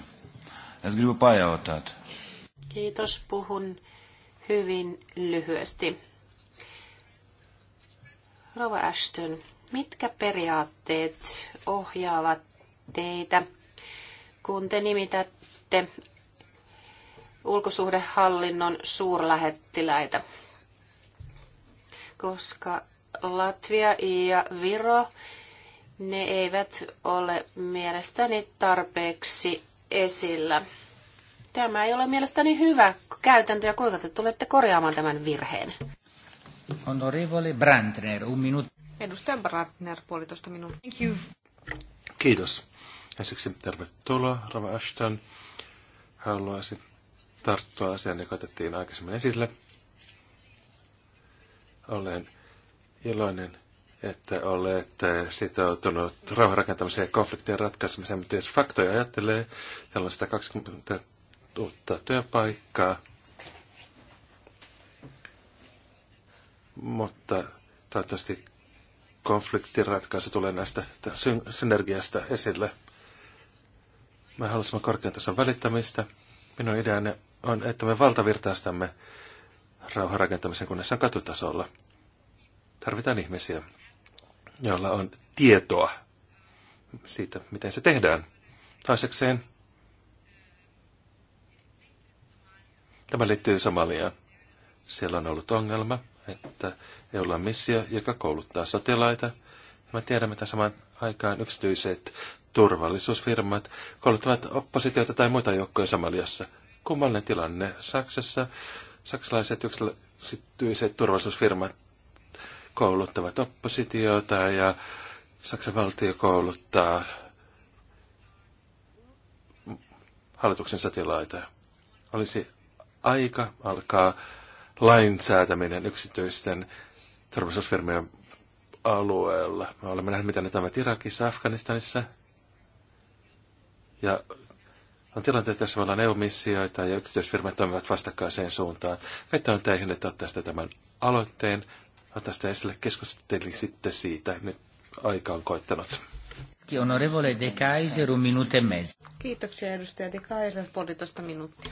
Es gribu pajautāt. Kiitos, puhun hyvin lyhyesti. Rova Ashton, mitkä periaatteet ohjaavat teitä, kun te nimitätte ulkosuhdehallinnon suurlähettiläitä? Koska Latvia ja Viro, ne eivät ole mielestäni tarpeeksi esillä. Tämä ei ole mielestäni hyvä käytäntö ja kuinka te tulette korjaamaan tämän virheen? Honorevole Brandner, un minuutti. Edustaja Brandner, puolitoista minuuttia. Thank you. Kiitos. Ensiksi tervetuloa, Rava Ashton. Haluaisin tarttua asiaan, joka otettiin aikaisemmin esille. Olen iloinen että olet äh, sitoutunut rauhanrakentamiseen ja konfliktien ratkaisemiseen, mutta jos faktoja ajattelee, tällä 120 uutta työpaikkaa, mutta toivottavasti konfliktin ratkaisu tulee näistä synergiasta esille. Me haluaisimme korkean tason välittämistä. Minun ideani on, että me valtavirtaistamme rauhanrakentamisen, kunnes on katutasolla. Tarvitaan ihmisiä jolla on tietoa siitä, miten se tehdään. Toisekseen tämä liittyy Somaliaan. Siellä on ollut ongelma, että ei olla missio, joka kouluttaa sotilaita. Ja me tiedämme, että samaan aikaan yksityiset turvallisuusfirmat kouluttavat oppositiota tai muita joukkoja Somaliassa. Kummallinen tilanne. Saksassa saksalaiset yksityiset turvallisuusfirmat kouluttavat oppositiota ja Saksan valtio kouluttaa hallituksen sotilaita. Olisi aika alkaa lainsäätäminen yksityisten turvallisuusfirmojen alueella. Me olemme nähneet, mitä ne toimivat Irakissa, Afganistanissa. Ja on tilanteita, joissa meillä on EU-missioita ja yksityisfirmat toimivat vastakkaiseen suuntaan. Vetoan teihin, että ottaisitte tämän aloitteen ottaa sitä esille, keskustelisitte siitä, nyt aika on koittanut. Onorevole De Kaiser, un minuutti e mezzo. Kiitoksia edustaja De Kaiser, puolitoista minuuttia.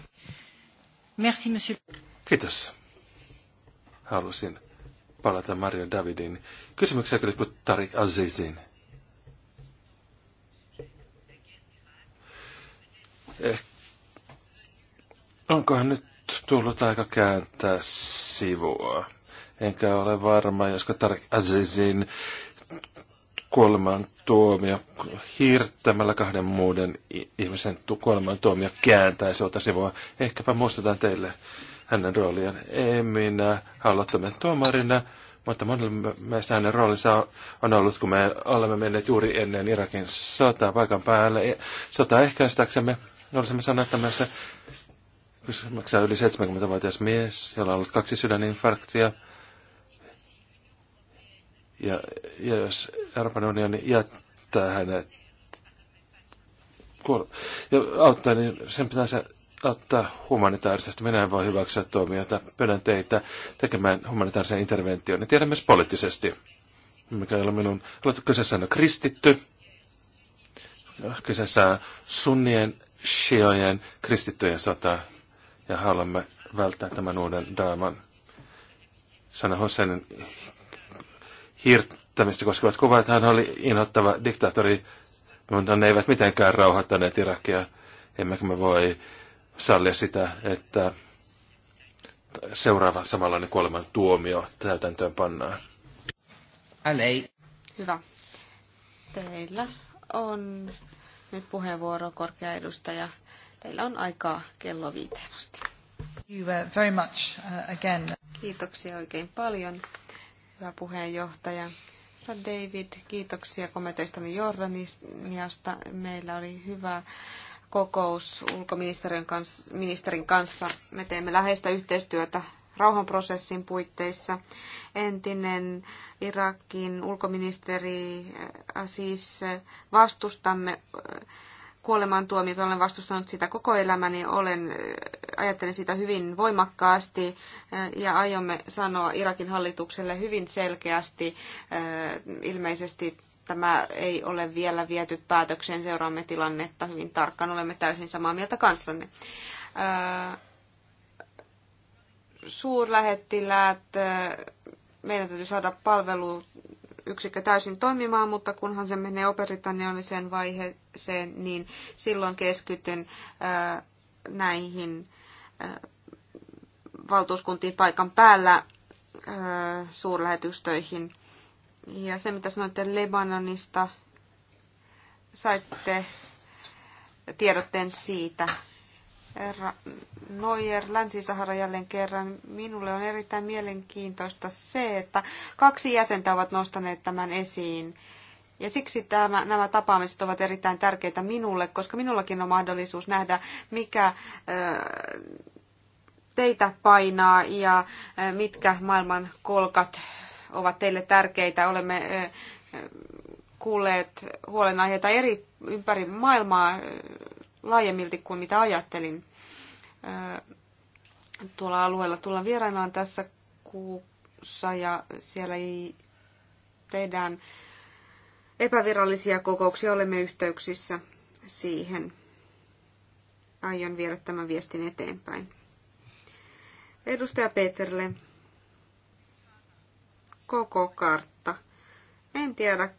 Merci, monsieur. Kiitos. Halusin palata Mario Davidin kysymykseen, kun liittyy Tarik Azizin. Eh, onkohan nyt tullut aika kääntää sivua? enkä ole varma, josko Tarek Azizin kuoleman tuomio hirttämällä kahden muuden ihmisen kuoleman tuomio kääntäisi ota sivua. Ehkäpä muistetaan teille hänen rooliaan. Ei minä halua toimia tuomarina, mutta monelle meistä hänen roolinsa on ollut, kun me olemme menneet juuri ennen Irakin sotaa paikan päälle. Sota ehkäistäksemme olisimme sanoneet se kysymyksessä yli 70-vuotias mies, jolla on ollut kaksi sydäninfarktia – ja, ja jos Euroopan unioni jättää hänet kuol- ja auttaa, niin sen pitäisi auttaa humanitaarisesti. Minä en voi hyväksyä tuomiota. Pyydän teitä tekemään humanitaarisen intervention. Ja tiedän myös poliittisesti, mikä ei ole minun... Kyseessä on kristitty. Kyseessä on sunnien, shiojen, kristittyjen sota. Ja haluamme välttää tämän uuden draaman. Sana Hosseinin hirttämistä koskevat kuvat. Hän oli inhottava diktaattori, mutta ne eivät mitenkään rauhoittaneet Irakia. Emmekä me voi sallia sitä, että seuraava samanlainen kuoleman tuomio täytäntöön pannaan. Alei. Hyvä. Teillä on nyt puheenvuoro, korkea edustaja. Teillä on aikaa kello viiteen asti. You uh, very much, uh, again. Kiitoksia oikein paljon hyvä puheenjohtaja. David, kiitoksia kommenteistanne Jordaniasta. Meillä oli hyvä kokous ulkoministerin kanssa, ministerin kanssa. Me teemme läheistä yhteistyötä rauhanprosessin puitteissa. Entinen Irakin ulkoministeri siis vastustamme kuolemantuomiota, olen vastustanut sitä koko elämäni, olen, äh, ajattelen sitä hyvin voimakkaasti äh, ja aiomme sanoa Irakin hallitukselle hyvin selkeästi, äh, ilmeisesti tämä ei ole vielä viety päätökseen, seuraamme tilannetta hyvin tarkkaan, olemme täysin samaa mieltä kanssanne. Suurlähettiläät, meidän täytyy saada palvelu yksikkö täysin toimimaan, mutta kunhan se menee operitanialliseen vaiheeseen, niin silloin keskityn äh, näihin äh, valtuuskuntiin paikan päällä äh, suurlähetystöihin. Ja se, mitä sanoitte Lebanonista, saitte tiedotteen siitä. Herra Neuer, Länsi-Sahara jälleen kerran. Minulle on erittäin mielenkiintoista se, että kaksi jäsentä ovat nostaneet tämän esiin. Ja siksi tämä, nämä tapaamiset ovat erittäin tärkeitä minulle, koska minullakin on mahdollisuus nähdä, mikä teitä painaa ja mitkä maailman kolkat ovat teille tärkeitä. Olemme kuulleet huolenaiheita eri ympäri maailmaa laajemmilti kuin mitä ajattelin. Tuolla alueella tullaan vierailemaan tässä kuussa ja siellä ei tehdään epävirallisia kokouksia, olemme yhteyksissä siihen. Aion viedä tämän viestin eteenpäin. Edustaja Peterle, koko kartta. En tiedä,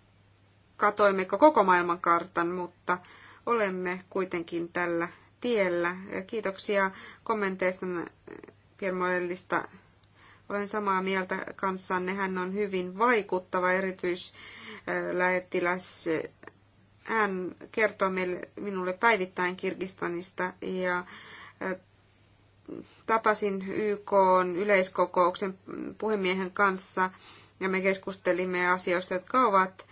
katoimmeko koko maailman kartan, mutta olemme kuitenkin tällä tiellä. Kiitoksia kommenteista Piermoellista. Olen samaa mieltä kanssanne. Hän on hyvin vaikuttava erityislähettiläs. Hän kertoo meille, minulle päivittäin Kirgistanista ja tapasin YK yleiskokouksen puhemiehen kanssa ja me keskustelimme asioista, jotka ovat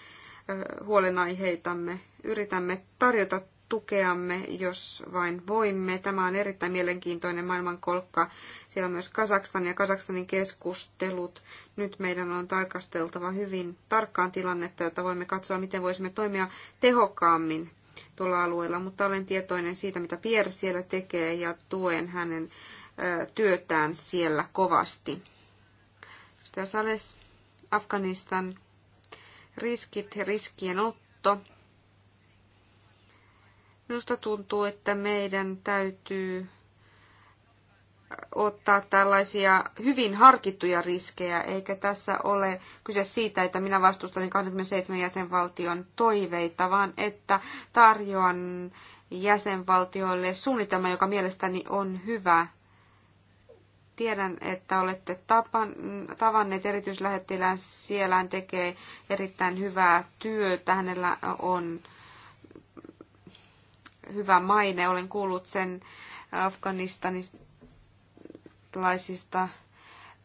huolenaiheitamme yritämme tarjota tukeamme, jos vain voimme. Tämä on erittäin mielenkiintoinen maailmankolkka. Siellä on myös Kazakstan ja Kazakstanin keskustelut. Nyt meidän on tarkasteltava hyvin tarkkaan tilannetta, jotta voimme katsoa, miten voisimme toimia tehokkaammin tuolla alueella. Mutta olen tietoinen siitä, mitä Pierre siellä tekee ja tuen hänen työtään siellä kovasti. Sales, Afganistan, riskit ja riskien otto Minusta tuntuu, että meidän täytyy ottaa tällaisia hyvin harkittuja riskejä, eikä tässä ole kyse siitä, että minä vastustan 27 jäsenvaltion toiveita, vaan että tarjoan jäsenvaltioille suunnitelma, joka mielestäni on hyvä. Tiedän, että olette tavanneet erityislähettilään. Siellä hän tekee erittäin hyvää työtä. Hänellä on hyvä maine. Olen kuullut sen äh, afganistanilaisista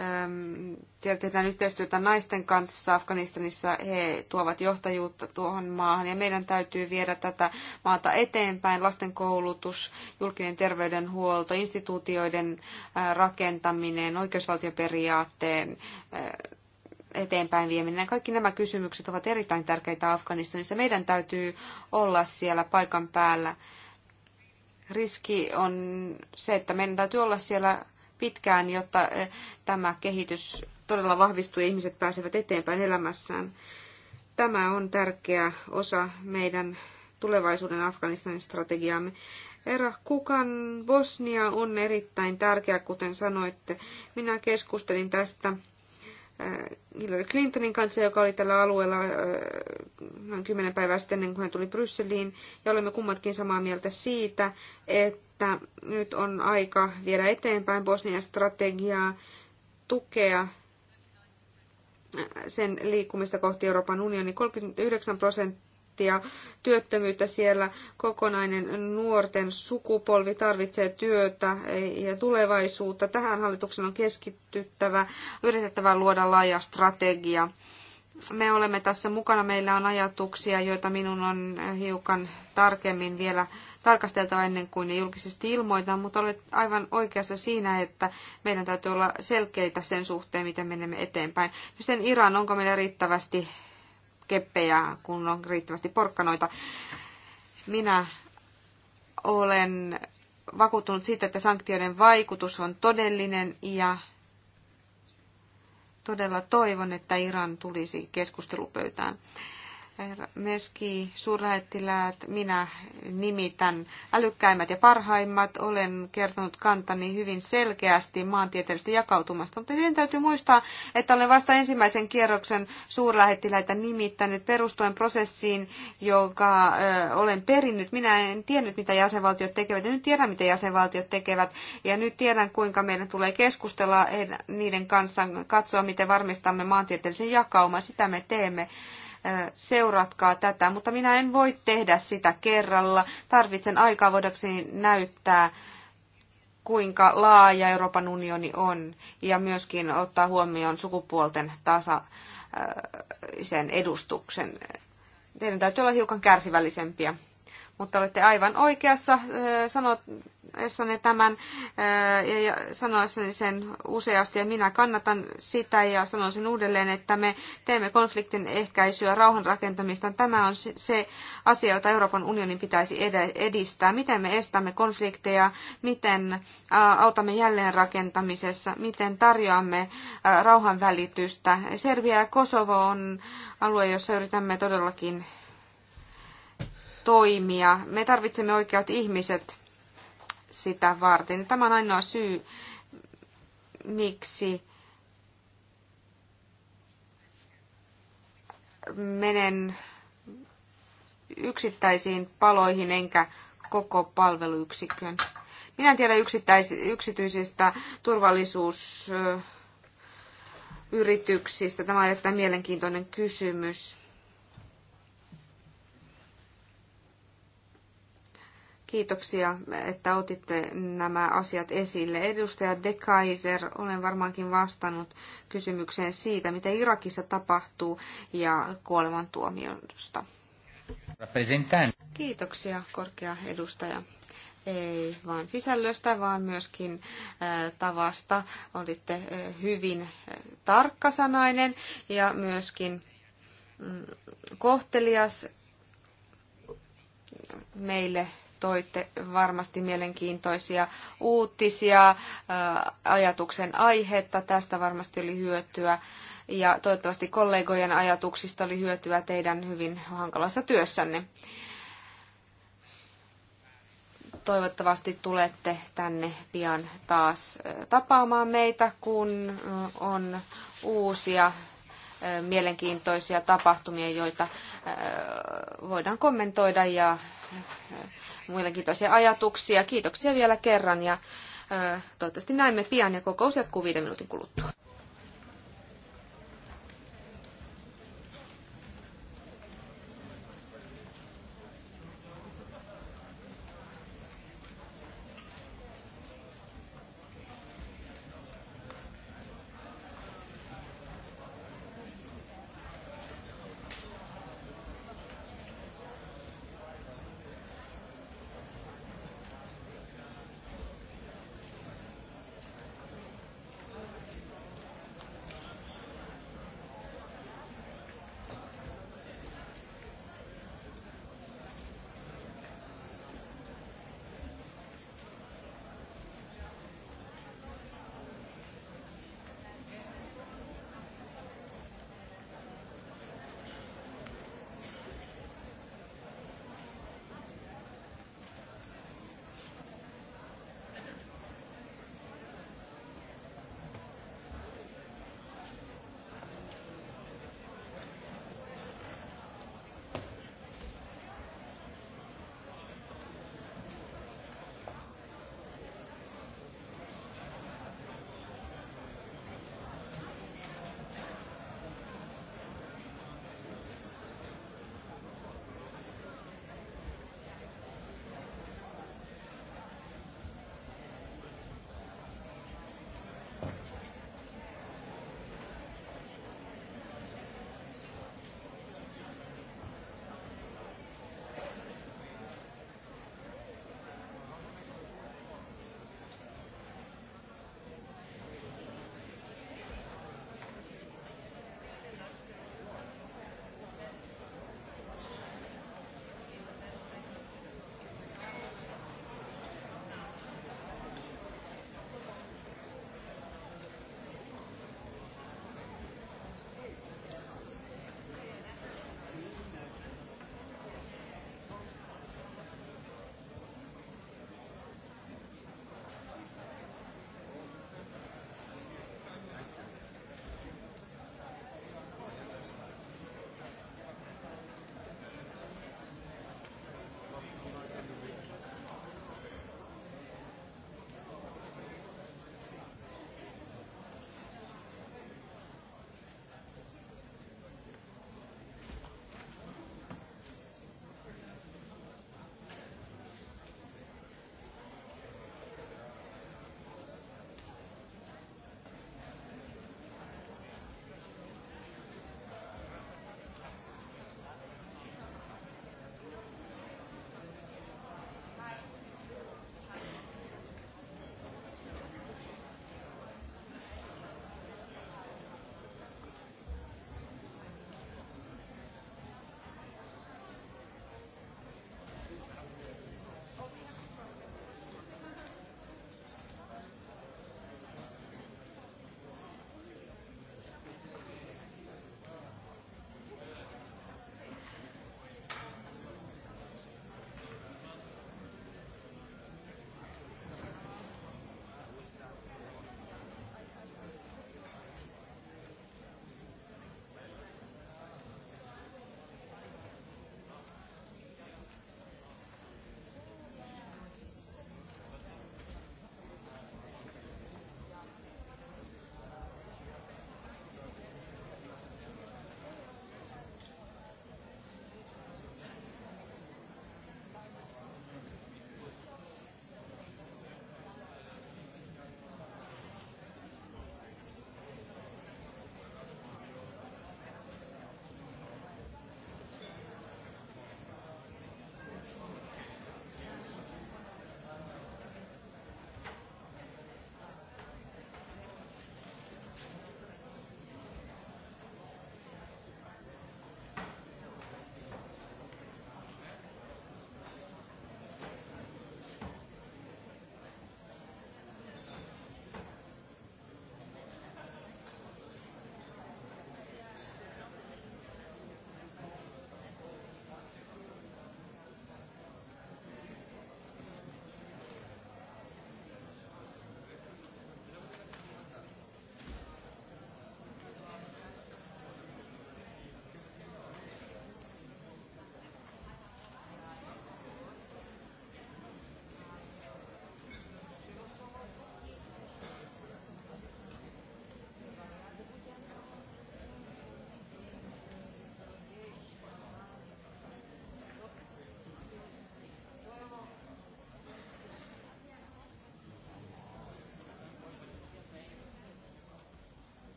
ähm, siellä tehdään yhteistyötä naisten kanssa Afganistanissa. He tuovat johtajuutta tuohon maahan ja meidän täytyy viedä tätä maata eteenpäin. Lasten koulutus, julkinen terveydenhuolto, instituutioiden äh, rakentaminen, oikeusvaltioperiaatteen äh, eteenpäin vieminen. Kaikki nämä kysymykset ovat erittäin tärkeitä Afganistanissa. Meidän täytyy olla siellä paikan päällä. Riski on se, että meidän täytyy olla siellä pitkään, jotta eh, tämä kehitys todella vahvistuu ja ihmiset pääsevät eteenpäin elämässään. Tämä on tärkeä osa meidän tulevaisuuden Afganistanin strategiaamme. Herra Kukan Bosnia on erittäin tärkeä, kuten sanoitte. Minä keskustelin tästä Äh, Hillary Clintonin kanssa, joka oli tällä alueella äh, noin kymmenen päivää sitten ennen kuin hän tuli Brysseliin. Ja olemme kummatkin samaa mieltä siitä, että nyt on aika viedä eteenpäin Bosnian strategiaa, tukea äh, sen liikkumista kohti Euroopan unionin 39 prosenttia prosenttia työttömyyttä siellä. Kokonainen nuorten sukupolvi tarvitsee työtä ja tulevaisuutta. Tähän hallituksen on keskittyttävä, yritettävä luoda laaja strategia. Me olemme tässä mukana. Meillä on ajatuksia, joita minun on hiukan tarkemmin vielä tarkasteltava ennen kuin ne julkisesti ilmoitan, mutta olet aivan oikeassa siinä, että meidän täytyy olla selkeitä sen suhteen, miten menemme eteenpäin. Sitten Iran, onko meillä riittävästi keppejä, kun on riittävästi porkkanoita. Minä olen vakuuttunut siitä, että sanktioiden vaikutus on todellinen ja todella toivon, että Iran tulisi keskustelupöytään. Herra Meski, suurlähettiläät, minä nimitän älykkäimmät ja parhaimmat. Olen kertonut kantani hyvin selkeästi maantieteellisestä jakautumasta, mutta teidän täytyy muistaa, että olen vasta ensimmäisen kierroksen suurlähettiläitä nimittänyt perustuen prosessiin, joka ö, olen perinnyt. Minä en tiennyt, mitä jäsenvaltiot tekevät, ja nyt tiedän, mitä jäsenvaltiot tekevät, ja nyt tiedän, kuinka meidän tulee keskustella niiden kanssa, katsoa, miten varmistamme maantieteellisen jakauman. Sitä me teemme seuratkaa tätä, mutta minä en voi tehdä sitä kerralla. Tarvitsen aikaa voidakseni näyttää, kuinka laaja Euroopan unioni on ja myöskin ottaa huomioon sukupuolten tasa sen edustuksen. Teidän täytyy olla hiukan kärsivällisempiä. Mutta olette aivan oikeassa sanoessanne tämän ja sanoessani sen useasti ja minä kannatan sitä ja sanon sen uudelleen, että me teemme konfliktin ehkäisyä, rauhan rakentamista. Tämä on se asia, jota Euroopan unionin pitäisi edistää. Miten me estämme konflikteja, miten autamme jälleenrakentamisessa, miten tarjoamme rauhanvälitystä. Serbia ja Kosovo on alue, jossa yritämme todellakin toimia. Me tarvitsemme oikeat ihmiset sitä varten. Tämä on ainoa syy, miksi menen yksittäisiin paloihin enkä koko palveluyksikön. Minä en tiedä yksityisistä turvallisuusyrityksistä. Tämä on erittäin mielenkiintoinen kysymys. Kiitoksia, että otitte nämä asiat esille. Edustaja De Kaiser, olen varmaankin vastannut kysymykseen siitä, mitä Irakissa tapahtuu ja kuolemantuomiosta. Kiitoksia, korkea edustaja ei vain sisällöstä, vaan myöskin tavasta. Olitte hyvin tarkkasanainen ja myöskin mm, kohtelias meille toitte varmasti mielenkiintoisia uutisia, ajatuksen aihetta, tästä varmasti oli hyötyä ja toivottavasti kollegojen ajatuksista oli hyötyä teidän hyvin hankalassa työssänne. Toivottavasti tulette tänne pian taas tapaamaan meitä, kun on uusia mielenkiintoisia tapahtumia, joita voidaan kommentoida ja mielenkiintoisia ajatuksia. Kiitoksia vielä kerran ja toivottavasti näemme pian ja kokous jatkuu viiden minuutin kuluttua.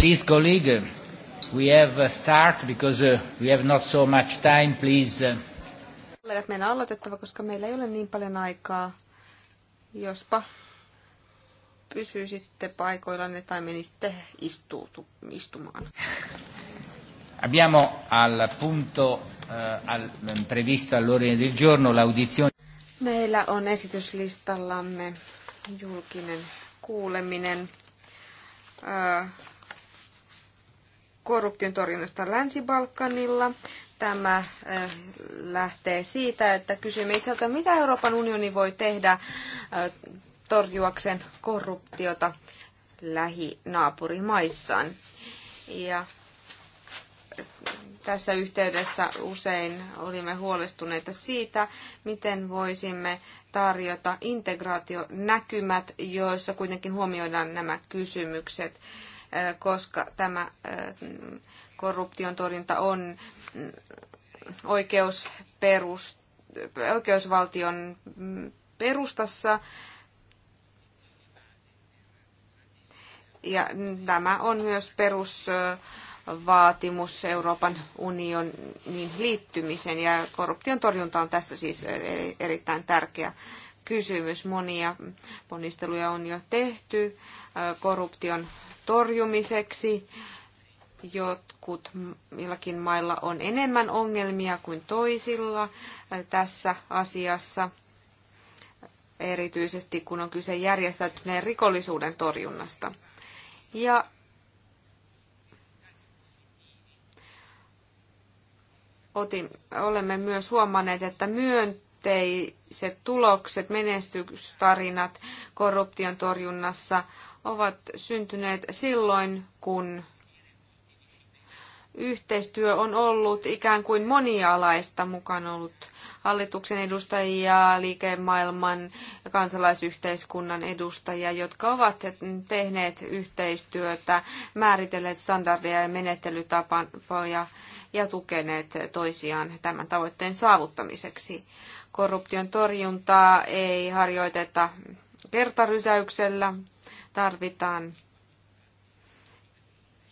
Please, colleague, we have a uh, start because uh, we have not so much time, please. Uh, Kollegat, meidän on aloitettava, koska meillä ei ole niin paljon aikaa. Jospa pysyisitte paikoillanne tai menisitte istuutu, istumaan. Abbiamo al punto eh, al, mm, previsto all'ordine del giorno l'audizione. Meillä on esityslistallamme julkinen kuuleminen. Äh, korruption torjunnasta Länsi-Balkanilla. Tämä äh, lähtee siitä, että kysymme itseltä, mitä Euroopan unioni voi tehdä äh, torjuakseen korruptiota lähinaapurimaissaan. Ja äh, tässä yhteydessä usein olimme huolestuneita siitä, miten voisimme tarjota integraationäkymät, joissa kuitenkin huomioidaan nämä kysymykset koska tämä korruption torjunta on mm, oikeusperus oikeusvaltion mm, perustassa. Ja mm, tämä on myös perusvaatimus Euroopan unionin liittymisen ja korruption torjunta on tässä siis erittäin tärkeä kysymys. Monia ponnisteluja on jo tehty korruption torjumiseksi. Jotkut jollakin mailla on enemmän ongelmia kuin toisilla tässä asiassa, erityisesti kun on kyse järjestäytyneen rikollisuuden torjunnasta. Ja otin, olemme myös huomanneet, että myönteiset tulokset, menestystarinat korruption torjunnassa ovat syntyneet silloin, kun yhteistyö on ollut ikään kuin monialaista, mukaan ollut hallituksen edustajia, liikemaailman ja kansalaisyhteiskunnan edustajia, jotka ovat tehneet yhteistyötä, määritelleet standardeja ja menettelytapoja ja tukeneet toisiaan tämän tavoitteen saavuttamiseksi. Korruption torjuntaa ei harjoiteta kertarysäyksellä, Tarvitaan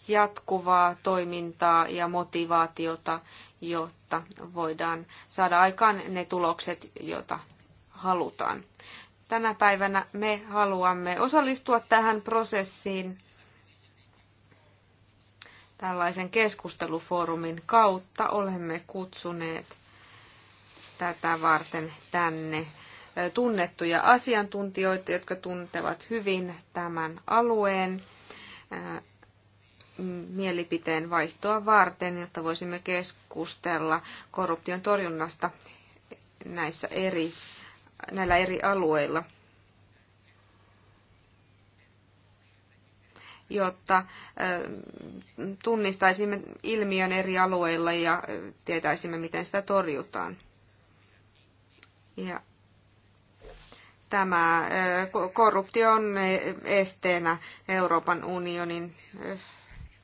jatkuvaa toimintaa ja motivaatiota, jotta voidaan saada aikaan ne tulokset, joita halutaan. Tänä päivänä me haluamme osallistua tähän prosessiin tällaisen keskustelufoorumin kautta. Olemme kutsuneet tätä varten tänne tunnettuja asiantuntijoita, jotka tuntevat hyvin tämän alueen mielipiteen vaihtoa varten, jotta voisimme keskustella korruption torjunnasta näissä eri, näillä eri alueilla. jotta tunnistaisimme ilmiön eri alueilla ja tietäisimme, miten sitä torjutaan. Ja tämä korruptio on esteenä Euroopan unionin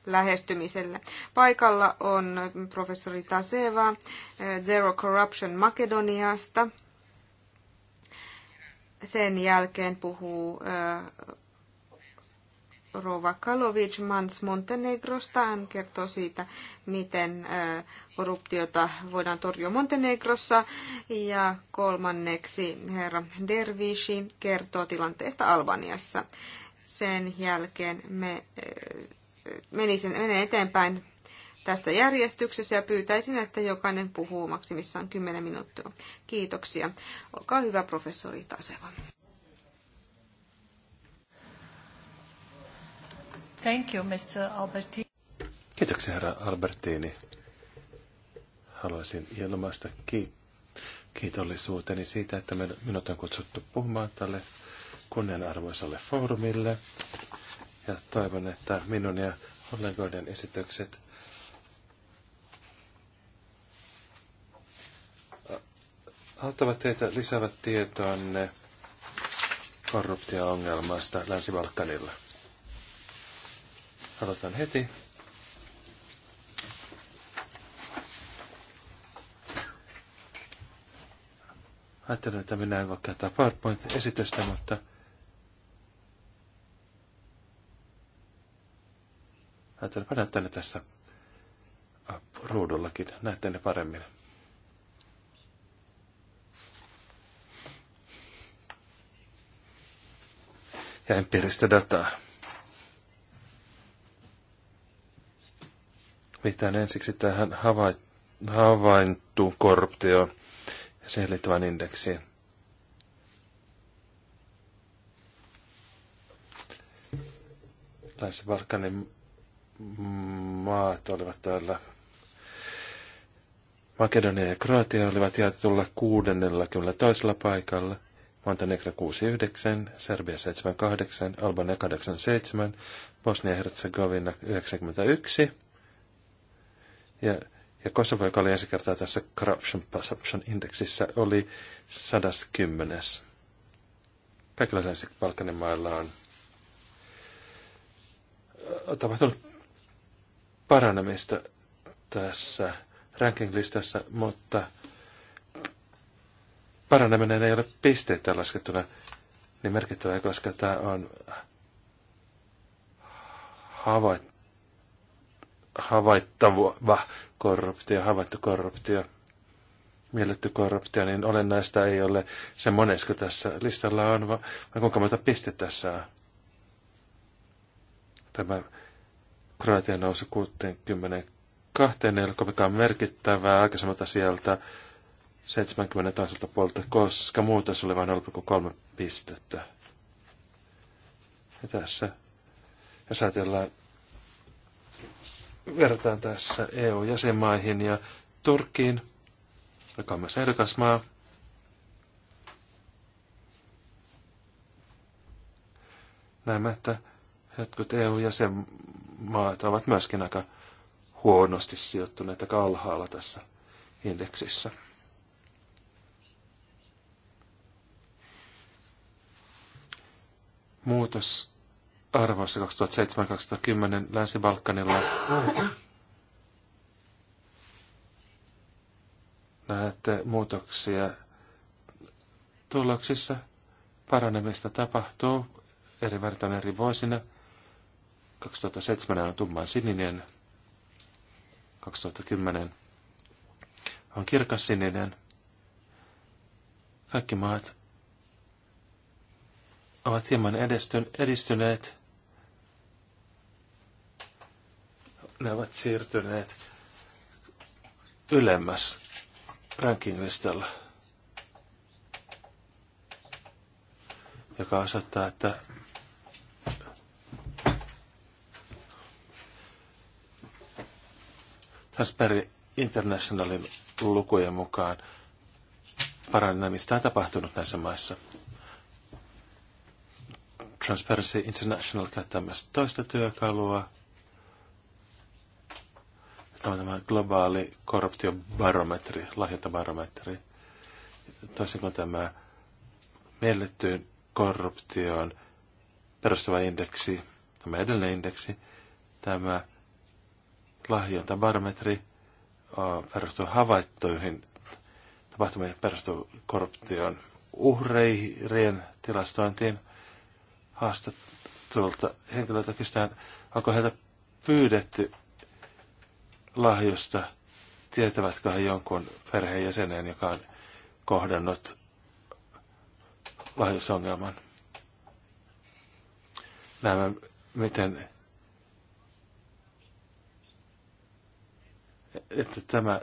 lähestymiselle. Paikalla on professori Taseva Zero Corruption Makedoniasta. Sen jälkeen puhuu Rova Kalovic Mans Montenegrosta. Hän kertoo siitä, miten korruptiota voidaan torjua Montenegrossa. Ja kolmanneksi herra Dervishi kertoo tilanteesta Albaniassa. Sen jälkeen me menisin, menen eteenpäin tässä järjestyksessä ja pyytäisin, että jokainen puhuu maksimissaan 10 minuuttia. Kiitoksia. Olkaa hyvä, professori Taseva. Thank you, Mr. Albertini. Kiitoksia, herra Albertini. Haluaisin ilmaista kiitollisuuteni siitä, että minut on kutsuttu puhumaan tälle kunnianarvoisalle foorumille. Ja toivon, että minun ja kollegoiden esitykset auttavat teitä lisäävät tietoanne korruptio-ongelmasta Länsi-Balkanilla. Aloitan heti. Ajattelen, että minä en voi käyttää PowerPoint-esitystä, mutta että näyttää ne tässä ruudullakin. Näette ne paremmin. Ja empiiristä dataa. Viittaan ensiksi tähän havaintuun korruptioon ja siihen liittyvään indeksiin. Länsi-Balkanin maat olivat täällä. Makedonia ja Kroatia olivat jaetulla 62. paikalla, Montenegro 69, Serbia 78, Albania 87, Bosnia-Herzegovina 91, ja, ja Kosovo, joka oli ensi kertaa tässä Corruption Perception Indexissä, oli 110. Kaikilla länsi Balkanin mailla on tapahtunut parannemista tässä rankinglistassa, mutta paraneminen ei ole pisteitä laskettuna niin merkittävää, koska tämä on havaittu havaittava korruptio, havaittu korruptio, mielletty korruptio, niin olennaista ei ole se monesko tässä listalla on, vaan kuinka monta pistettä saa. Tämä Kroatia nousi 62, ei ole kovinkaan merkittävää aikaisemmalta sieltä 70 tasolta puolta, koska muutos oli vain 0,3 pistettä. Ja tässä, jos ajatellaan verrataan tässä EU-jäsenmaihin ja Turkkiin, joka on myös maa. Näemme, että jotkut EU-jäsenmaat ovat myöskin aika huonosti sijoittuneet aika alhaalla tässä indeksissä. Muutos arvossa 2007-2010 Länsi-Balkanilla. Näette muutoksia tuloksissa. Paranemista tapahtuu eri vertaan eri vuosina. 2007 on tumman sininen. 2010 on kirkas sininen. Kaikki maat ovat hieman edistyneet ne ovat siirtyneet ylemmäs ranking joka osoittaa, että Transparency Internationalin lukujen mukaan parannamista on tapahtunut näissä maissa. Transparency International käyttää myös toista työkalua, on tämä globaali korruptiobarometri, lahjontabarometri. Toisin kuin tämä miellettyyn korruptioon perustuva indeksi, tämä edellinen indeksi, tämä lahjontabarometri perustuu havaittuihin tapahtumiin, perustuu korruption uhreirien tilastointiin haastattelulta henkilöltä kysytään, onko heiltä pyydetty lahjosta, tietävätkö he jonkun perheenjäsenen, joka on kohdannut lahjusongelman. Näemme, miten että tämä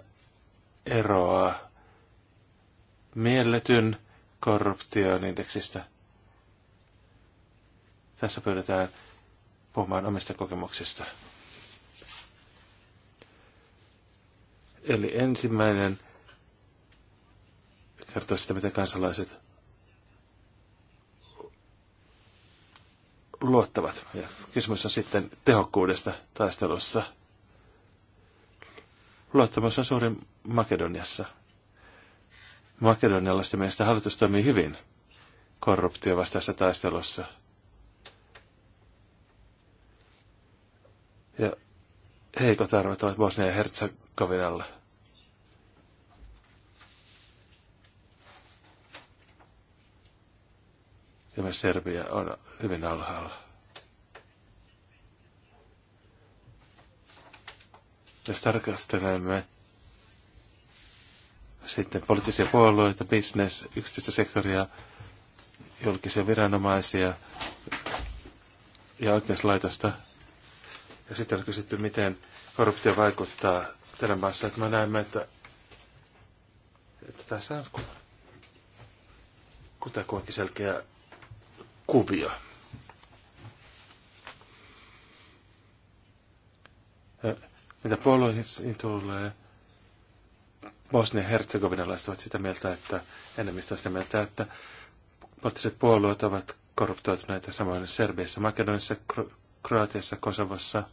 eroaa mielletyn korruption indeksistä. Tässä pyydetään puhumaan omista kokemuksista. Eli ensimmäinen kertoo sitä, miten kansalaiset luottavat. Ja kysymys on sitten tehokkuudesta taistelussa. Luottamus on suurin Makedoniassa. Makedonialaisten mielestä hallitus toimii hyvin korruptio vastaisessa taistelussa. Ja heikot arvot ovat Bosnia ja Herzegovinalla. Ja myös Serbia on hyvin alhaalla. Jos tarkastelemme sitten poliittisia puolueita, business, yksityistä sektoria, julkisia viranomaisia ja oikeuslaitosta, ja sitten on kysytty, miten korruptio vaikuttaa teidän maassa. Että me näemme, että, että tässä on kutakuinkin selkeä kuvio. Ja mitä puolueisiin tulee, bosnia herzegovinalaiset ovat sitä mieltä, että enemmistö on sitä mieltä, että poliittiset puolueet ovat korruptoituneita samoin Serbiassa, Makedonissa, Kroatiassa, Kosovossa –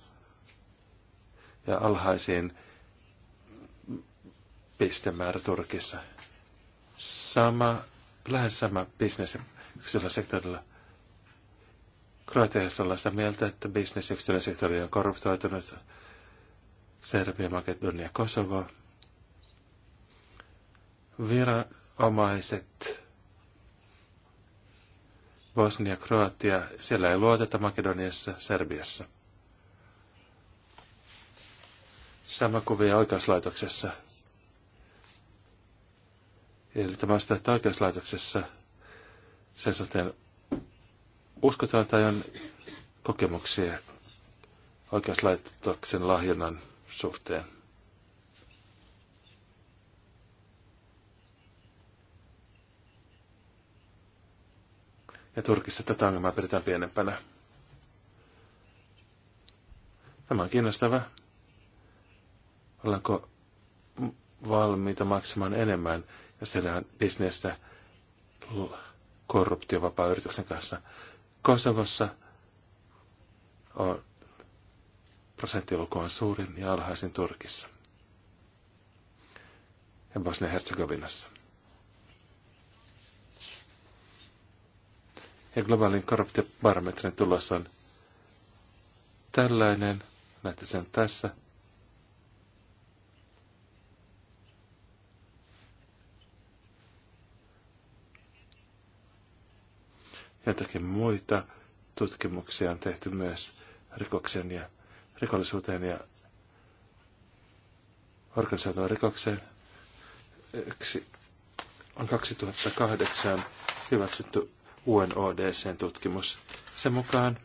ja alhaisiin pistemäärä Turkissa. Sama, lähes sama bisnes yksillä sektorilla. Kroatiassa ollaan sitä mieltä, että bisnes yksityinen sektori on korruptoitunut. Serbia, Makedonia, Kosovo. Viranomaiset. Bosnia, Kroatia. Siellä ei luoteta Makedoniassa, Serbiassa. sama kuvia oikeuslaitoksessa. Eli tämä on sitä, että oikeuslaitoksessa sen suhteen uskotaan tai on kokemuksia oikeuslaitoksen lahjonnan suhteen. Ja Turkissa tätä ongelmaa pidetään pienempänä. Tämä on kiinnostavaa. Ollaanko valmiita maksamaan enemmän, jos tehdään bisnestä korruptiovapaa yrityksen kanssa? Kosovossa on, prosenttiluku on suurin ja alhaisin Turkissa ja Bosnia-Herzegovinassa. Ja globaalin korruptiobarometrin tulos on tällainen, näette sen tässä, näitäkin muita tutkimuksia on tehty myös rikoksen ja rikollisuuteen ja organisoituun rikokseen. Yksi on 2008 hyväksytty unodc tutkimus. Sen mukaan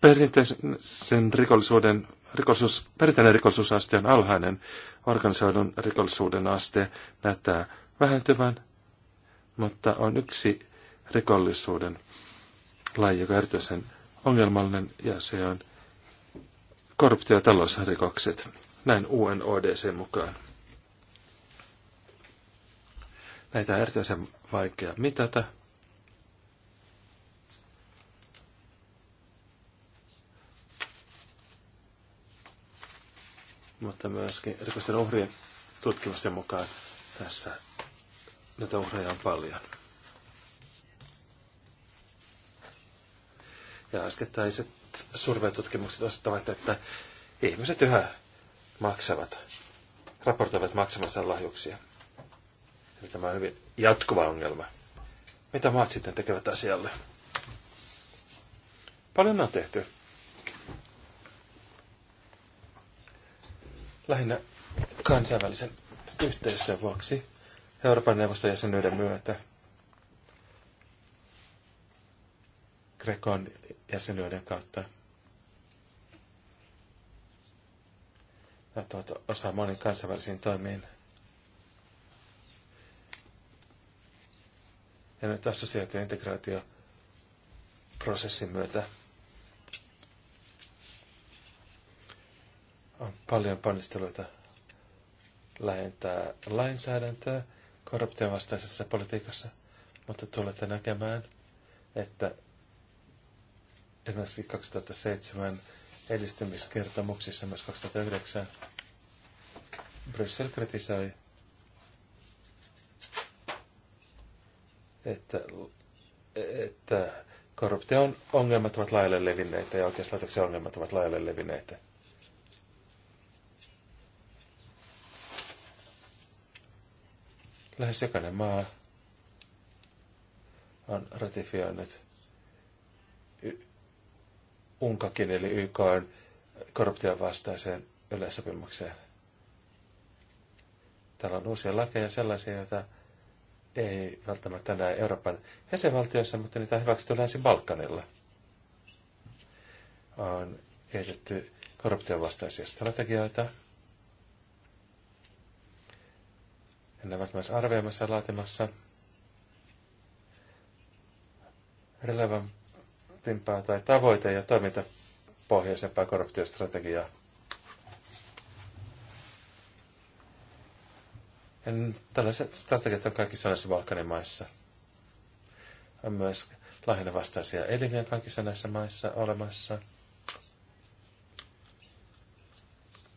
perinteisen rikollisuuden, rikollisuus, perinteinen rikollisuusaste on alhainen. Organisoidun rikollisuuden aste näyttää vähentyvän, mutta on yksi rikollisuuden laji, joka on erityisen ongelmallinen, ja se on korruptio- ja talousrikokset, näin UNODC mukaan. Näitä on erityisen vaikea mitata. Mutta myöskin rikosten uhrien tutkimusten mukaan tässä näitä uhreja on paljon. Ja äskettäiset surveitutkimukset osoittavat, että ihmiset yhä maksavat, raportoivat maksamansa lahjuksia. Eli tämä on hyvin jatkuva ongelma. Mitä maat sitten tekevät asialle? Paljon on tehty. Lähinnä kansainvälisen yhteistyön vuoksi Euroopan neuvoston jäsenyyden myötä – Grekon jäsenyyden kautta. tuota, osa monin kansainvälisiin toimiin. Ja nyt assosiaatio- ja integraatioprosessin myötä on paljon ponnisteluita lähentää lainsäädäntöä korruption vastaisessa politiikassa, mutta tulette näkemään, että esimerkiksi 2007 edistymiskertomuksissa myös 2009 Bryssel kritisoi, että, että korruption ongelmat ovat laajalle levinneitä ja oikeuslaitoksen ongelmat ovat laajalle levinneitä. Lähes jokainen maa on ratifioinut UNCAKin eli YK on korruption vastaiseen yleissopimukseen. Täällä on uusia lakeja sellaisia, joita ei välttämättä näe Euroopan jäsenvaltioissa, mutta niitä on hyväksytty Länsi-Balkanilla. On kehitetty korruption vastaisia strategioita. Ja ne ovat myös arvioimassa ja laatimassa relevant korruptimpaa tai tavoite- ja toimintapohjaisempaa korruptiostrategiaa. Ja tällaiset strategiat on kaikissa näissä Balkanin maissa. On myös lähinnä vastaisia elimiä kaikissa näissä maissa olemassa.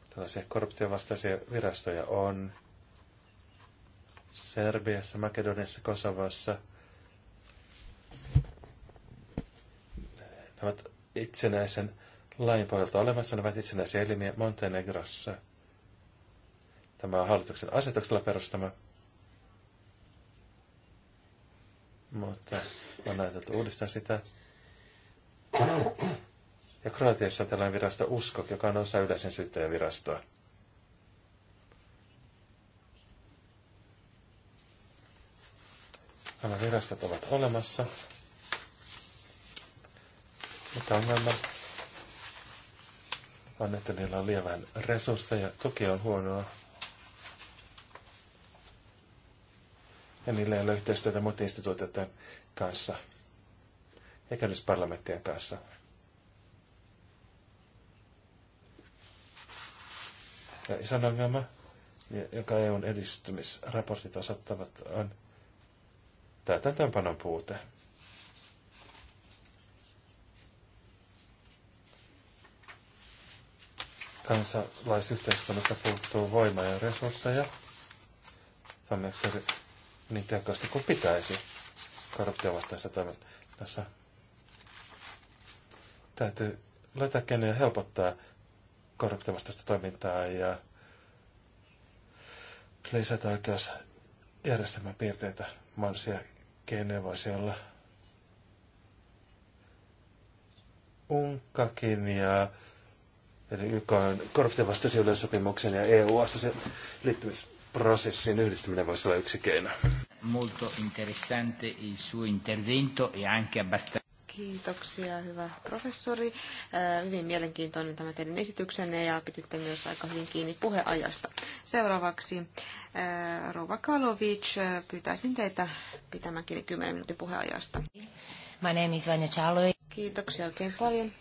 Tällaisia korruptiovastaisia virastoja on Serbiassa, Makedoniassa, Kosovassa – ovat itsenäisen lain pohjalta olemassa, ne ovat itsenäisiä elimiä Montenegrossa. Tämä on hallituksen asetuksella perustama. Mutta on ajateltu uudistaa sitä. Ja Kroatiassa on tällainen virasto usko, joka on osa yleisen syyttäjävirastoa. Nämä virastot ovat olemassa. Mutta ongelma on, että niillä on liian vähän resursseja. Tuki on huonoa. Ja niillä ei ole yhteistyötä muiden instituutioiden kanssa. Eikä edes parlamenttien kanssa. Ja ison ongelma, joka EUn edistymisraportit osoittavat, on täytäntöönpanon puute. kansalaisyhteiskunnasta puuttuu voimaa ja resursseja, onneksi niin tehokkaasti kuin pitäisi korruptiovastaisessa toiminnassa. Täytyy löytää keinoja helpottaa korruptiovastaista toimintaa ja lisätä oikeusjärjestelmän piirteitä. Mahdollisia keinoja voisi olla unkakin ja eli YK on korruption ja EU-assa sen liittymisprosessin yhdistäminen voisi olla yksi keino. Molto interessante il suo intervento e anche abbastanza... Kiitoksia, hyvä professori. Hyvin mielenkiintoinen tämä teidän esityksenne ja piditte myös aika hyvin kiinni puheajasta. Seuraavaksi Rova Kalovic, pyytäisin teitä pitämään kiinni 10 minuutin puheajasta. My name is Vanja Kiitoksia oikein paljon.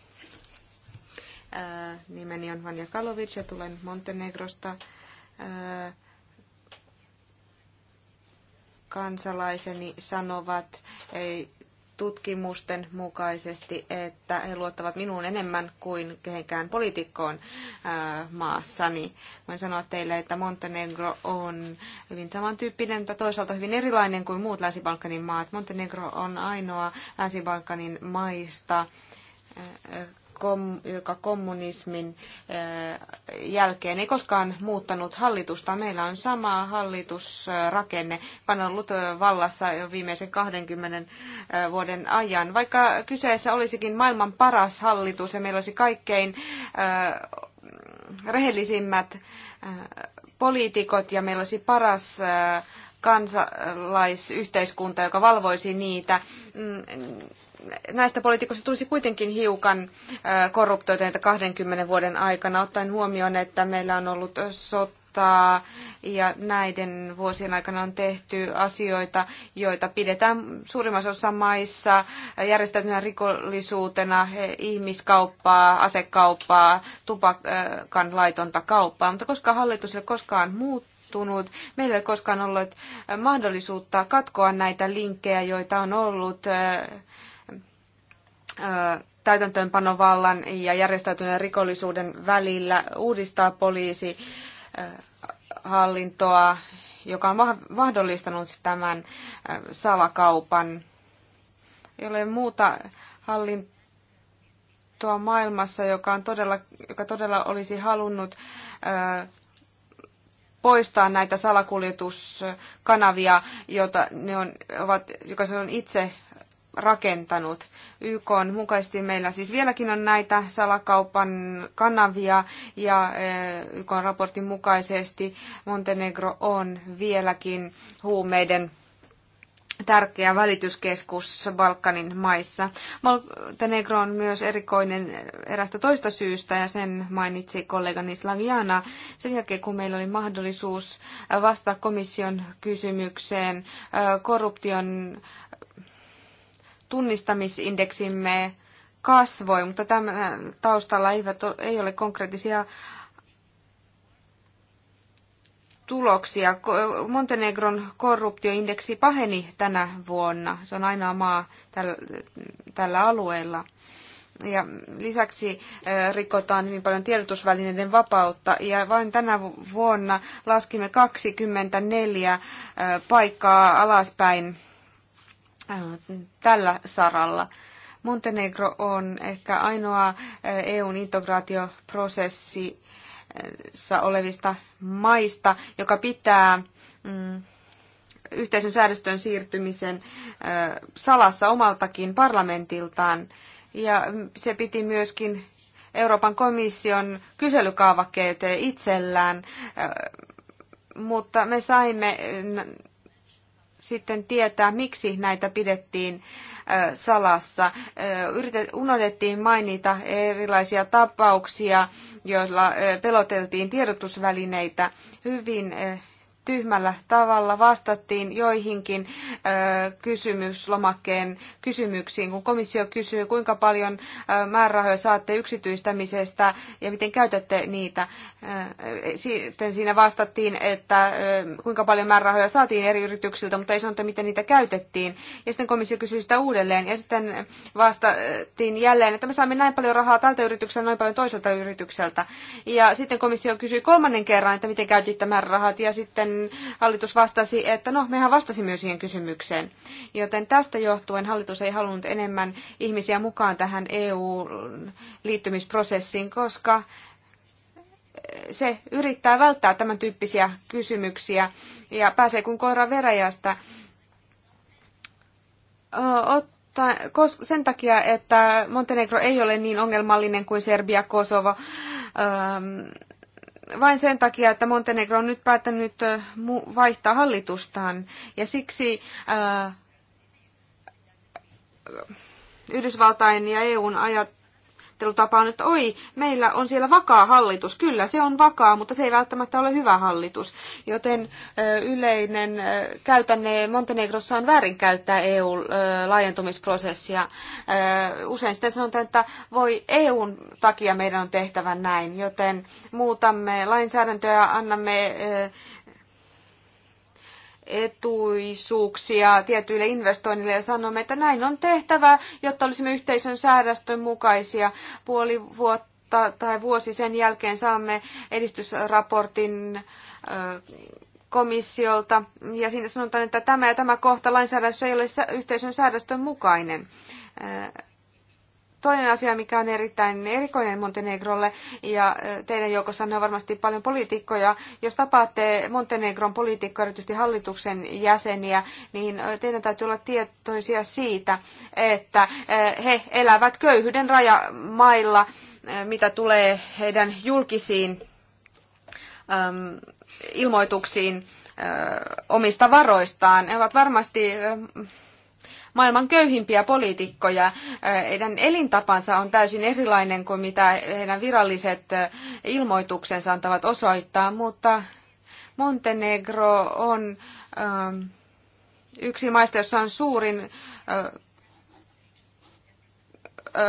Nimeni on Vanja Kalovic ja tulen Montenegrosta. Kansalaiseni sanovat ei tutkimusten mukaisesti, että he luottavat minuun enemmän kuin kehenkään poliitikkoon maassani. Voin sanoa teille, että Montenegro on hyvin samantyyppinen, mutta toisaalta hyvin erilainen kuin muut Länsi-Balkanin maat. Montenegro on ainoa Länsi-Balkanin maista, joka kommunismin eh, jälkeen ei koskaan muuttanut hallitusta. Meillä on sama hallitusrakenne, vaan ollut eh, vallassa jo viimeisen 20 eh, vuoden ajan. Vaikka kyseessä olisikin maailman paras hallitus ja meillä olisi kaikkein rehellisimmät poliitikot ja meillä olisi paras kansalaisyhteiskunta, joka valvoisi niitä, mm, näistä poliitikoista tulisi kuitenkin hiukan korruptoituneita 20 vuoden aikana, ottaen huomioon, että meillä on ollut sotaa ja näiden vuosien aikana on tehty asioita, joita pidetään suurimmassa osassa maissa järjestäytynä rikollisuutena, ihmiskauppaa, asekauppaa, tupakan laitonta kauppaa. Mutta koska hallitus ei koskaan muuttunut, Meillä ei koskaan ollut mahdollisuutta katkoa näitä linkkejä, joita on ollut täytäntöönpanovallan ja järjestäytyneen rikollisuuden välillä, uudistaa poliisihallintoa, joka on mahdollistanut tämän salakaupan. Ei ole muuta hallintoa maailmassa, joka, on todella, joka todella olisi halunnut poistaa näitä salakuljetuskanavia, joita ne on, ovat, joka se on itse rakentanut. YK on mukaisesti meillä siis vieläkin on näitä salakaupan kanavia ja eh, YK on raportin mukaisesti Montenegro on vieläkin huumeiden tärkeä välityskeskus Balkanin maissa. Montenegro on myös erikoinen erästä toista syystä ja sen mainitsi kollegani Slagiana sen jälkeen, kun meillä oli mahdollisuus vastata komission kysymykseen eh, korruption tunnistamisindeksimme kasvoi, mutta tämän taustalla ei ole konkreettisia tuloksia. Montenegron korruptioindeksi paheni tänä vuonna. Se on ainoa maa tällä, tällä alueella. Ja lisäksi rikotaan hyvin paljon tiedotusvälineiden vapautta. Ja vain tänä vuonna laskimme 24 paikkaa alaspäin tällä saralla. Montenegro on ehkä ainoa EUn integraatioprosessissa olevista maista, joka pitää mm, yhteisön säädöstön siirtymisen salassa omaltakin parlamentiltaan. Ja se piti myöskin Euroopan komission kyselykaavakkeet itsellään, mutta me saimme sitten tietää, miksi näitä pidettiin salassa. unohdettiin mainita erilaisia tapauksia, joilla peloteltiin tiedotusvälineitä hyvin tyhmällä tavalla vastattiin joihinkin ö, kysymyslomakkeen kysymyksiin, kun komissio kysyy, kuinka paljon ö, määrärahoja saatte yksityistämisestä ja miten käytätte niitä. Ö, sitten siinä vastattiin, että ö, kuinka paljon määrärahoja saatiin eri yrityksiltä, mutta ei sanota, miten niitä käytettiin. Ja sitten komissio kysyi sitä uudelleen ja sitten vastattiin jälleen, että me saamme näin paljon rahaa tältä yritykseltä, noin paljon toiselta yritykseltä. Ja sitten komissio kysyi kolmannen kerran, että miten käytitte määrärahat ja sitten sitten hallitus vastasi, että no, mehän vastasimme siihen kysymykseen. Joten tästä johtuen hallitus ei halunnut enemmän ihmisiä mukaan tähän EU-liittymisprosessiin, koska eh, se yrittää välttää tämän tyyppisiä kysymyksiä ja pääsee kuin koira veräjästä ottaa, sen takia, että Montenegro ei ole niin ongelmallinen kuin Serbia, Kosovo, vain sen takia, että Montenegro on nyt päättänyt vaihtaa hallitustaan. Ja siksi ää, Yhdysvaltain ja EUn ajat, ajattelutapa on, että oi, meillä on siellä vakaa hallitus. Kyllä, se on vakaa, mutta se ei välttämättä ole hyvä hallitus. Joten yleinen käytänne Montenegrossa on väärinkäyttää EU-laajentumisprosessia. Usein sitten sanotaan, että voi EUn takia meidän on tehtävä näin, joten muutamme lainsäädäntöä, annamme etuisuuksia tietyille investoinnille ja sanomme, että näin on tehtävä, jotta olisimme yhteisön säädöstön mukaisia puoli vuotta tai vuosi sen jälkeen saamme edistysraportin komissiolta, ja siinä sanotaan, että tämä ja tämä kohta lainsäädännössä ei ole yhteisön säädöstön mukainen. Toinen asia, mikä on erittäin erikoinen Montenegrolle, ja teidän joukossanne on varmasti paljon poliitikkoja, jos tapaatte Montenegron poliitikkoja, erityisesti hallituksen jäseniä, niin teidän täytyy olla tietoisia siitä, että he elävät köyhyyden rajamailla, mitä tulee heidän julkisiin ilmoituksiin omista varoistaan. He ovat varmasti maailman köyhimpiä poliitikkoja. Heidän elintapansa on täysin erilainen kuin mitä heidän viralliset ilmoituksensa antavat osoittaa, mutta Montenegro on yksi maista, jossa on suurin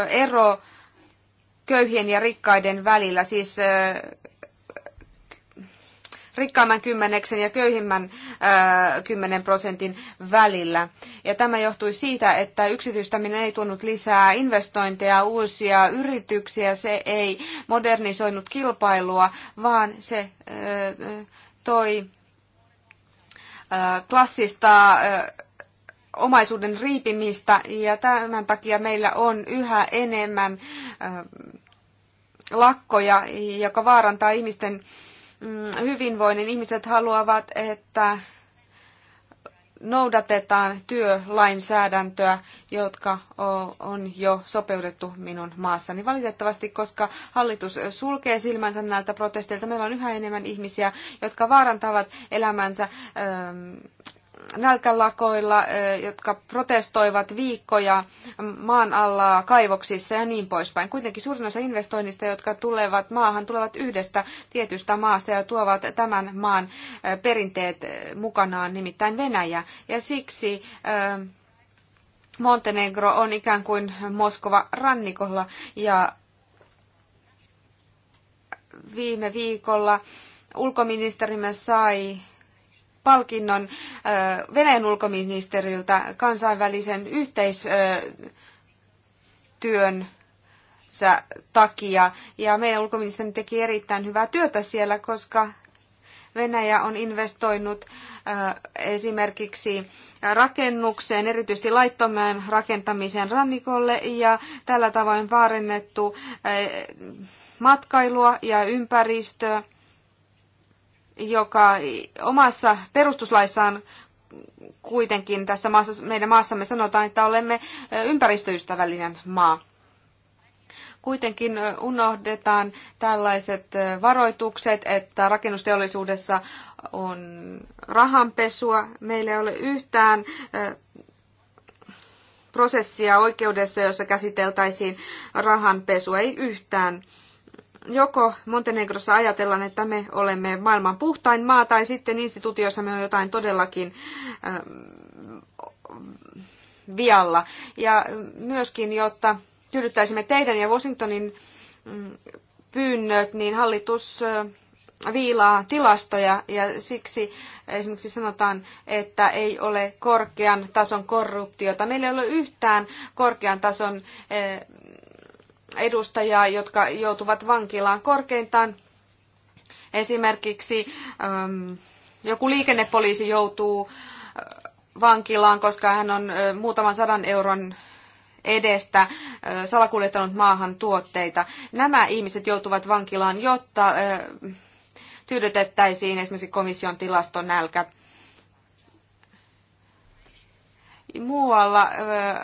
ero köyhien ja rikkaiden välillä, siis rikkaimman kymmeneksen ja köyhimmän äh, kymmenen prosentin välillä. Ja tämä johtui siitä, että yksityistäminen ei tuonut lisää investointeja, uusia yrityksiä, se ei modernisoinut kilpailua, vaan se äh, toi äh, klassista omaisuuden riipimistä ja tämän takia meillä on yhä enemmän lakkoja, joka vaarantaa ihmisten Mm, hyvinvoinnin. Ihmiset haluavat, että noudatetaan työlainsäädäntöä, jotka on jo sopeutettu minun maassani. Valitettavasti, koska hallitus sulkee silmänsä näiltä protesteilta, meillä on yhä enemmän ihmisiä, jotka vaarantavat elämänsä ähm, nälkälakoilla, jotka protestoivat viikkoja maan alla kaivoksissa ja niin poispäin. Kuitenkin suurin osa investoinnista, jotka tulevat maahan, tulevat yhdestä tietystä maasta ja tuovat tämän maan perinteet mukanaan, nimittäin Venäjä. Ja siksi Montenegro on ikään kuin Moskova rannikolla ja viime viikolla ulkoministerimme sai palkinnon Venäjän ulkoministeriltä kansainvälisen yhteistyön takia. Ja meidän ulkoministeri teki erittäin hyvää työtä siellä, koska Venäjä on investoinut esimerkiksi rakennukseen, erityisesti laittomaan rakentamiseen rannikolle ja tällä tavoin vaarennettu matkailua ja ympäristöä joka omassa perustuslaissaan kuitenkin tässä maassa, meidän maassamme sanotaan, että olemme ympäristöystävällinen maa. Kuitenkin unohdetaan tällaiset varoitukset, että rakennusteollisuudessa on rahanpesua. Meillä ei ole yhtään prosessia oikeudessa, jossa käsiteltäisiin rahanpesua, ei yhtään joko Montenegrossa ajatellaan, että me olemme maailman puhtain maa, tai sitten instituutioissa me on jotain todellakin ähm, vialla. Ja myöskin, jotta tyydyttäisimme teidän ja Washingtonin mm, pyynnöt, niin hallitus äh, viilaa tilastoja ja siksi esimerkiksi sanotaan, että ei ole korkean tason korruptiota. Meillä ei ole yhtään korkean tason äh, edustajaa, jotka joutuvat vankilaan korkeintaan. Esimerkiksi ähm, joku liikennepoliisi joutuu äh, vankilaan, koska hän on äh, muutaman sadan euron edestä äh, salakuljettanut maahan tuotteita. Nämä ihmiset joutuvat vankilaan, jotta tyydytettäisiin esimerkiksi komission tilaston nälkä. muualla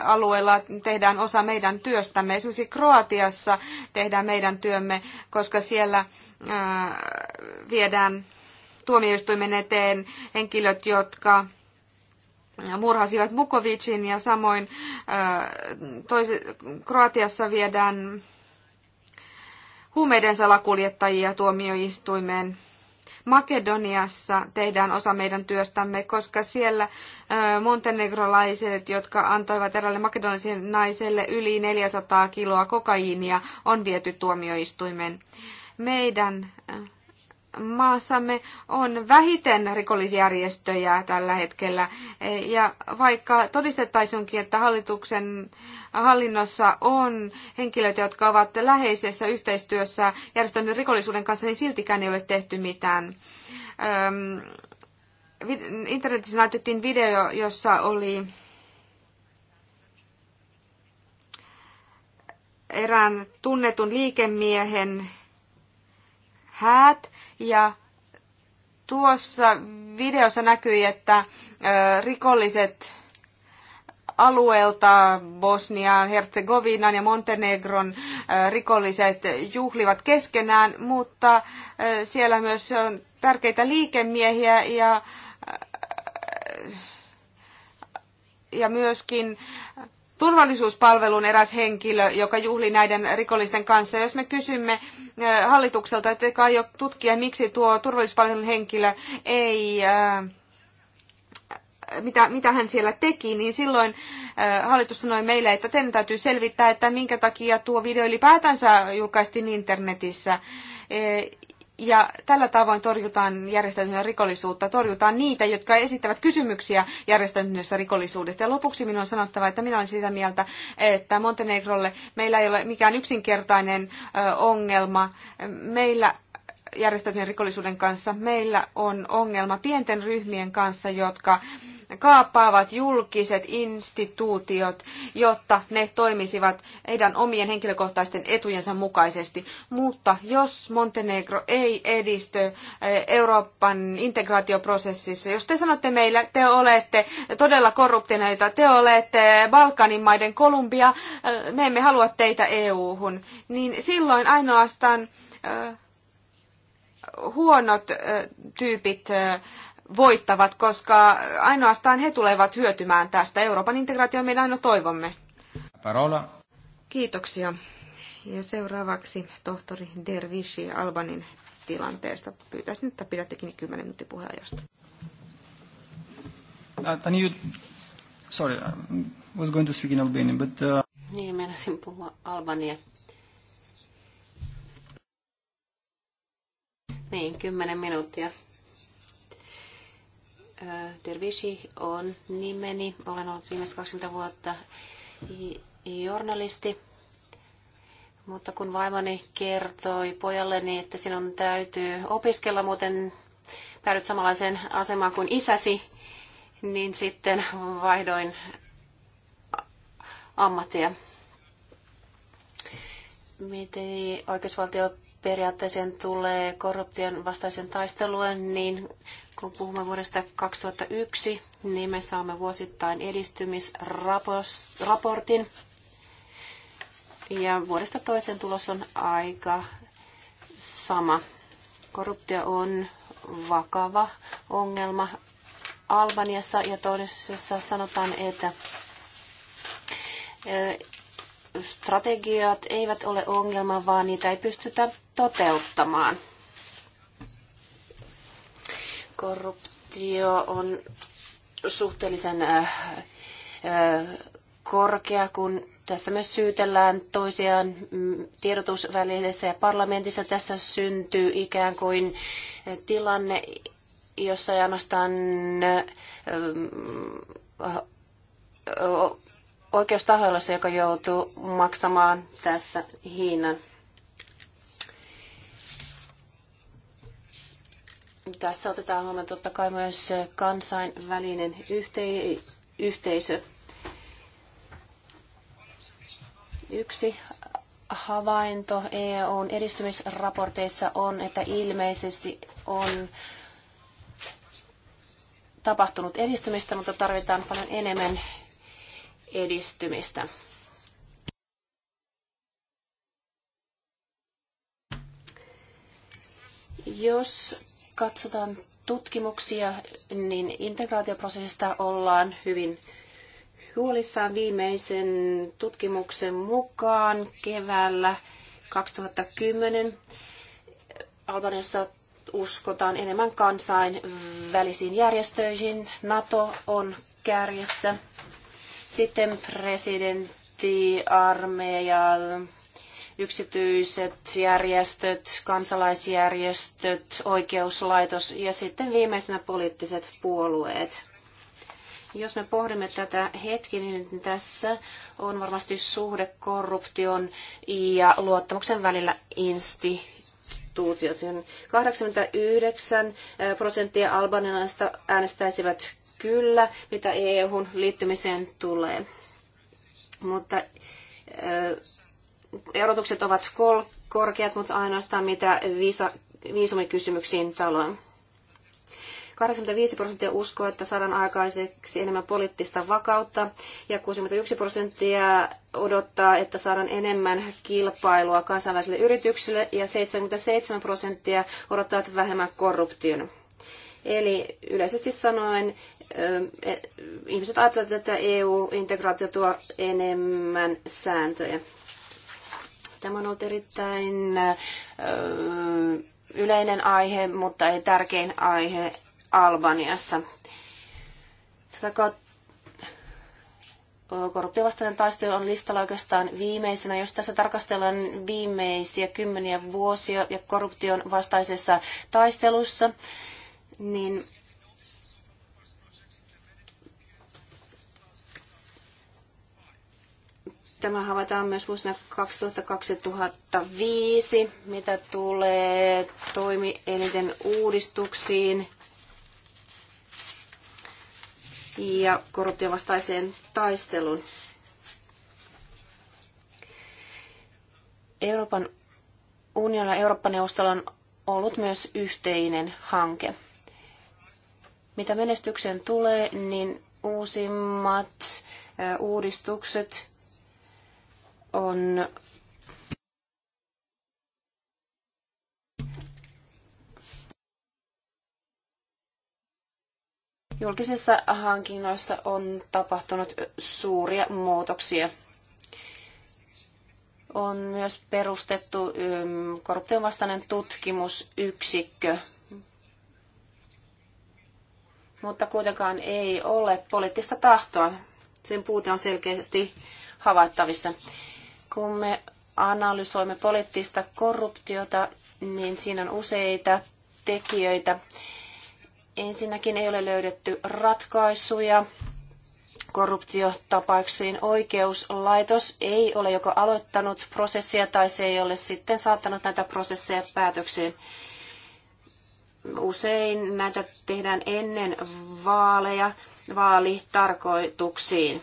alueella tehdään osa meidän työstämme. Esimerkiksi Kroatiassa tehdään meidän työmme, koska siellä viedään tuomioistuimen eteen henkilöt, jotka murhasivat Bukovicin ja samoin toise, Kroatiassa viedään huumeiden salakuljettajia tuomioistuimeen. Makedoniassa tehdään osa meidän työstämme, koska siellä montenegrolaiset, jotka antoivat erälle makedonialaiselle naiselle yli 400 kiloa kokaiinia, on viety tuomioistuimeen. Meidän maassamme on vähiten rikollisjärjestöjä tällä hetkellä. Ja vaikka todistettaisiinkin, että hallituksen hallinnossa on henkilöitä, jotka ovat läheisessä yhteistyössä järjestäytyneen rikollisuuden kanssa, niin siltikään ei ole tehty mitään. Internetissä näytettiin video, jossa oli erään tunnetun liikemiehen hat. ja tuossa videossa näkyi, että rikolliset alueelta Bosnian, Herzegovinan ja Montenegron rikolliset juhlivat keskenään, mutta siellä myös on tärkeitä liikemiehiä ja, ja myöskin turvallisuuspalvelun eräs henkilö, joka juhli näiden rikollisten kanssa. Ja jos me kysymme eh, hallitukselta, että eikä aio tutkia, miksi tuo turvallisuuspalvelun henkilö ei eh, mitä, mitä hän siellä teki, niin silloin eh, hallitus sanoi meille, että teidän täytyy selvittää, että minkä takia tuo video ylipäätänsä julkaistiin internetissä. Ja tällä tavoin torjutaan järjestäytynyttä rikollisuutta, torjutaan niitä, jotka esittävät kysymyksiä järjestäytyneestä rikollisuudesta. Ja lopuksi minun on sanottava, että minä olen sitä mieltä, että Montenegrolle meillä ei ole mikään yksinkertainen ongelma. Meillä järjestäytyneen rikollisuuden kanssa. Meillä on ongelma pienten ryhmien kanssa, jotka kaappaavat julkiset instituutiot, jotta ne toimisivat heidän omien henkilökohtaisten etujensa mukaisesti. Mutta jos Montenegro ei edisty eh, Euroopan integraatioprosessissa, jos te sanotte meille, te olette todella korruptineita, te olette Balkanin maiden Kolumbia, eh, me emme halua teitä EU-hun, niin silloin ainoastaan eh, huonot tyypit voittavat, koska ainoastaan he tulevat hyötymään tästä. Euroopan integraatio on meidän aina toivomme. Parola. Kiitoksia. Ja seuraavaksi tohtori Dervishi Albanin tilanteesta. Pyytäisin, että pidättekin kiinni 10 minuutin puheenjohtajasta. Uh, you... Sorry, I was going to speak in Albanian, but... Uh... Niin, meinasin puhua Albania. Niin, kymmenen minuuttia. Dervishi on nimeni. Olen ollut viimeiset 20 vuotta journalisti. Mutta kun vaimoni kertoi pojalleni, niin että sinun täytyy opiskella, muuten päädyt samanlaiseen asemaan kuin isäsi, niin sitten vaihdoin ammattia. Miten oikeusvaltio periaatteeseen tulee korruption vastaisen taistelun niin kun puhumme vuodesta 2001, niin me saamme vuosittain edistymisraportin. Ja vuodesta toiseen tulos on aika sama. Korruptio on vakava ongelma Albaniassa ja toisessa sanotaan, että strategiat eivät ole ongelma, vaan niitä ei pystytä toteuttamaan. Korruptio on suhteellisen äh, äh, korkea, kun tässä myös syytellään toisiaan tiedotusvälineissä ja parlamentissa. Tässä syntyy ikään kuin tilanne, jossa ei ainoastaan äh, oikeustahoilla se, joka joutuu maksamaan tässä hinnan. Tässä otetaan huomioon totta kai myös kansainvälinen yhtei- yhteisö. Yksi havainto EUn edistymisraporteissa on, että ilmeisesti on tapahtunut edistymistä, mutta tarvitaan paljon enemmän edistymistä. Jos katsotaan tutkimuksia, niin integraatioprosessista ollaan hyvin huolissaan viimeisen tutkimuksen mukaan keväällä 2010 Albaniassa uskotaan enemmän kansainvälisiin järjestöihin. NATO on kärjessä. Sitten presidentti, armeija, yksityiset järjestöt, kansalaisjärjestöt, oikeuslaitos ja sitten viimeisenä poliittiset puolueet. Jos me pohdimme tätä hetki, niin tässä on varmasti suhde korruption ja luottamuksen välillä insti. 89 prosenttia albanilaisista äänestäisivät kyllä, mitä EU:hun liittymiseen tulee. Mutta erotukset ovat korkeat, mutta ainoastaan mitä visa- viisumikysymyksiin taloon. 85 prosenttia uskoo, että saadaan aikaiseksi enemmän poliittista vakautta ja 61 prosenttia odottaa, että saadaan enemmän kilpailua kansainvälisille yrityksille ja 77 prosenttia odottaa vähemmän korruptiota. Eli yleisesti sanoen e, ihmiset ajattelevat, että EU-integraatio tuo enemmän sääntöjä. Tämä on ollut erittäin yleinen aihe, mutta ei tärkein aihe Albaniassa. Tätä korruptiovastainen taistelu on listalla oikeastaan viimeisenä. Jos tässä tarkastellaan viimeisiä kymmeniä vuosia ja korruption vastaisessa taistelussa, niin Tämä havaitaan myös vuosina 2000-2005, mitä tulee toimielinten uudistuksiin ja korruptiovastaiseen taisteluun. Euroopan unionilla Eurooppa-neuvostolla on ollut myös yhteinen hanke – mitä menestyksen tulee, niin uusimmat uudistukset on julkisissa hankinnoissa on tapahtunut suuria muutoksia. On myös perustettu korruptionvastainen tutkimusyksikkö mutta kuitenkaan ei ole poliittista tahtoa. Sen puute on selkeästi havaittavissa. Kun me analysoimme poliittista korruptiota, niin siinä on useita tekijöitä. Ensinnäkin ei ole löydetty ratkaisuja korruptiotapauksiin. Oikeuslaitos ei ole joko aloittanut prosessia tai se ei ole sitten saattanut näitä prosesseja päätökseen. Usein näitä tehdään ennen vaaleja vaalitarkoituksiin.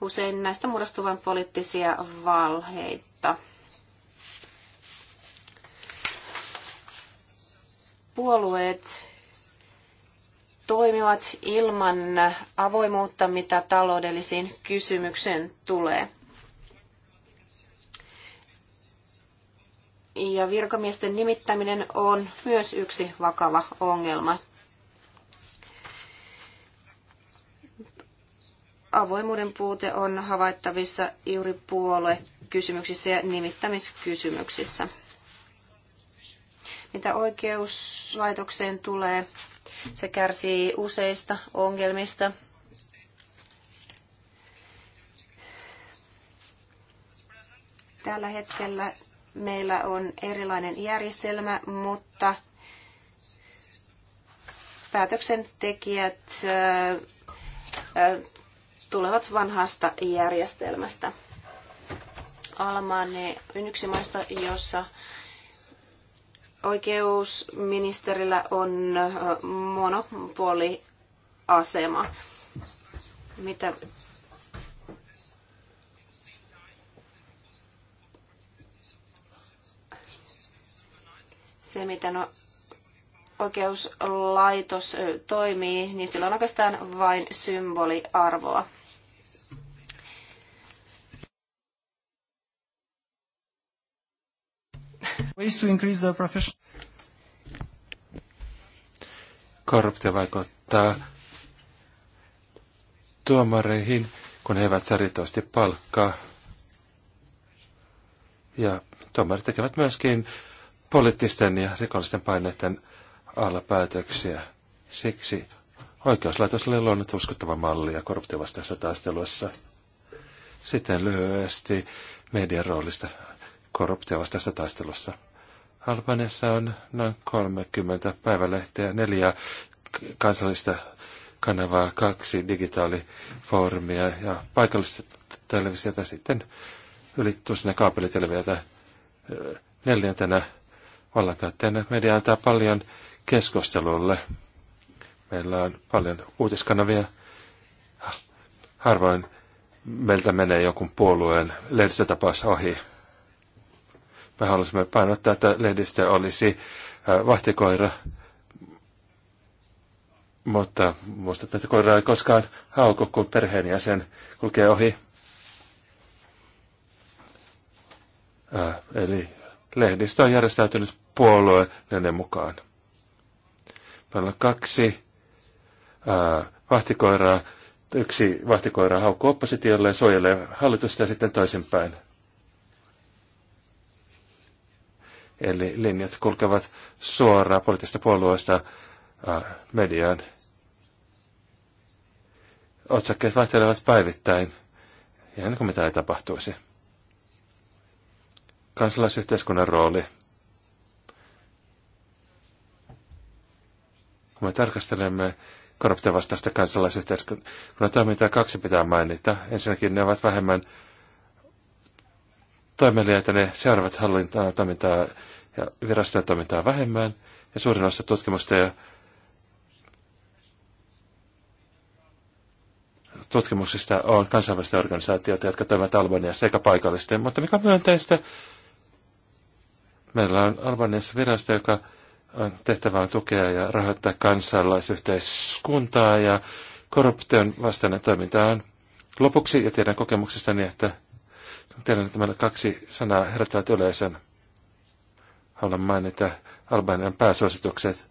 Usein näistä muodostuvan poliittisia valheita. Puolueet toimivat ilman avoimuutta, mitä taloudellisiin kysymykseen tulee. ja virkamiesten nimittäminen on myös yksi vakava ongelma. Avoimuuden puute on havaittavissa juuri puoluekysymyksissä kysymyksissä ja nimittämiskysymyksissä. Mitä oikeuslaitokseen tulee, se kärsii useista ongelmista. Tällä hetkellä meillä on erilainen järjestelmä, mutta päätöksentekijät tulevat vanhasta järjestelmästä. Almane on yksi maista, jossa oikeusministerillä on monopoliasema. Mitä se, miten no, oikeuslaitos toimii, niin sillä on oikeastaan vain symboliarvoa. Ways to increase the profession. Korruptio vaikuttaa tuomareihin, kun he eivät saa palkkaa. Ja tuomarit tekevät myöskin poliittisten ja rikollisten paineiden alla päätöksiä. Siksi oikeuslaitos oli luonut uskottava malli ja korruptiovastaisessa taistelussa. Sitten lyhyesti median roolista korruptiovastaisessa taistelussa. Albaniassa on noin 30 päivälehteä, neljä kansallista kanavaa, kaksi digitaalifoorumia ja paikallista televisiota sitten ylittuisena kaapelitelviötä neljäntenä tänne. media antaa paljon keskustelulle. Meillä on paljon uutiskanavia. Harvoin meiltä menee joku puolueen lehdistötapaus ohi. Me halusimme painottaa, että lehdistö olisi vahtikoira, mutta muista, että koira ei koskaan hauku, kun perheenjäsen kulkee ohi. Ää, eli lehdistä on järjestäytynyt puolueiden mukaan. Meillä on kaksi äh, vahtikoiraa. Yksi vahtikoira haukkuu oppositiolle ja suojelee hallitusta ja sitten toisinpäin. Eli linjat kulkevat suoraan poliittisesta puolueesta äh, mediaan. Otsakkeet vaihtelevat päivittäin, ihan kuin mitä ei tapahtuisi kansalaisyhteiskunnan rooli. Kun me tarkastelemme korruptiovastaista kansalaisyhteiskunnan toimintaa, kaksi pitää mainita. Ensinnäkin ne ovat vähemmän toimeliaita, ne seuraavat hallintaa toimintaa ja virastojen toimintaa vähemmän. Ja suurin osa tutkimusta ja tutkimuksista on kansainvälistä organisaatioita, jotka toimivat Albaniassa sekä paikallisten, Mutta mikä on myönteistä, Meillä on Albaniassa virasto, joka on tehtävää tukea ja rahoittaa kansalaisyhteiskuntaa ja korruption vastainen toiminta on lopuksi, ja tiedän kokemuksestani, että tiedän, että meillä kaksi sanaa herättävät yleisön. Haluan mainita Albanian pääsuositukset.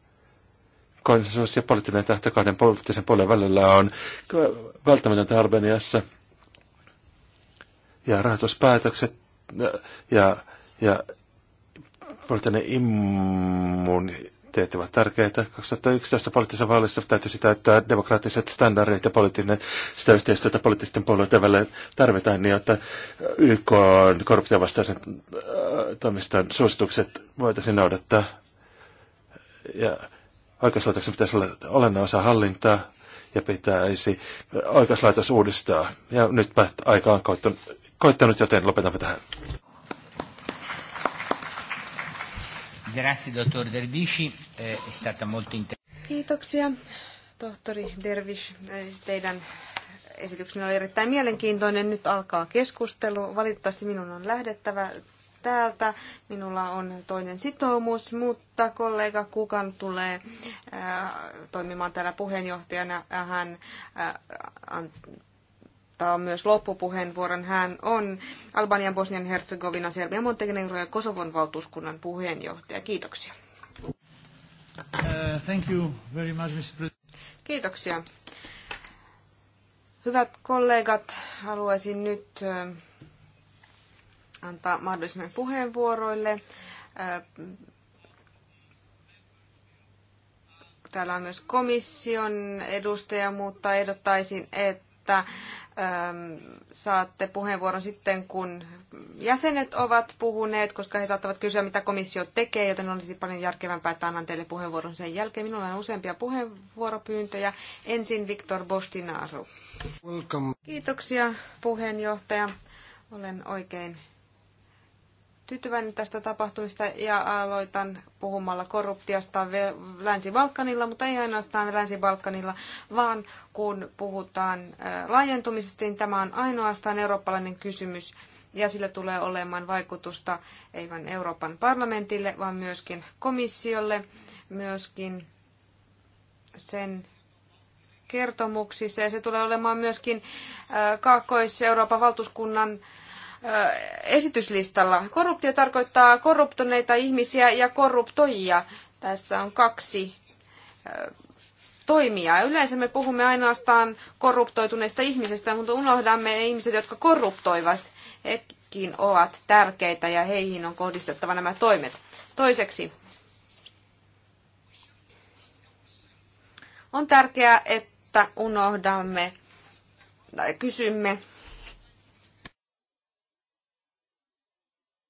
Konsensus ja poliittinen tahto kahden poliittisen puolen välillä on välttämätöntä Albaniassa. Ja rahoituspäätökset ja, ja poliittinen immuniteetti ovat tärkeitä. 2011 poliittisessa vaalissa täytyisi täyttää demokraattiset standardit ja poliittinen, sitä yhteistyötä poliittisten puolueiden välillä tarvitaan niin, että YK on korruptiovastaisen äh, toimiston suositukset voitaisiin noudattaa. Ja oikeuslaitoksen pitäisi olla olennainen osa hallintaa ja pitäisi oikeuslaitos uudistaa. Ja nyt aika on koittanut, koittanut joten lopetamme tähän. Grazie, dottor eh, È stata molto Kiitoksia, tohtori Dervish. Eh, teidän esityksenne oli erittäin mielenkiintoinen. Nyt alkaa keskustelu. Valitettavasti minun on lähdettävä täältä. Minulla on toinen sitoumus, mutta kollega Kukan tulee äh, toimimaan täällä puheenjohtajana. Hän äh, ottaa myös loppupuheenvuoron. Hän on Albanian, Bosnian, Herzegovina, Serbian, Montenegro ja Kosovon valtuuskunnan puheenjohtaja. Kiitoksia. Uh, thank you very much, Mr. Kiitoksia. Hyvät kollegat, haluaisin nyt uh, antaa mahdollisimman puheenvuoroille. Uh, täällä on myös komission edustaja, mutta ehdottaisin, että saatte puheenvuoron sitten, kun jäsenet ovat puhuneet, koska he saattavat kysyä, mitä komissio tekee, joten olisi paljon järkevämpää, että annan teille puheenvuoron sen jälkeen. Minulla on useampia puheenvuoropyyntöjä. Ensin Viktor Bostinaru. Welcome. Kiitoksia puheenjohtaja. Olen oikein tyytyväinen tästä tapahtumista ja aloitan puhumalla korruptiosta Länsi-Balkanilla, mutta ei ainoastaan Länsi-Balkanilla, vaan kun puhutaan laajentumisesta, niin tämä on ainoastaan eurooppalainen kysymys ja sillä tulee olemaan vaikutusta ei vain Euroopan parlamentille, vaan myöskin komissiolle, myöskin sen kertomuksissa ja se tulee olemaan myöskin Kaakkois-Euroopan valtuuskunnan esityslistalla. Korruptio tarkoittaa korruptoneita ihmisiä ja korruptoijia. Tässä on kaksi toimia. Yleensä me puhumme ainoastaan korruptoituneista ihmisistä, mutta unohdamme ne ihmiset, jotka korruptoivat. Hekin ovat tärkeitä ja heihin on kohdistettava nämä toimet. Toiseksi, on tärkeää, että unohdamme tai kysymme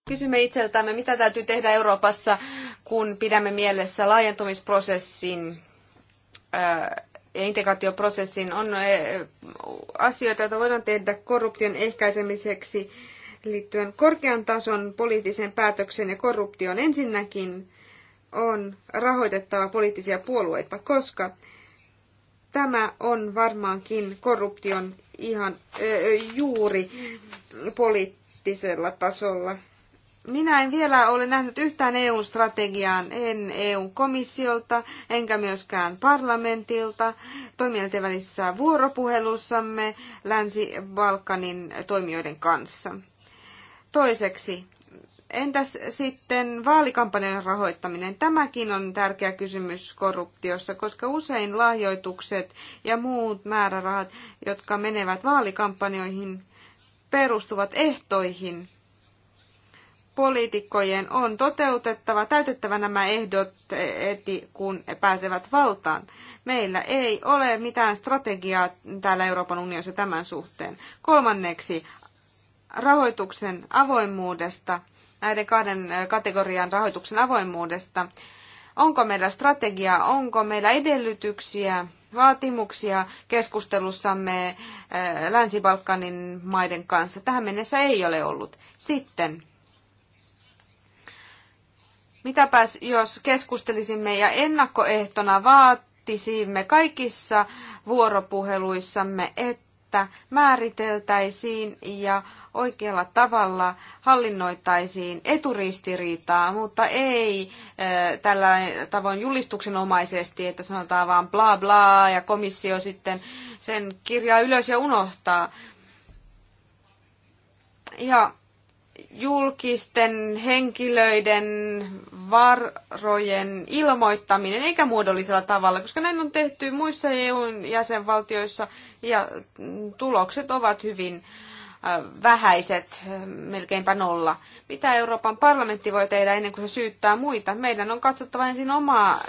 Kysymme itseltämme, mitä täytyy tehdä Euroopassa, kun pidämme mielessä laajentumisprosessin ja integraatioprosessin. On asioita, joita voidaan tehdä korruption ehkäisemiseksi liittyen korkean tason poliittiseen päätöksen ja korruptioon. Ensinnäkin on rahoitettava poliittisia puolueita, koska tämä on varmaankin korruption ihan ö, juuri poliittisella tasolla. Minä en vielä ole nähnyt yhtään EU-strategiaan, en EU-komissiolta, enkä myöskään parlamentilta. Toimijoiden välisessä vuoropuhelussamme Länsi-Balkanin toimijoiden kanssa. Toiseksi, entäs sitten vaalikampanjan rahoittaminen? Tämäkin on tärkeä kysymys korruptiossa, koska usein lahjoitukset ja muut määrärahat, jotka menevät vaalikampanjoihin, perustuvat ehtoihin – poliitikkojen on toteutettava, täytettävä nämä ehdot eti, kun pääsevät valtaan. Meillä ei ole mitään strategiaa täällä Euroopan unionissa tämän suhteen. Kolmanneksi, rahoituksen avoimuudesta, näiden kahden kategorian rahoituksen avoimuudesta. Onko meillä strategiaa, onko meillä edellytyksiä, vaatimuksia keskustelussamme eh, Länsi-Balkanin maiden kanssa? Tähän mennessä ei ole ollut. Sitten Mitäpäs jos keskustelisimme ja ennakkoehtona vaatisimme kaikissa vuoropuheluissamme, että määriteltäisiin ja oikealla tavalla hallinnoitaisiin eturistiriitaa, mutta ei e, tällä tavoin julistuksenomaisesti, että sanotaan vaan bla bla ja komissio sitten sen kirjaa ylös ja unohtaa. Ja julkisten henkilöiden varojen ilmoittaminen, eikä muodollisella tavalla, koska näin on tehty muissa EUn jäsenvaltioissa ja tulokset ovat hyvin vähäiset, melkeinpä nolla. Mitä Euroopan parlamentti voi tehdä ennen kuin se syyttää muita? Meidän on katsottava ensin omaa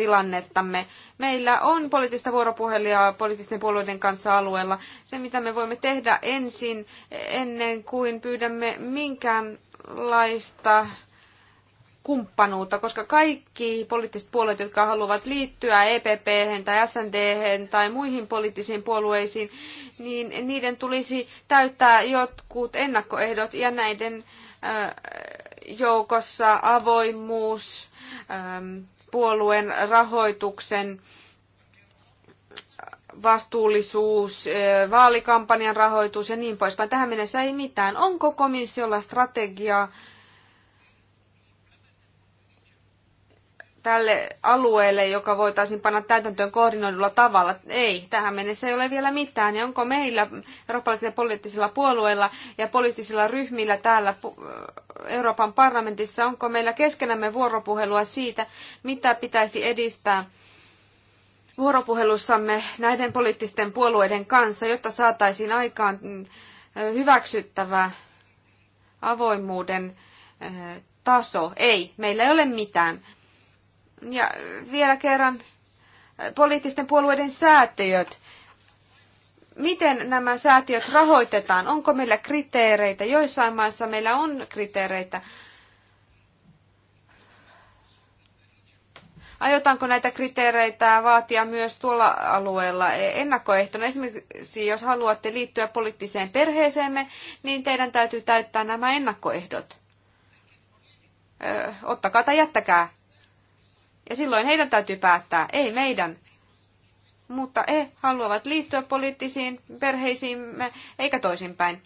tilannettamme. Meillä on poliittista vuoropuhelia poliittisten puolueiden kanssa alueella. Se, mitä me voimme tehdä ensin, ennen kuin pyydämme minkäänlaista kumppanuutta, koska kaikki poliittiset puolueet, jotka haluavat liittyä EPP tai SND tai muihin poliittisiin puolueisiin, niin niiden tulisi täyttää jotkut ennakkoehdot ja näiden joukossa avoimuus, puolueen rahoituksen vastuullisuus, vaalikampanjan rahoitus ja niin poispäin. Tähän mennessä ei mitään. Onko komissiolla strategiaa tälle alueelle, joka voitaisiin panna täytäntöön koordinoidulla tavalla. Ei, tähän mennessä ei ole vielä mitään. Ja onko meillä eurooppalaisilla poliittisilla puolueilla ja poliittisilla ryhmillä täällä Euroopan parlamentissa, onko meillä keskenämme vuoropuhelua siitä, mitä pitäisi edistää vuoropuhelussamme näiden poliittisten puolueiden kanssa, jotta saataisiin aikaan mm, hyväksyttävä avoimuuden eh, taso. Ei, meillä ei ole mitään. Ja vielä kerran äh, poliittisten puolueiden säätiöt. Miten nämä säätiöt rahoitetaan? Onko meillä kriteereitä? Joissain maissa meillä on kriteereitä. Aiotaanko näitä kriteereitä vaatia myös tuolla alueella ennakkoehtona? Esimerkiksi jos haluatte liittyä poliittiseen perheeseemme, niin teidän täytyy täyttää nämä ennakkoehdot. Ö, ottakaa tai jättäkää ja silloin heidän täytyy päättää, ei meidän. Mutta he haluavat liittyä poliittisiin perheisiimme, eikä toisinpäin.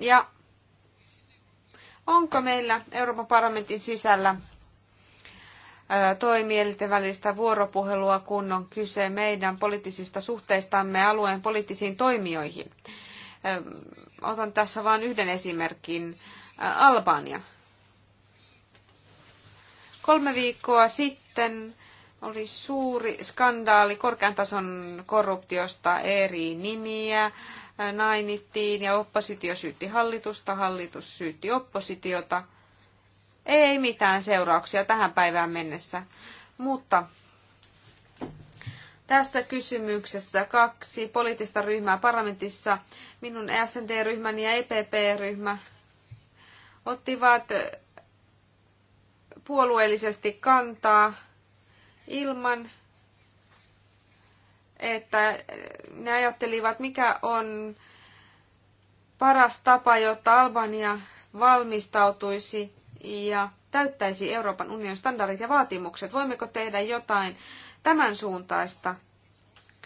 Ja onko meillä Euroopan parlamentin sisällä toimielinten välistä vuoropuhelua, kun on kyse meidän poliittisista suhteistamme alueen poliittisiin toimijoihin. Otan tässä vain yhden esimerkin. Albania. Kolme viikkoa sitten oli suuri skandaali korkean tason korruptiosta eri nimiä nainittiin ja oppositio syytti hallitusta, hallitus syytti oppositiota. Ei mitään seurauksia tähän päivään mennessä, mutta tässä kysymyksessä kaksi poliittista ryhmää parlamentissa, minun SND-ryhmäni ja EPP-ryhmä, ottivat puolueellisesti kantaa ilman, että ne ajattelivat, mikä on paras tapa, jotta Albania valmistautuisi ja täyttäisi Euroopan unionin standardit ja vaatimukset. Voimmeko tehdä jotain tämän suuntaista?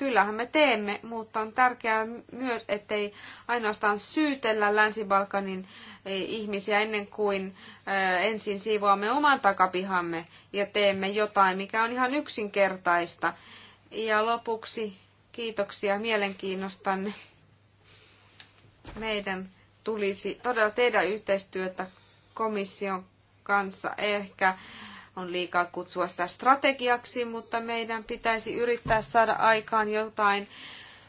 Kyllähän me teemme, mutta on tärkeää myös, ettei ainoastaan syytellä Länsi-Balkanin eh, ihmisiä ennen kuin eh, ensin siivoamme oman takapihamme ja teemme jotain, mikä on ihan yksinkertaista. Ja lopuksi kiitoksia mielenkiinnostanne. Meidän tulisi todella tehdä yhteistyötä komission kanssa ehkä on liikaa kutsua sitä strategiaksi, mutta meidän pitäisi yrittää saada aikaan jotain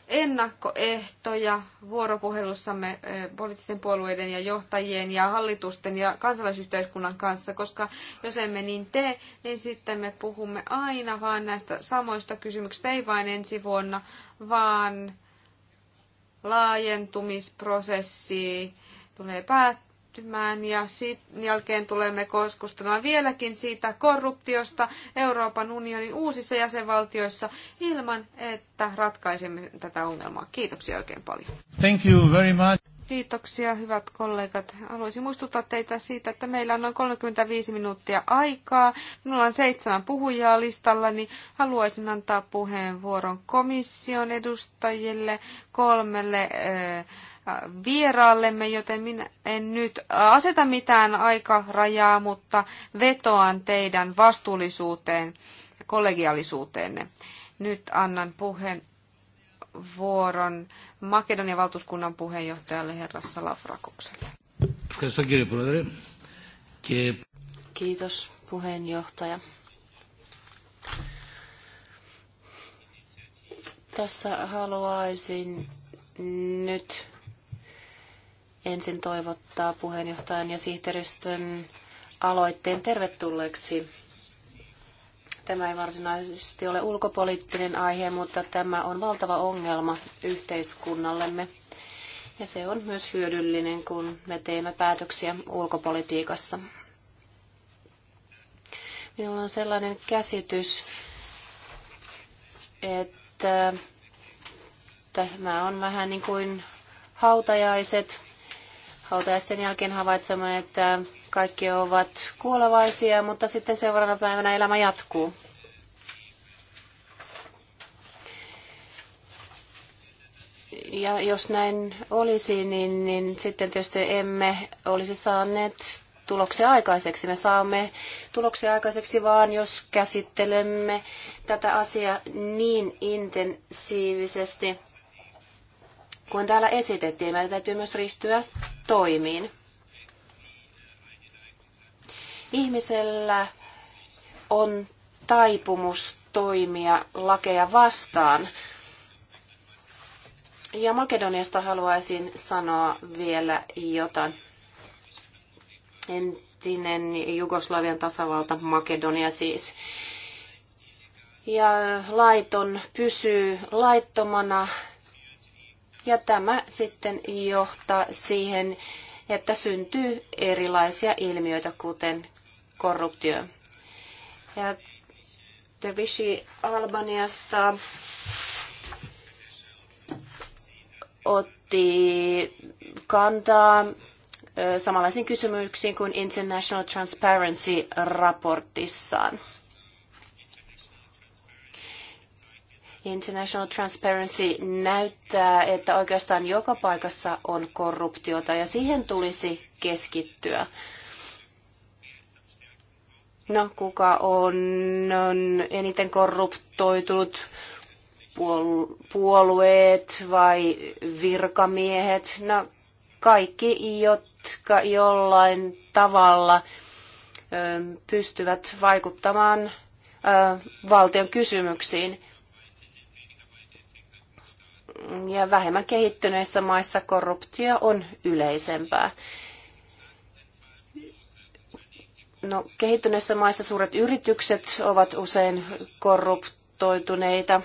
ennakkoehtoja vuoropuhelussamme poliittisten puolueiden ja johtajien ja hallitusten ja kansalaisyhteiskunnan kanssa, koska jos emme niin tee, niin sitten me puhumme aina vain näistä samoista kysymyksistä, ei vain ensi vuonna, vaan laajentumisprosessi tulee päättää kehittymään ja sitten jälkeen tulemme keskustelemaan vieläkin siitä korruptiosta Euroopan unionin uusissa jäsenvaltioissa ilman, että ratkaisemme tätä ongelmaa. Kiitoksia oikein paljon. Thank you very much. Kiitoksia hyvät kollegat. Haluaisin muistuttaa teitä siitä, että meillä on noin 35 minuuttia aikaa. Minulla on seitsemän puhujaa listalla, niin haluaisin antaa puheenvuoron komission edustajille, kolmelle äh, vieraallemme, joten minä en nyt aseta mitään aikarajaa, mutta vetoan teidän vastuullisuuteen ja kollegiaalisuuteenne. Nyt annan puheen vuoron Makedonian valtuuskunnan puheenjohtajalle herra Salafrakokselle. Kiitos puheenjohtaja. Tässä haluaisin nyt ensin toivottaa puheenjohtajan ja sihteeristön aloitteen tervetulleeksi. Tämä ei varsinaisesti ole ulkopoliittinen aihe, mutta tämä on valtava ongelma yhteiskunnallemme. Ja se on myös hyödyllinen, kun me teemme päätöksiä ulkopolitiikassa. Minulla on sellainen käsitys, että tämä on vähän niin kuin hautajaiset hautajaisten jälkeen havaitsemme, että kaikki ovat kuolevaisia, mutta sitten seuraavana päivänä elämä jatkuu. Ja jos näin olisi, niin, niin sitten tietysti emme olisi saaneet tuloksia aikaiseksi. Me saamme tuloksia aikaiseksi vaan, jos käsittelemme tätä asiaa niin intensiivisesti – kuin täällä esitettiin. Meidän täytyy myös ryhtyä toimiin. Ihmisellä on taipumus toimia lakeja vastaan. Ja Makedoniasta haluaisin sanoa vielä jotain. Entinen Jugoslavian tasavalta Makedonia siis. Ja laiton pysyy laittomana ja tämä sitten johtaa siihen, että syntyy erilaisia ilmiöitä, kuten korruptio. Ja Tervishi Albaniasta otti kantaa samanlaisiin kysymyksiin kuin International Transparency-raportissaan. International Transparency näyttää, että oikeastaan joka paikassa on korruptiota ja siihen tulisi keskittyä. No, kuka on, on eniten korruptoitunut? Puolueet vai virkamiehet? No, kaikki, jotka jollain tavalla pystyvät vaikuttamaan valtion kysymyksiin ja vähemmän kehittyneissä maissa korruptio on yleisempää. No, kehittyneissä maissa suuret yritykset ovat usein korruptoituneita.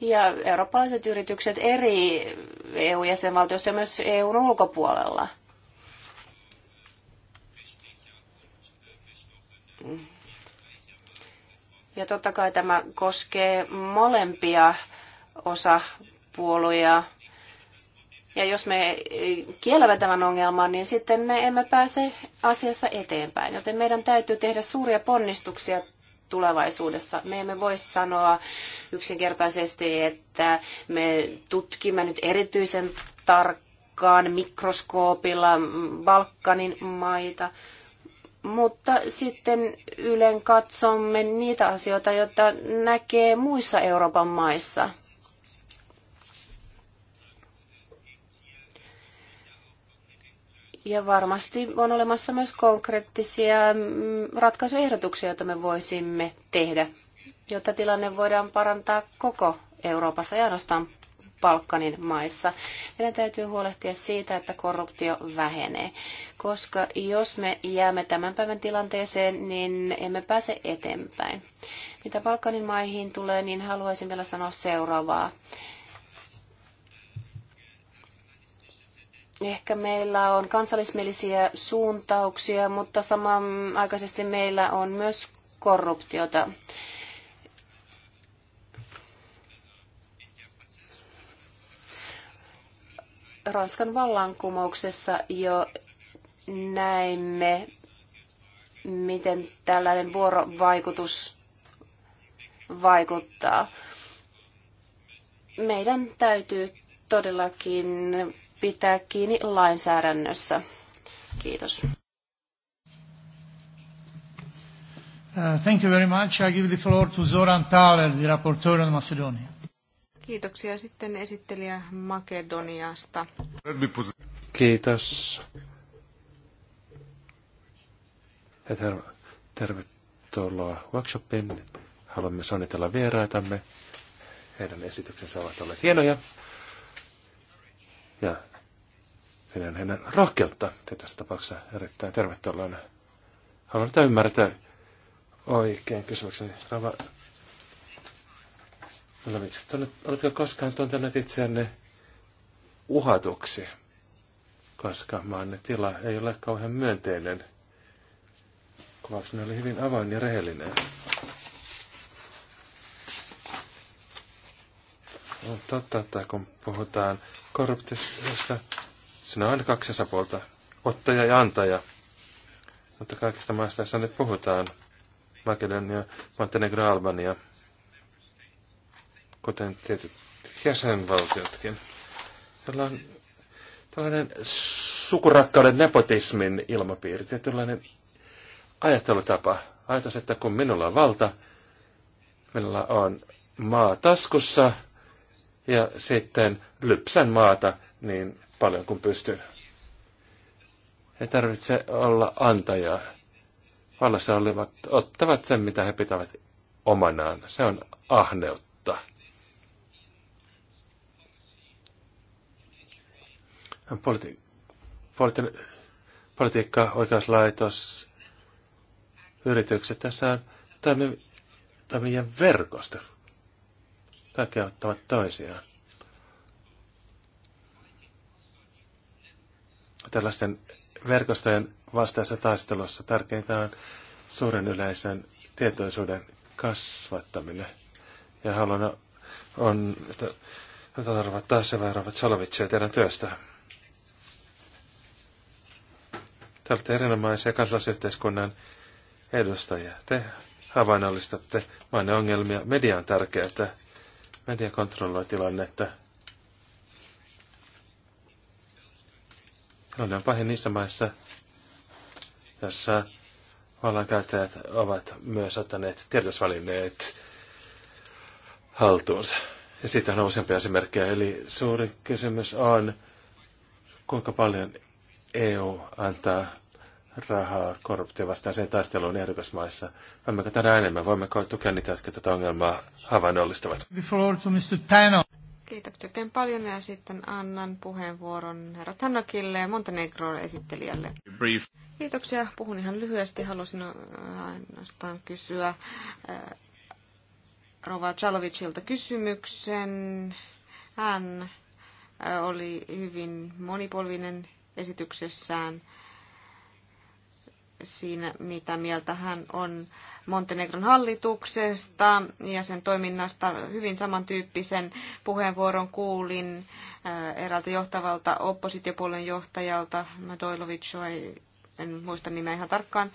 Ja eurooppalaiset yritykset eri EU-jäsenvaltioissa ja myös EUn ulkopuolella. Ja totta kai tämä koskee molempia osapuolia. Ja jos me kiellämme tämän ongelman, niin sitten me emme pääse asiassa eteenpäin. Joten meidän täytyy tehdä suuria ponnistuksia tulevaisuudessa. Me emme voi sanoa yksinkertaisesti, että me tutkimme nyt erityisen tarkkaan mikroskoopilla Balkanin maita mutta sitten ylen katsomme niitä asioita, joita näkee muissa Euroopan maissa. Ja varmasti on olemassa myös konkreettisia mm, ratkaisuehdotuksia, joita me voisimme tehdä, jotta tilanne voidaan parantaa koko Euroopassa ja ainoastaan Balkanin maissa. Meidän täytyy huolehtia siitä, että korruptio vähenee koska jos me jäämme tämän päivän tilanteeseen, niin emme pääse eteenpäin. Mitä Balkanin maihin tulee, niin haluaisin vielä sanoa seuraavaa. Ehkä meillä on kansallismielisiä suuntauksia, mutta samanaikaisesti meillä on myös korruptiota. Ranskan vallankumouksessa jo näimme, miten tällainen vuorovaikutus vaikuttaa. Meidän täytyy todellakin pitää kiinni lainsäädännössä. Kiitos. Uh, thank you very much. I give the floor to Zoran Thaler, the rapporteur on Macedonia. Kiitoksia sitten esittelijä Makedoniasta. Kiitos ja tervetuloa workshopiin. Haluamme sonnitella vieraitamme. Heidän esityksensä ovat olleet hienoja. Ja pidän heidän rohkeutta Te tässä tapauksessa erittäin tervetuloa. Haluan tätä ymmärtää oikein kysymykseni. Rava, oletko koskaan tuntenut itseänne uhatuksi? Koska maanne tila ei ole kauhean myönteinen – ne oli hyvin avoin ja rehellinen. On totta, että kun puhutaan korruptiosta, siinä on aina kaksi osapuolta, ottaja ja antaja. Mutta kaikista maista, joissa nyt puhutaan, Makedonia, Montenegro, Albania, kuten tietyt jäsenvaltiotkin. Tällä on tällainen sukurakkauden nepotismin ilmapiiri, tietynlainen ajattelutapa. Ajatus, että kun minulla on valta, minulla on maa taskussa ja sitten lypsän maata niin paljon kuin pystyn. Ei tarvitse olla antajaa. Vallassa olevat ottavat sen, mitä he pitävät omanaan. Se on ahneutta. Politi- politi- politiikka, oikeuslaitos, yritykset. Tässä on tämä meidän verkosto. Kaikki auttavat toisiaan. Tällaisten verkostojen vastaisessa taistelussa tärkeintä on suuren yleisön tietoisuuden kasvattaminen. Ja haluan on, että Tarvat taas ja väärävät Salovicia teidän työstä. Te olette erinomaisia kansalaisyhteiskunnan edustajia. Te havainnollistatte maan ongelmia. Media on tärkeää. Media kontrolloi tilannetta. Tilanne on pahin niissä maissa, jossa vallankäyttäjät ovat myös ottaneet tiedotusvälineet haltuunsa. Ja siitä on useampia esimerkkejä. Eli suuri kysymys on, kuinka paljon EU antaa rahaa korruptio vastaan sen taisteluun ehdokasmaissa. Voimmeko tänään enemmän? Voimmeko tukea niitä, jotka tätä ongelmaa havainnollistavat? Kiitoksia oikein paljon ja sitten annan puheenvuoron herra Tannakille ja Montenegro esittelijälle. Brief. Kiitoksia. Puhun ihan lyhyesti. Halusin ainoastaan kysyä äh, Rova Chalovicilta kysymyksen. Hän äh, oli hyvin monipolvinen esityksessään siinä, mitä mieltä hän on Montenegron hallituksesta ja sen toiminnasta. Hyvin samantyyppisen puheenvuoron kuulin äh, eräältä johtavalta oppositiopuolen johtajalta, Madoilovic, no en muista nimeä ihan tarkkaan.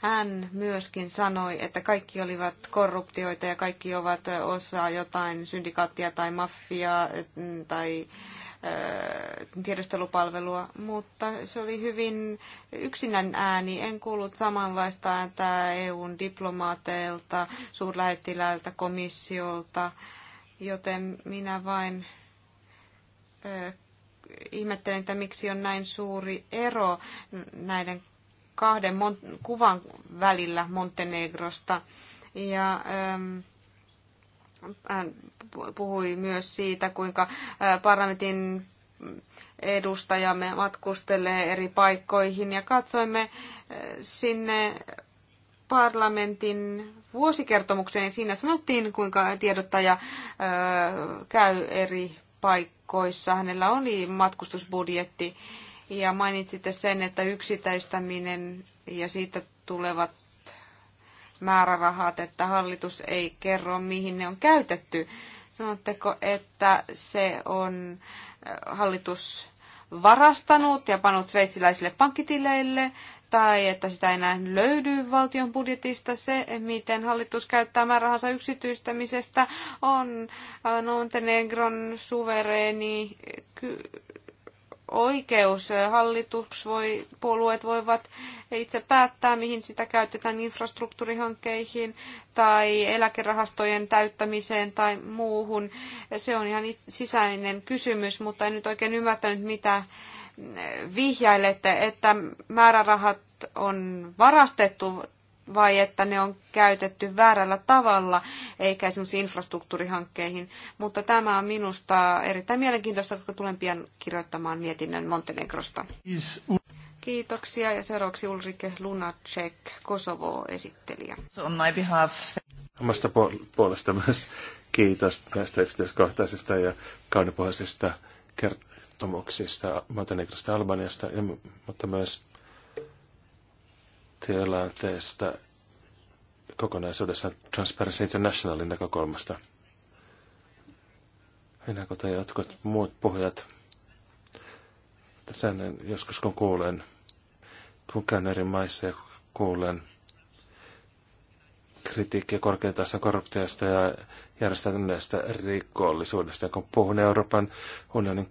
Hän myöskin sanoi, että kaikki olivat korruptioita ja kaikki ovat osa jotain syndikaattia tai mafiaa mm, tai äh, tiedostelupalvelua, mutta se oli hyvin yksinän ääni. En kuullut samanlaista ääntä EUn diplomaateilta, suurlähettiläiltä, komissiolta, joten minä vain ihmettelen, että miksi on näin suuri ero näiden kahden kuvan välillä Montenegrosta. Ja ähm, hän puhui myös siitä, kuinka parlamentin edustajamme matkustelee eri paikkoihin ja katsoimme sinne parlamentin vuosikertomukseen. Siinä sanottiin, kuinka tiedottaja käy eri paikkoissa. Hänellä oli matkustusbudjetti ja mainitsitte sen, että yksittäistäminen ja siitä tulevat määrärahat, että hallitus ei kerro, mihin ne on käytetty. Sanotteko, että se on äh, hallitus varastanut ja panut sveitsiläisille pankkitileille, tai että sitä ei enää löydy valtion budjetista. Se, miten hallitus käyttää määrärahansa yksityistämisestä, on äh, Montenegron suvereeni oikeus. Hallitus voi, puolueet voivat itse päättää, mihin sitä käytetään infrastruktuurihankkeihin tai eläkerahastojen täyttämiseen tai muuhun. Se on ihan sisäinen kysymys, mutta en nyt oikein ymmärtänyt, mitä vihjailette, että määrärahat on varastettu vai että ne on käytetty väärällä tavalla, eikä esimerkiksi infrastruktuurihankkeihin. Mutta tämä on minusta erittäin mielenkiintoista, koska tulen pian kirjoittamaan mietinnön Montenegrosta. Kiitoksia ja seuraavaksi Ulrike Lunacek, Kosovo-esittelijä. On my behalf. Omasta puolesta myös kiitos näistä yksityiskohtaisista ja kaunipuheisista kertomuksista Montenegrosta Albaniasta, mutta myös tilanteesta kokonaisuudessaan Transparency Internationalin näkökulmasta. Minä kuten jotkut muut puhujat, tässä joskus kun kuulen, kun käyn eri maissa ja kuulen kritiikkiä korkeatason korruptiosta ja järjestäytyneestä rikollisuudesta. Ja kun puhun Euroopan unionin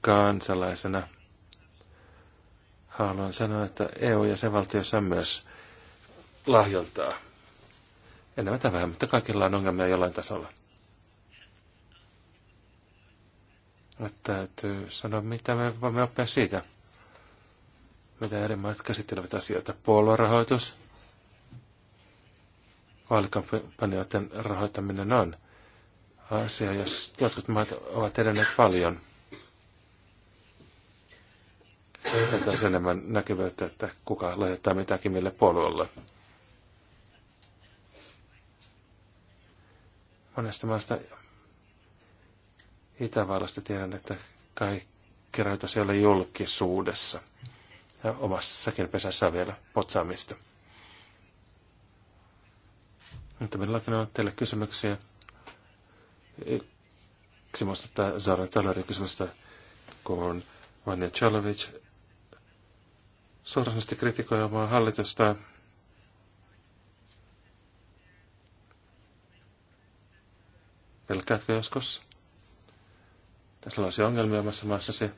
kansalaisena – haluan sanoa, että EU ja sen valtiossa myös lahjontaa. Enemmän tai vähemmän, mutta kaikilla on ongelmia jollain tasolla. Että täytyy sanoa, mitä me voimme oppia siitä, mitä eri maat käsittelevät asioita. Puoluerahoitus, vaalikampanjoiden rahoittaminen on asia, jos jotkut maat ovat edenneet paljon – tässä enemmän näkyvyyttä, että kuka lähettää mitäkin mille puolueelle. Monesta maasta Itävallasta tiedän, että kaikki rajoitus ei ole julkisuudessa. Ja omassakin pesässä on vielä potsaamista. Mutta minullakin on teille kysymyksiä. Yksi muistuttaa Zara Talerin kysymystä, kun Vanja Chalovic suoranaisesti kritikoimaan hallitusta. Pelkäätkö joskus? Tässä on sellaisia ongelmia omassa maassasi.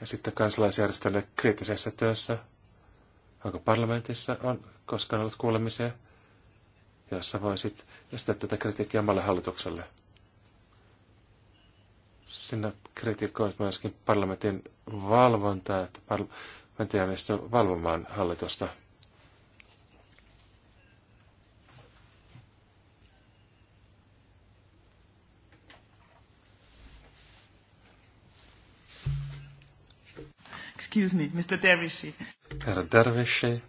Ja sitten kansalaisjärjestölle kriittisessä työssä, onko parlamentissa, on koskaan ollut kuulemisia, jossa voisit estää tätä kritiikkiä omalle hallitukselle. Sinä kritikoit myöskin parlamentin valvontaa, että parlamentin onnistuu valvomaan hallitusta. Excuse me, Mr. Dervishi. Herra Dervishi.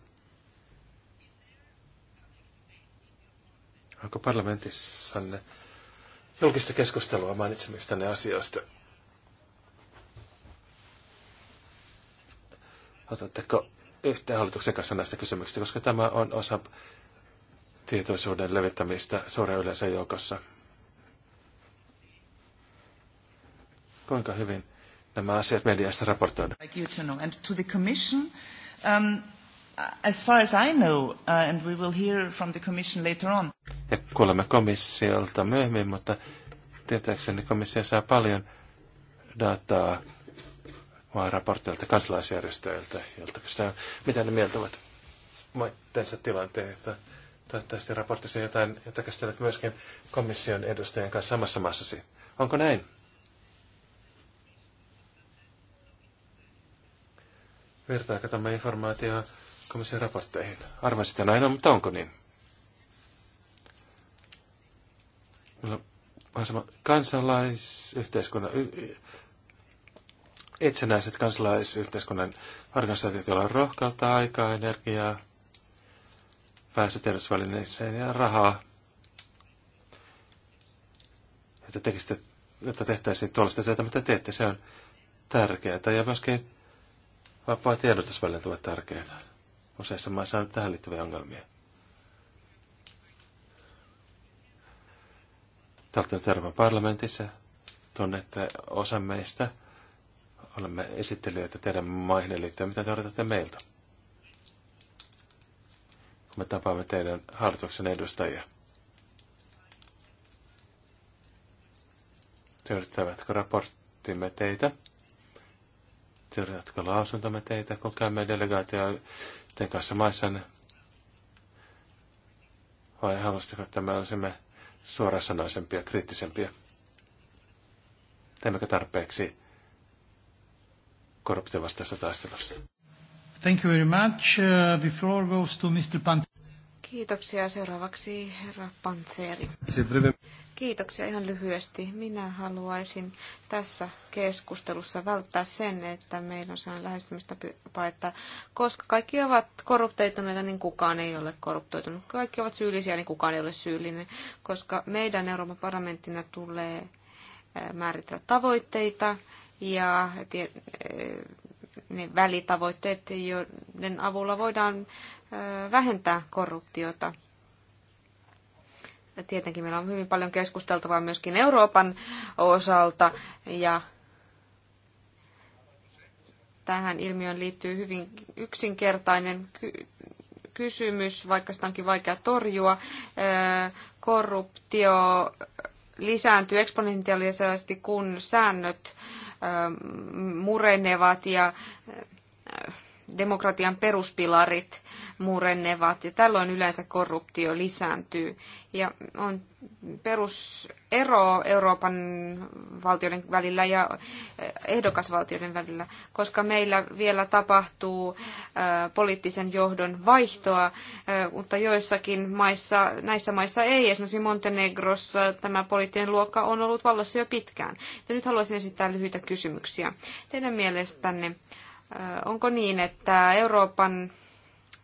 Onko parlamentissanne julkista keskustelua mainitsemista ne asioista. Otatteko yhteen hallituksen kanssa näistä kysymyksistä, koska tämä on osa tietoisuuden levittämistä suuren yleisön joukossa. Kuinka hyvin nämä asiat mediassa raportoidaan? Like you to know. And to the commission, um, as far as I know, uh, and we will hear from the commission later on, ja kuulemme komissiolta myöhemmin, mutta tietääkseni komissio saa paljon dataa vaan raportteilta kansalaisjärjestöiltä, joilta kysytään, mitä ne mieltä ovat maittensa tilanteita. Toivottavasti raportissa jotain, jota käsittelet myöskin komission edustajien kanssa samassa maassasi. Onko näin? Vertaako tämä informaatio komission raportteihin? Arvasit näin on, mutta onko niin? Meillä on sama kansalaisyhteiskunnan, itsenäiset kansalaisyhteiskunnan organisaatiot, joilla on rohkautta, aikaa, energiaa, pääsy tiedotusvälineeseen ja rahaa, että, tekisitte, että tehtäisiin tuollaista työtä, mitä teette. Se on tärkeää ja myöskin vapaa tiedotusvälineet ovat tärkeitä. Useissa maissa on tähän liittyviä ongelmia. Tältä Tervan parlamentissa. Tunnette osa meistä. Olemme esittelijöitä teidän maihin liittyen. Mitä te odotatte meiltä? Kun me tapaamme teidän hallituksen edustajia. Tyydyttävätkö raporttimme teitä? Tyydyttävätkö lausuntomme teitä, kun käymme teidän kanssa maissanne? Vai haluaisitko, että me olisimme suorasanaisempia, kriittisempiä? Teemmekö tarpeeksi korruptiovastaisessa taistelussa? Thank you very much. Uh, the floor goes to Mr. Pant- Kiitoksia. Seuraavaksi herra Pantseeri. Kiitoksia ihan lyhyesti. Minä haluaisin tässä keskustelussa välttää sen, että meillä on sellainen lähestymistapa, että koska kaikki ovat korruptoituneita, niin kukaan ei ole korruptoitunut. Kaikki ovat syyllisiä, niin kukaan ei ole syyllinen, koska meidän Euroopan parlamenttina tulee eh, määritellä tavoitteita ja eh, ne välitavoitteet, joiden avulla voidaan vähentää korruptiota. Ja tietenkin meillä on hyvin paljon keskusteltavaa myöskin Euroopan osalta ja tähän ilmiöön liittyy hyvin yksinkertainen ky- kysymys, vaikka sitä onkin vaikea torjua. Korruptio lisääntyy eksponentiaalisesti, kun säännöt murenevat ja demokratian peruspilarit murennevat ja tällöin yleensä korruptio lisääntyy. Ja on perusero Euroopan valtioiden välillä ja eh, ehdokasvaltioiden välillä, koska meillä vielä tapahtuu eh, poliittisen johdon vaihtoa, eh, mutta joissakin maissa, näissä maissa ei, esimerkiksi Montenegrossa tämä poliittinen luokka on ollut vallassa jo pitkään. Ja nyt haluaisin esittää lyhyitä kysymyksiä. Teidän mielestänne Onko niin, että Euroopan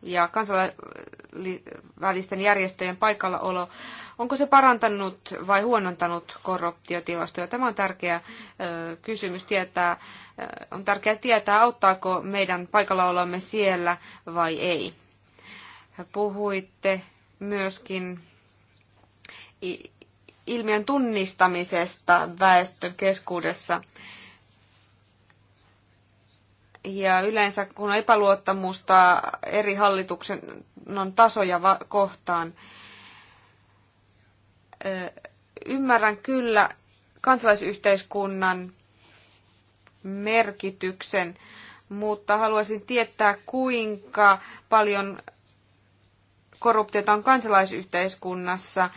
ja kansainvälisten järjestöjen paikallaolo, onko se parantanut vai huonontanut korruptiotilastoja? Tämä on tärkeä kysymys tietää. On tärkeää tietää, auttaako meidän paikallaolomme siellä vai ei. Puhuitte myöskin ilmiön tunnistamisesta väestön keskuudessa. Ja yleensä kun on epäluottamusta eri hallituksen on tasoja kohtaan, ymmärrän kyllä kansalaisyhteiskunnan merkityksen, mutta haluaisin tietää, kuinka paljon korruptiota on kansalaisyhteiskunnassa,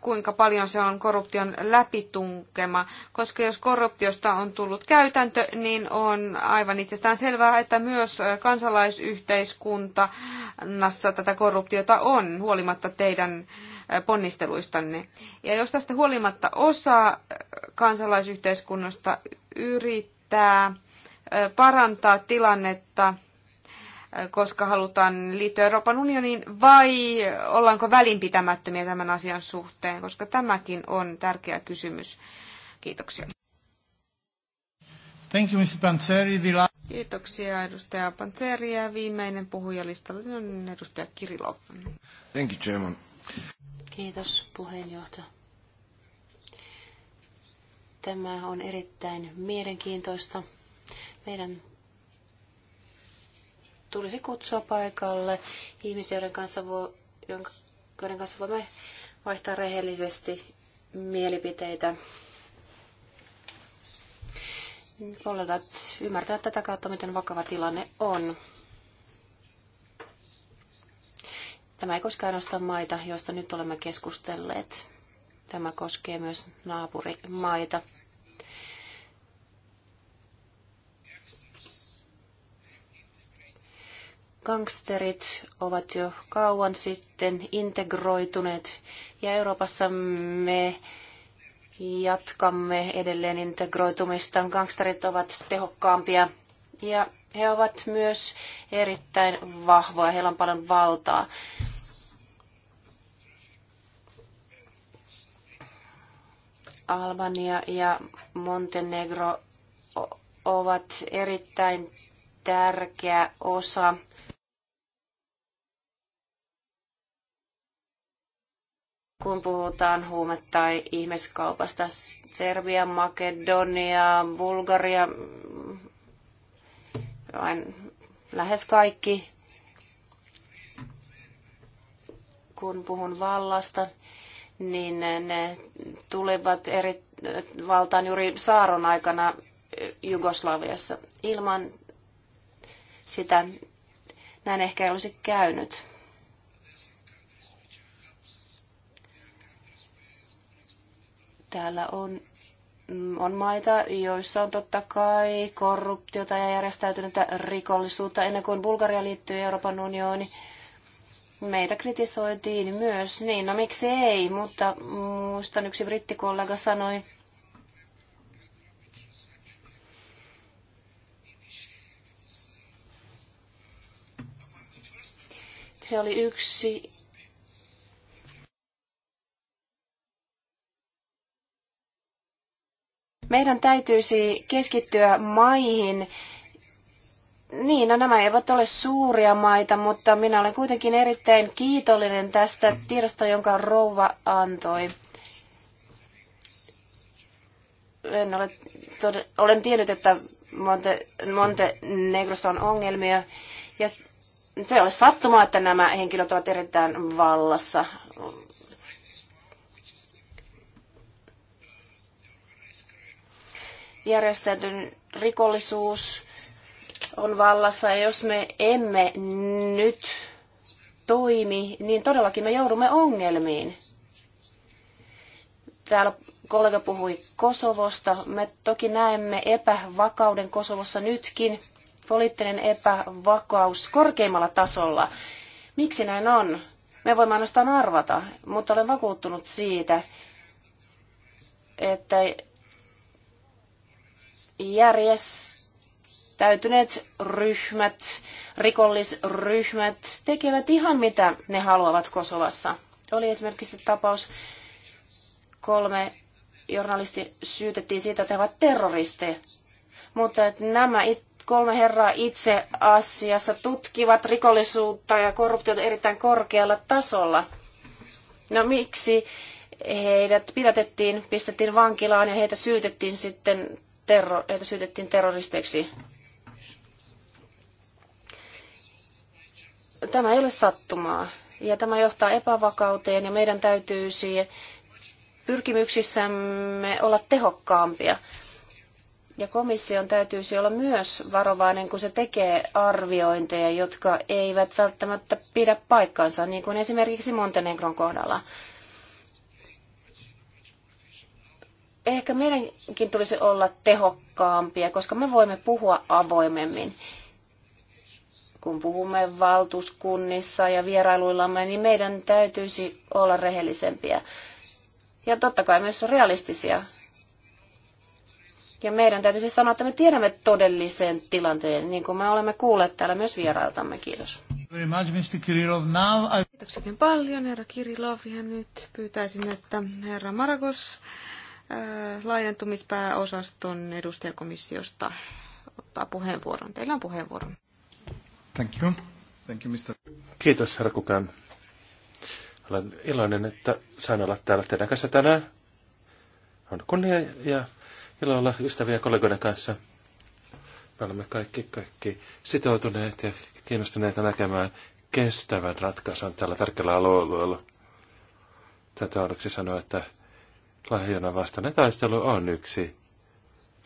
kuinka paljon se on korruption läpitunkema, koska jos korruptiosta on tullut käytäntö, niin on aivan itsestään selvää, että myös kansalaisyhteiskunnassa tätä korruptiota on, huolimatta teidän ponnisteluistanne. Ja jos tästä huolimatta osa kansalaisyhteiskunnasta yrittää parantaa tilannetta, koska halutaan liittyä Euroopan unioniin, vai ollaanko välinpitämättömiä tämän asian suhteen, koska tämäkin on tärkeä kysymys. Kiitoksia. Thank you, Mr. Panzeri. The Kiitoksia edustaja Panzeri ja viimeinen puhujalistalla on edustaja Kirilov. Thank you, Chairman. Kiitos puheenjohtaja. Tämä on erittäin mielenkiintoista. Meidän tulisi kutsua paikalle ihmisiä, joiden kanssa, vo, joiden kanssa voimme vaihtaa rehellisesti mielipiteitä. Kollegat ymmärtävät tätä kautta, miten vakava tilanne on. Tämä ei koskaan nosta maita, joista nyt olemme keskustelleet. Tämä koskee myös naapurimaita. gangsterit ovat jo kauan sitten integroituneet ja Euroopassa me jatkamme edelleen integroitumista. Gangsterit ovat tehokkaampia ja he ovat myös erittäin vahvoja, heillä on paljon valtaa. Albania ja Montenegro ovat erittäin tärkeä osa kun puhutaan huume- tai ihmiskaupasta. Serbia, Makedonia, Bulgaria, vain lähes kaikki, kun puhun vallasta, niin ne tulivat eri valtaan juuri saaron aikana Jugoslaviassa. Ilman sitä näin ehkä ei olisi käynyt. Täällä on, mm, on maita, joissa on totta kai korruptiota ja järjestäytynyttä rikollisuutta ennen kuin Bulgaria liittyy Euroopan unioniin. Meitä kritisoitiin myös, niin no miksi ei, mutta muistan yksi brittikollega sanoi, se oli yksi Meidän täytyisi keskittyä maihin, niin, no nämä eivät ole suuria maita, mutta minä olen kuitenkin erittäin kiitollinen tästä tiedosta, jonka rouva antoi. En ole tod- olen tiennyt, että Monte, Montenegrossa on ongelmia. Ja se ei ole sattumaa, että nämä henkilöt ovat erittäin vallassa. järjestäytynyt rikollisuus on vallassa ja jos me emme nyt toimi, niin todellakin me joudumme ongelmiin. Täällä kollega puhui Kosovosta. Me toki näemme epävakauden Kosovossa nytkin, poliittinen epävakaus korkeimmalla tasolla. Miksi näin on? Me voimme ainoastaan arvata, mutta olen vakuuttunut siitä, että järjestäytyneet ryhmät, rikollisryhmät tekevät ihan mitä ne haluavat Kosovassa. Oli esimerkiksi tapaus kolme journalisti syytettiin siitä, että he ovat terroristeja. Mutta että nämä it, kolme herraa itse asiassa tutkivat rikollisuutta ja korruptiota erittäin korkealla tasolla. No miksi heidät pidätettiin, pistettiin vankilaan ja heitä syytettiin sitten terro, joita syytettiin terroristeiksi. Tämä ei ole sattumaa ja tämä johtaa epävakauteen ja meidän täytyy siihen pyrkimyksissämme olla tehokkaampia. Ja komission täytyisi olla myös varovainen, kun se tekee arviointeja, jotka eivät välttämättä pidä paikkaansa, niin kuin esimerkiksi Montenegron kohdalla. ehkä meidänkin tulisi olla tehokkaampia, koska me voimme puhua avoimemmin. Kun puhumme valtuuskunnissa ja vierailuillamme, niin meidän täytyisi olla rehellisempiä. Ja totta kai myös realistisia. Ja meidän täytyisi sanoa, että me tiedämme todellisen tilanteen, niin kuin me olemme kuulleet täällä myös vierailtamme. Kiitos. Kiitoksia paljon, herra Kirilov. Ja nyt pyytäisin, että herra Maragos Äh, laajentumispääosaston edustajakomissiosta ottaa puheenvuoron. Teillä on puheenvuoro. Thank you. Thank you, Mr. Kiitos, herra Kukan. Olen iloinen, että sain olla täällä teidän kanssa tänään. On kunnia ja ilo olla ystäviä kollegoiden kanssa. Me olemme kaikki, kaikki sitoutuneet ja kiinnostuneita näkemään kestävän ratkaisun tällä tärkeällä alueella. Täytyy aluksi sanoa, että lahjona vastainen taistelu on yksi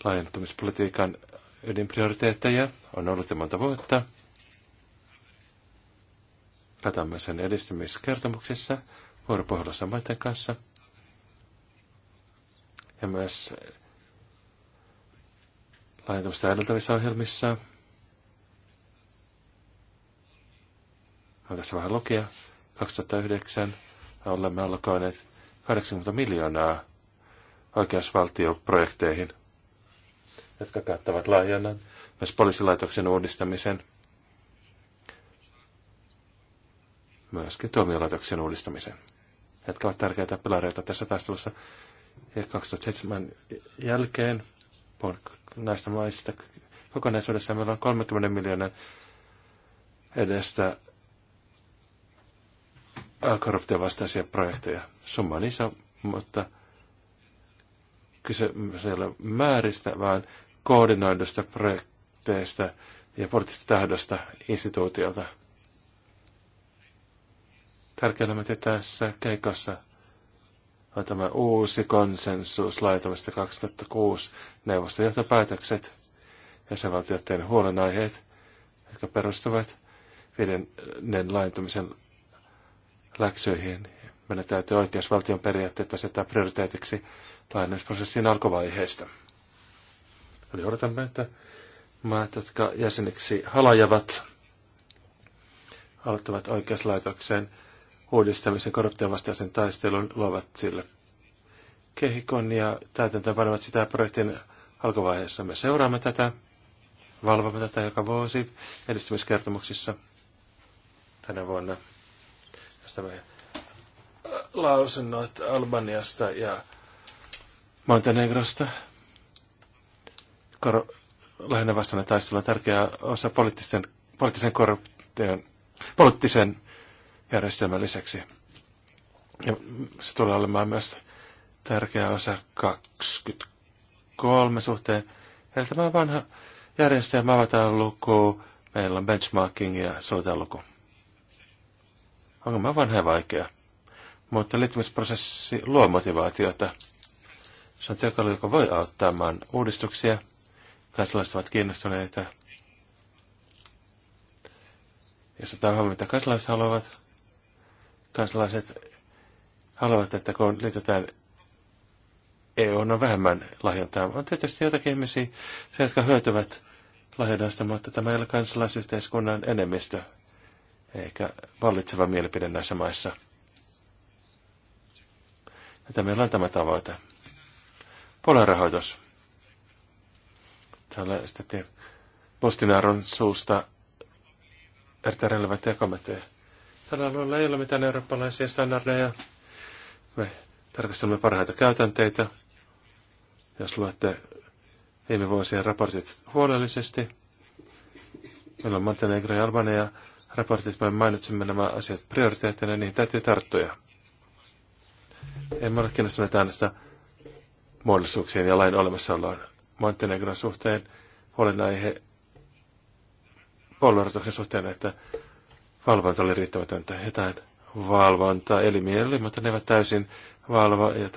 laajentumispolitiikan ydinprioriteetteja. On ollut jo monta vuotta. Katamme sen edistymiskertomuksissa vuoropuhelussa maiden kanssa. Ja myös laajentumista edeltävissä ohjelmissa. On tässä vähän lukia. 2009 olemme alkoineet 80 miljoonaa oikeusvaltioprojekteihin, jotka kattavat lahjonnan, myös poliisilaitoksen uudistamisen, myöskin tuomiolaitoksen uudistamisen, jotka ovat tärkeitä pilareita tässä taistelussa. Ja 2007 jälkeen näistä maista kokonaisuudessaan meillä on 30 miljoonan edestä vastaisia projekteja. Summa on iso, mutta kyse ei ole määristä, vaan koordinoidusta projekteista ja poliittisesta tahdosta instituutiolta. Tärkeänä me tässä keikassa on tämä uusi konsensus laitamista 2006 ja sen jäsenvaltioiden huolenaiheet, jotka perustuvat viidennen laajentumisen läksyihin. Meillä täytyy oikeusvaltion periaatteet asettaa prioriteetiksi laajennusprosessin alkuvaiheesta. Eli odotamme, että maat, jotka jäseniksi halajavat, aloittavat oikeuslaitokseen uudistamisen korruption vastaisen taistelun, luovat sille kehikon ja täytäntöönpanevat sitä projektin alkuvaiheessa. Me seuraamme tätä, valvomme tätä joka vuosi edistymiskertomuksissa tänä vuonna tästä äh, lausunnot Albaniasta ja Montenegrosta. Kor- lähinnä vastainen taistelu on tärkeä osa poliittisten, poliittisen korruption, poliittisen järjestelmän lisäksi. Ja se tulee olemaan myös tärkeä osa 23 suhteen. Eli tämä vanha järjestelmä avataan luku, meillä on benchmarking ja suljetaan luku. Onko on vanha ja vaikea. Mutta liittymisprosessi luo motivaatiota. Se on työkalu, joka voi auttaa maan uudistuksia. Kansalaiset ovat kiinnostuneita. Jos otetaan huomioon, mitä kansalaiset haluavat, kansalaiset haluavat, että kun liitetään EU on no vähemmän lahjontaa. On tietysti jotakin ihmisiä, jotka hyötyvät lahjonnasta, mutta tämä ei ole kansalaisyhteiskunnan enemmistö eikä vallitseva mielipide näissä maissa. Että meillä on tämä tavoite. Puoluerahoitus. Täällä sitten Postinaaron suusta erittäin relevantteja kommentteja. Tällä alueella ei ole mitään eurooppalaisia standardeja. Me tarkastelemme parhaita käytänteitä. Jos luette viime vuosien raportit huolellisesti, meillä on Montenegro ja Albania Raportit, vain mainitsemme nämä asiat prioriteetteina, niin täytyy tarttua. Emme ole kiinnostuneita äänestä muodollisuuksien ja lain olemassaoloon. Montenegron suhteen huolenaihe puolueen suhteen, että valvonta oli riittämätöntä. Jotain valvontaa elimiä oli, mutta ne eivät täysin valvoa. Ja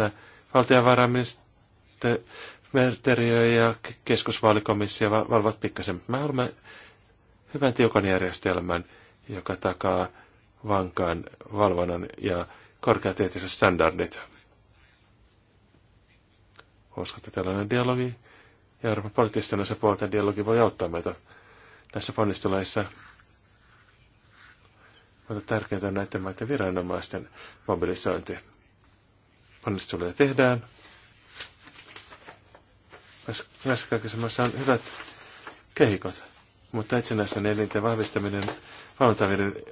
valtiovarainministeriö ja keskusvaalikomissio valvovat pikkasen. Me haluamme hyvän tiukan järjestelmän, joka takaa vankaan valvonnan ja korkeat eettiset standardit. Uskon, että tällainen dialogi ja Euroopan poliittisten osapuolten dialogi voi auttaa meitä näissä ponnisteluissa. Mutta tärkeintä on näiden maiden viranomaisten mobilisointi. Ponnisteluja tehdään. Näissä kaikissa maissa on hyvät kehikot mutta itsenäisten elinten vahvistaminen,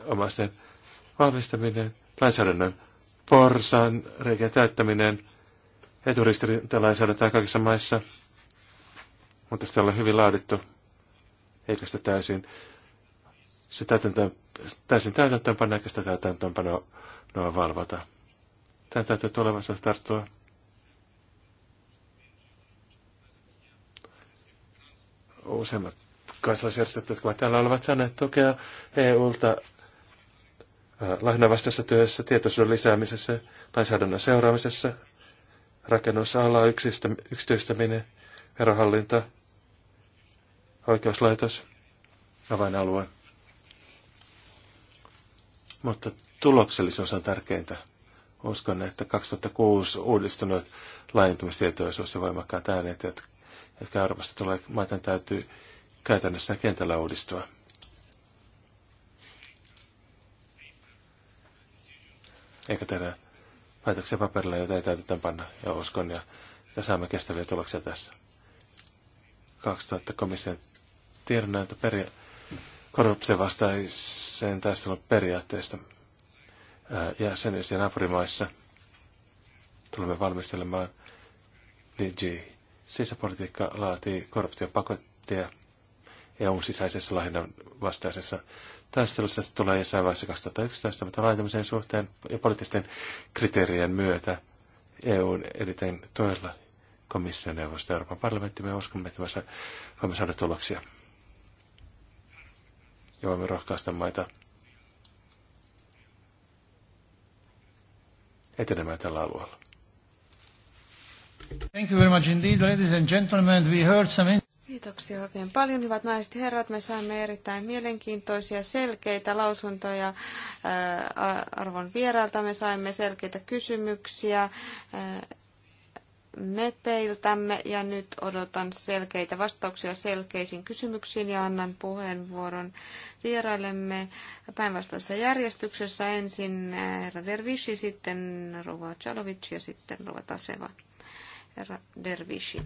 omaisten vahvistaminen, lainsäädännön porsan reikien täyttäminen, eturistilainsäädäntöä kaikissa maissa, mutta sitä on hyvin laadittu, eikä sitä täysin, se täytäntöön, täysin täytäntöönpano, eikä sitä täytäntöönpanoa noa valvota. Tämän täytyy tulevaisuudessa tarttua. Useimmat kansalaisjärjestöt, jotka ovat täällä olevat saaneet tukea EUlta äh, lainavastaisessa työssä, tietoisuuden lisäämisessä, lainsäädännön seuraamisessa, rakennusala, yksityistäminen, verohallinta, oikeuslaitos, avainalue. Mutta tuloksellisuus on tärkeintä. Uskon, että 2006 uudistunut laajentumistietoisuus ja voimakkaat äänet, jotka arvosta tulee, maiden täytyy käytännössä kentällä uudistua. Eikä tehdä päätöksiä paperilla, joita ei täytetä panna. Ja uskon, ja sitä saamme kestäviä tuloksia tässä. 2000 komission tiedonanto peria- korruption vastaisen taistelun periaatteesta jäsenyys- ja naapurimaissa. Tulemme valmistelemaan DG. Sisäpolitiikka laatii korruptiopakotteja. EUn sisäisessä lähinnä vastaisessa taistelussa. Se tulee jossain vaiheessa 2011, mutta laajentamisen suhteen ja poliittisten kriteerien myötä EUn eriten tuella komission neuvosto Euroopan parlamentti. Me uskomme, että voimme saada tuloksia. Ja voimme rohkaista maita etenemään tällä alueella. Thank you very much indeed, ladies and gentlemen. We heard some... Kiitoksia oikein paljon, hyvät naiset ja herrat. Me saimme erittäin mielenkiintoisia, selkeitä lausuntoja arvon vierailta. Me saimme selkeitä kysymyksiä mepeiltämme ja nyt odotan selkeitä vastauksia selkeisiin kysymyksiin ja annan puheenvuoron vierailemme päinvastaisessa järjestyksessä ensin herra Dervishi, sitten Rova Chalovic ja sitten Rova Taseva herra Dervishi.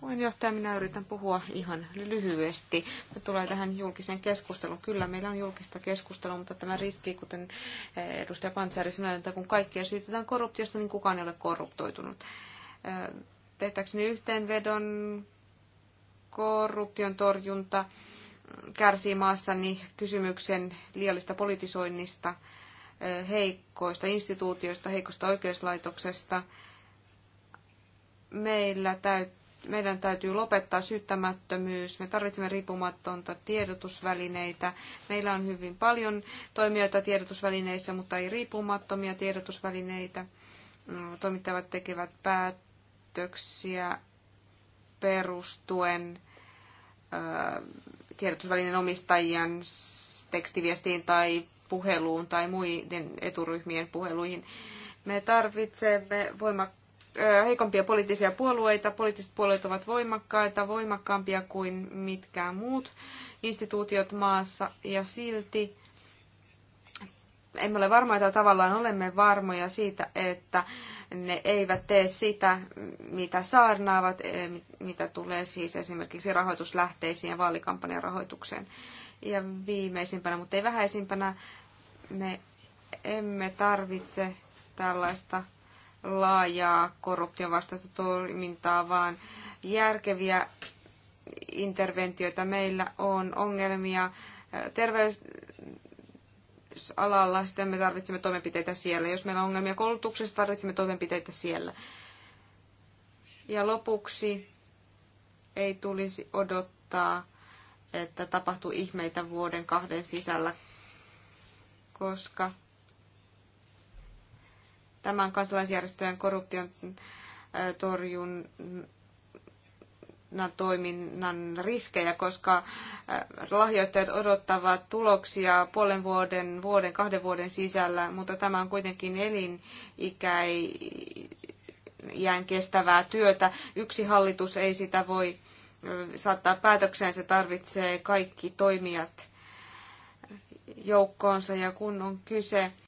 Puheenjohtaja, minä yritän puhua ihan lyhyesti. Me tulee tähän julkiseen keskusteluun. Kyllä, meillä on julkista keskustelua, mutta tämä riski, kuten eh, edustaja Pantsari sanoi, että kun kaikkia syytetään korruptiosta, niin kukaan ei ole korruptoitunut. tehtäkseni yhteenvedon korruption torjunta mm, kärsii maassani kysymyksen liiallista politisoinnista, eh, heikkoista instituutioista, heikosta oikeuslaitoksesta – meillä täyt, meidän täytyy lopettaa syyttämättömyys, me tarvitsemme riippumatonta tiedotusvälineitä. Meillä on hyvin paljon toimijoita tiedotusvälineissä, mutta ei riippumattomia tiedotusvälineitä. Mm, Toimittavat tekevät päätöksiä perustuen tiedotusvälineen omistajien tekstiviestiin tai puheluun tai muiden eturyhmien puheluihin. Me tarvitsemme voimak heikompia poliittisia puolueita. Poliittiset puolueet ovat voimakkaita, voimakkaampia kuin mitkään muut instituutiot maassa ja silti emme ole varmoja, että tavallaan olemme varmoja siitä, että ne eivät tee sitä, mitä saarnaavat, e, mitä tulee siis esimerkiksi rahoituslähteisiin ja vaalikampanjan rahoitukseen. Ja viimeisimpänä, mutta ei vähäisimpänä, me emme tarvitse tällaista laajaa korruption vastaista toimintaa, vaan järkeviä interventioita. Meillä on ongelmia terveysalalla, sitten me tarvitsemme toimenpiteitä siellä. Jos meillä on ongelmia koulutuksessa, tarvitsemme toimenpiteitä siellä. Ja lopuksi ei tulisi odottaa, että tapahtuu ihmeitä vuoden kahden sisällä, koska tämän kansalaisjärjestöjen korruption torjunnan toiminnan riskejä, koska lahjoittajat odottavat tuloksia puolen vuoden, vuoden, kahden vuoden sisällä, mutta tämä on kuitenkin elinikäjään kestävää työtä. Yksi hallitus ei sitä voi saattaa päätökseen, se tarvitsee kaikki toimijat joukkoonsa ja kun on kyse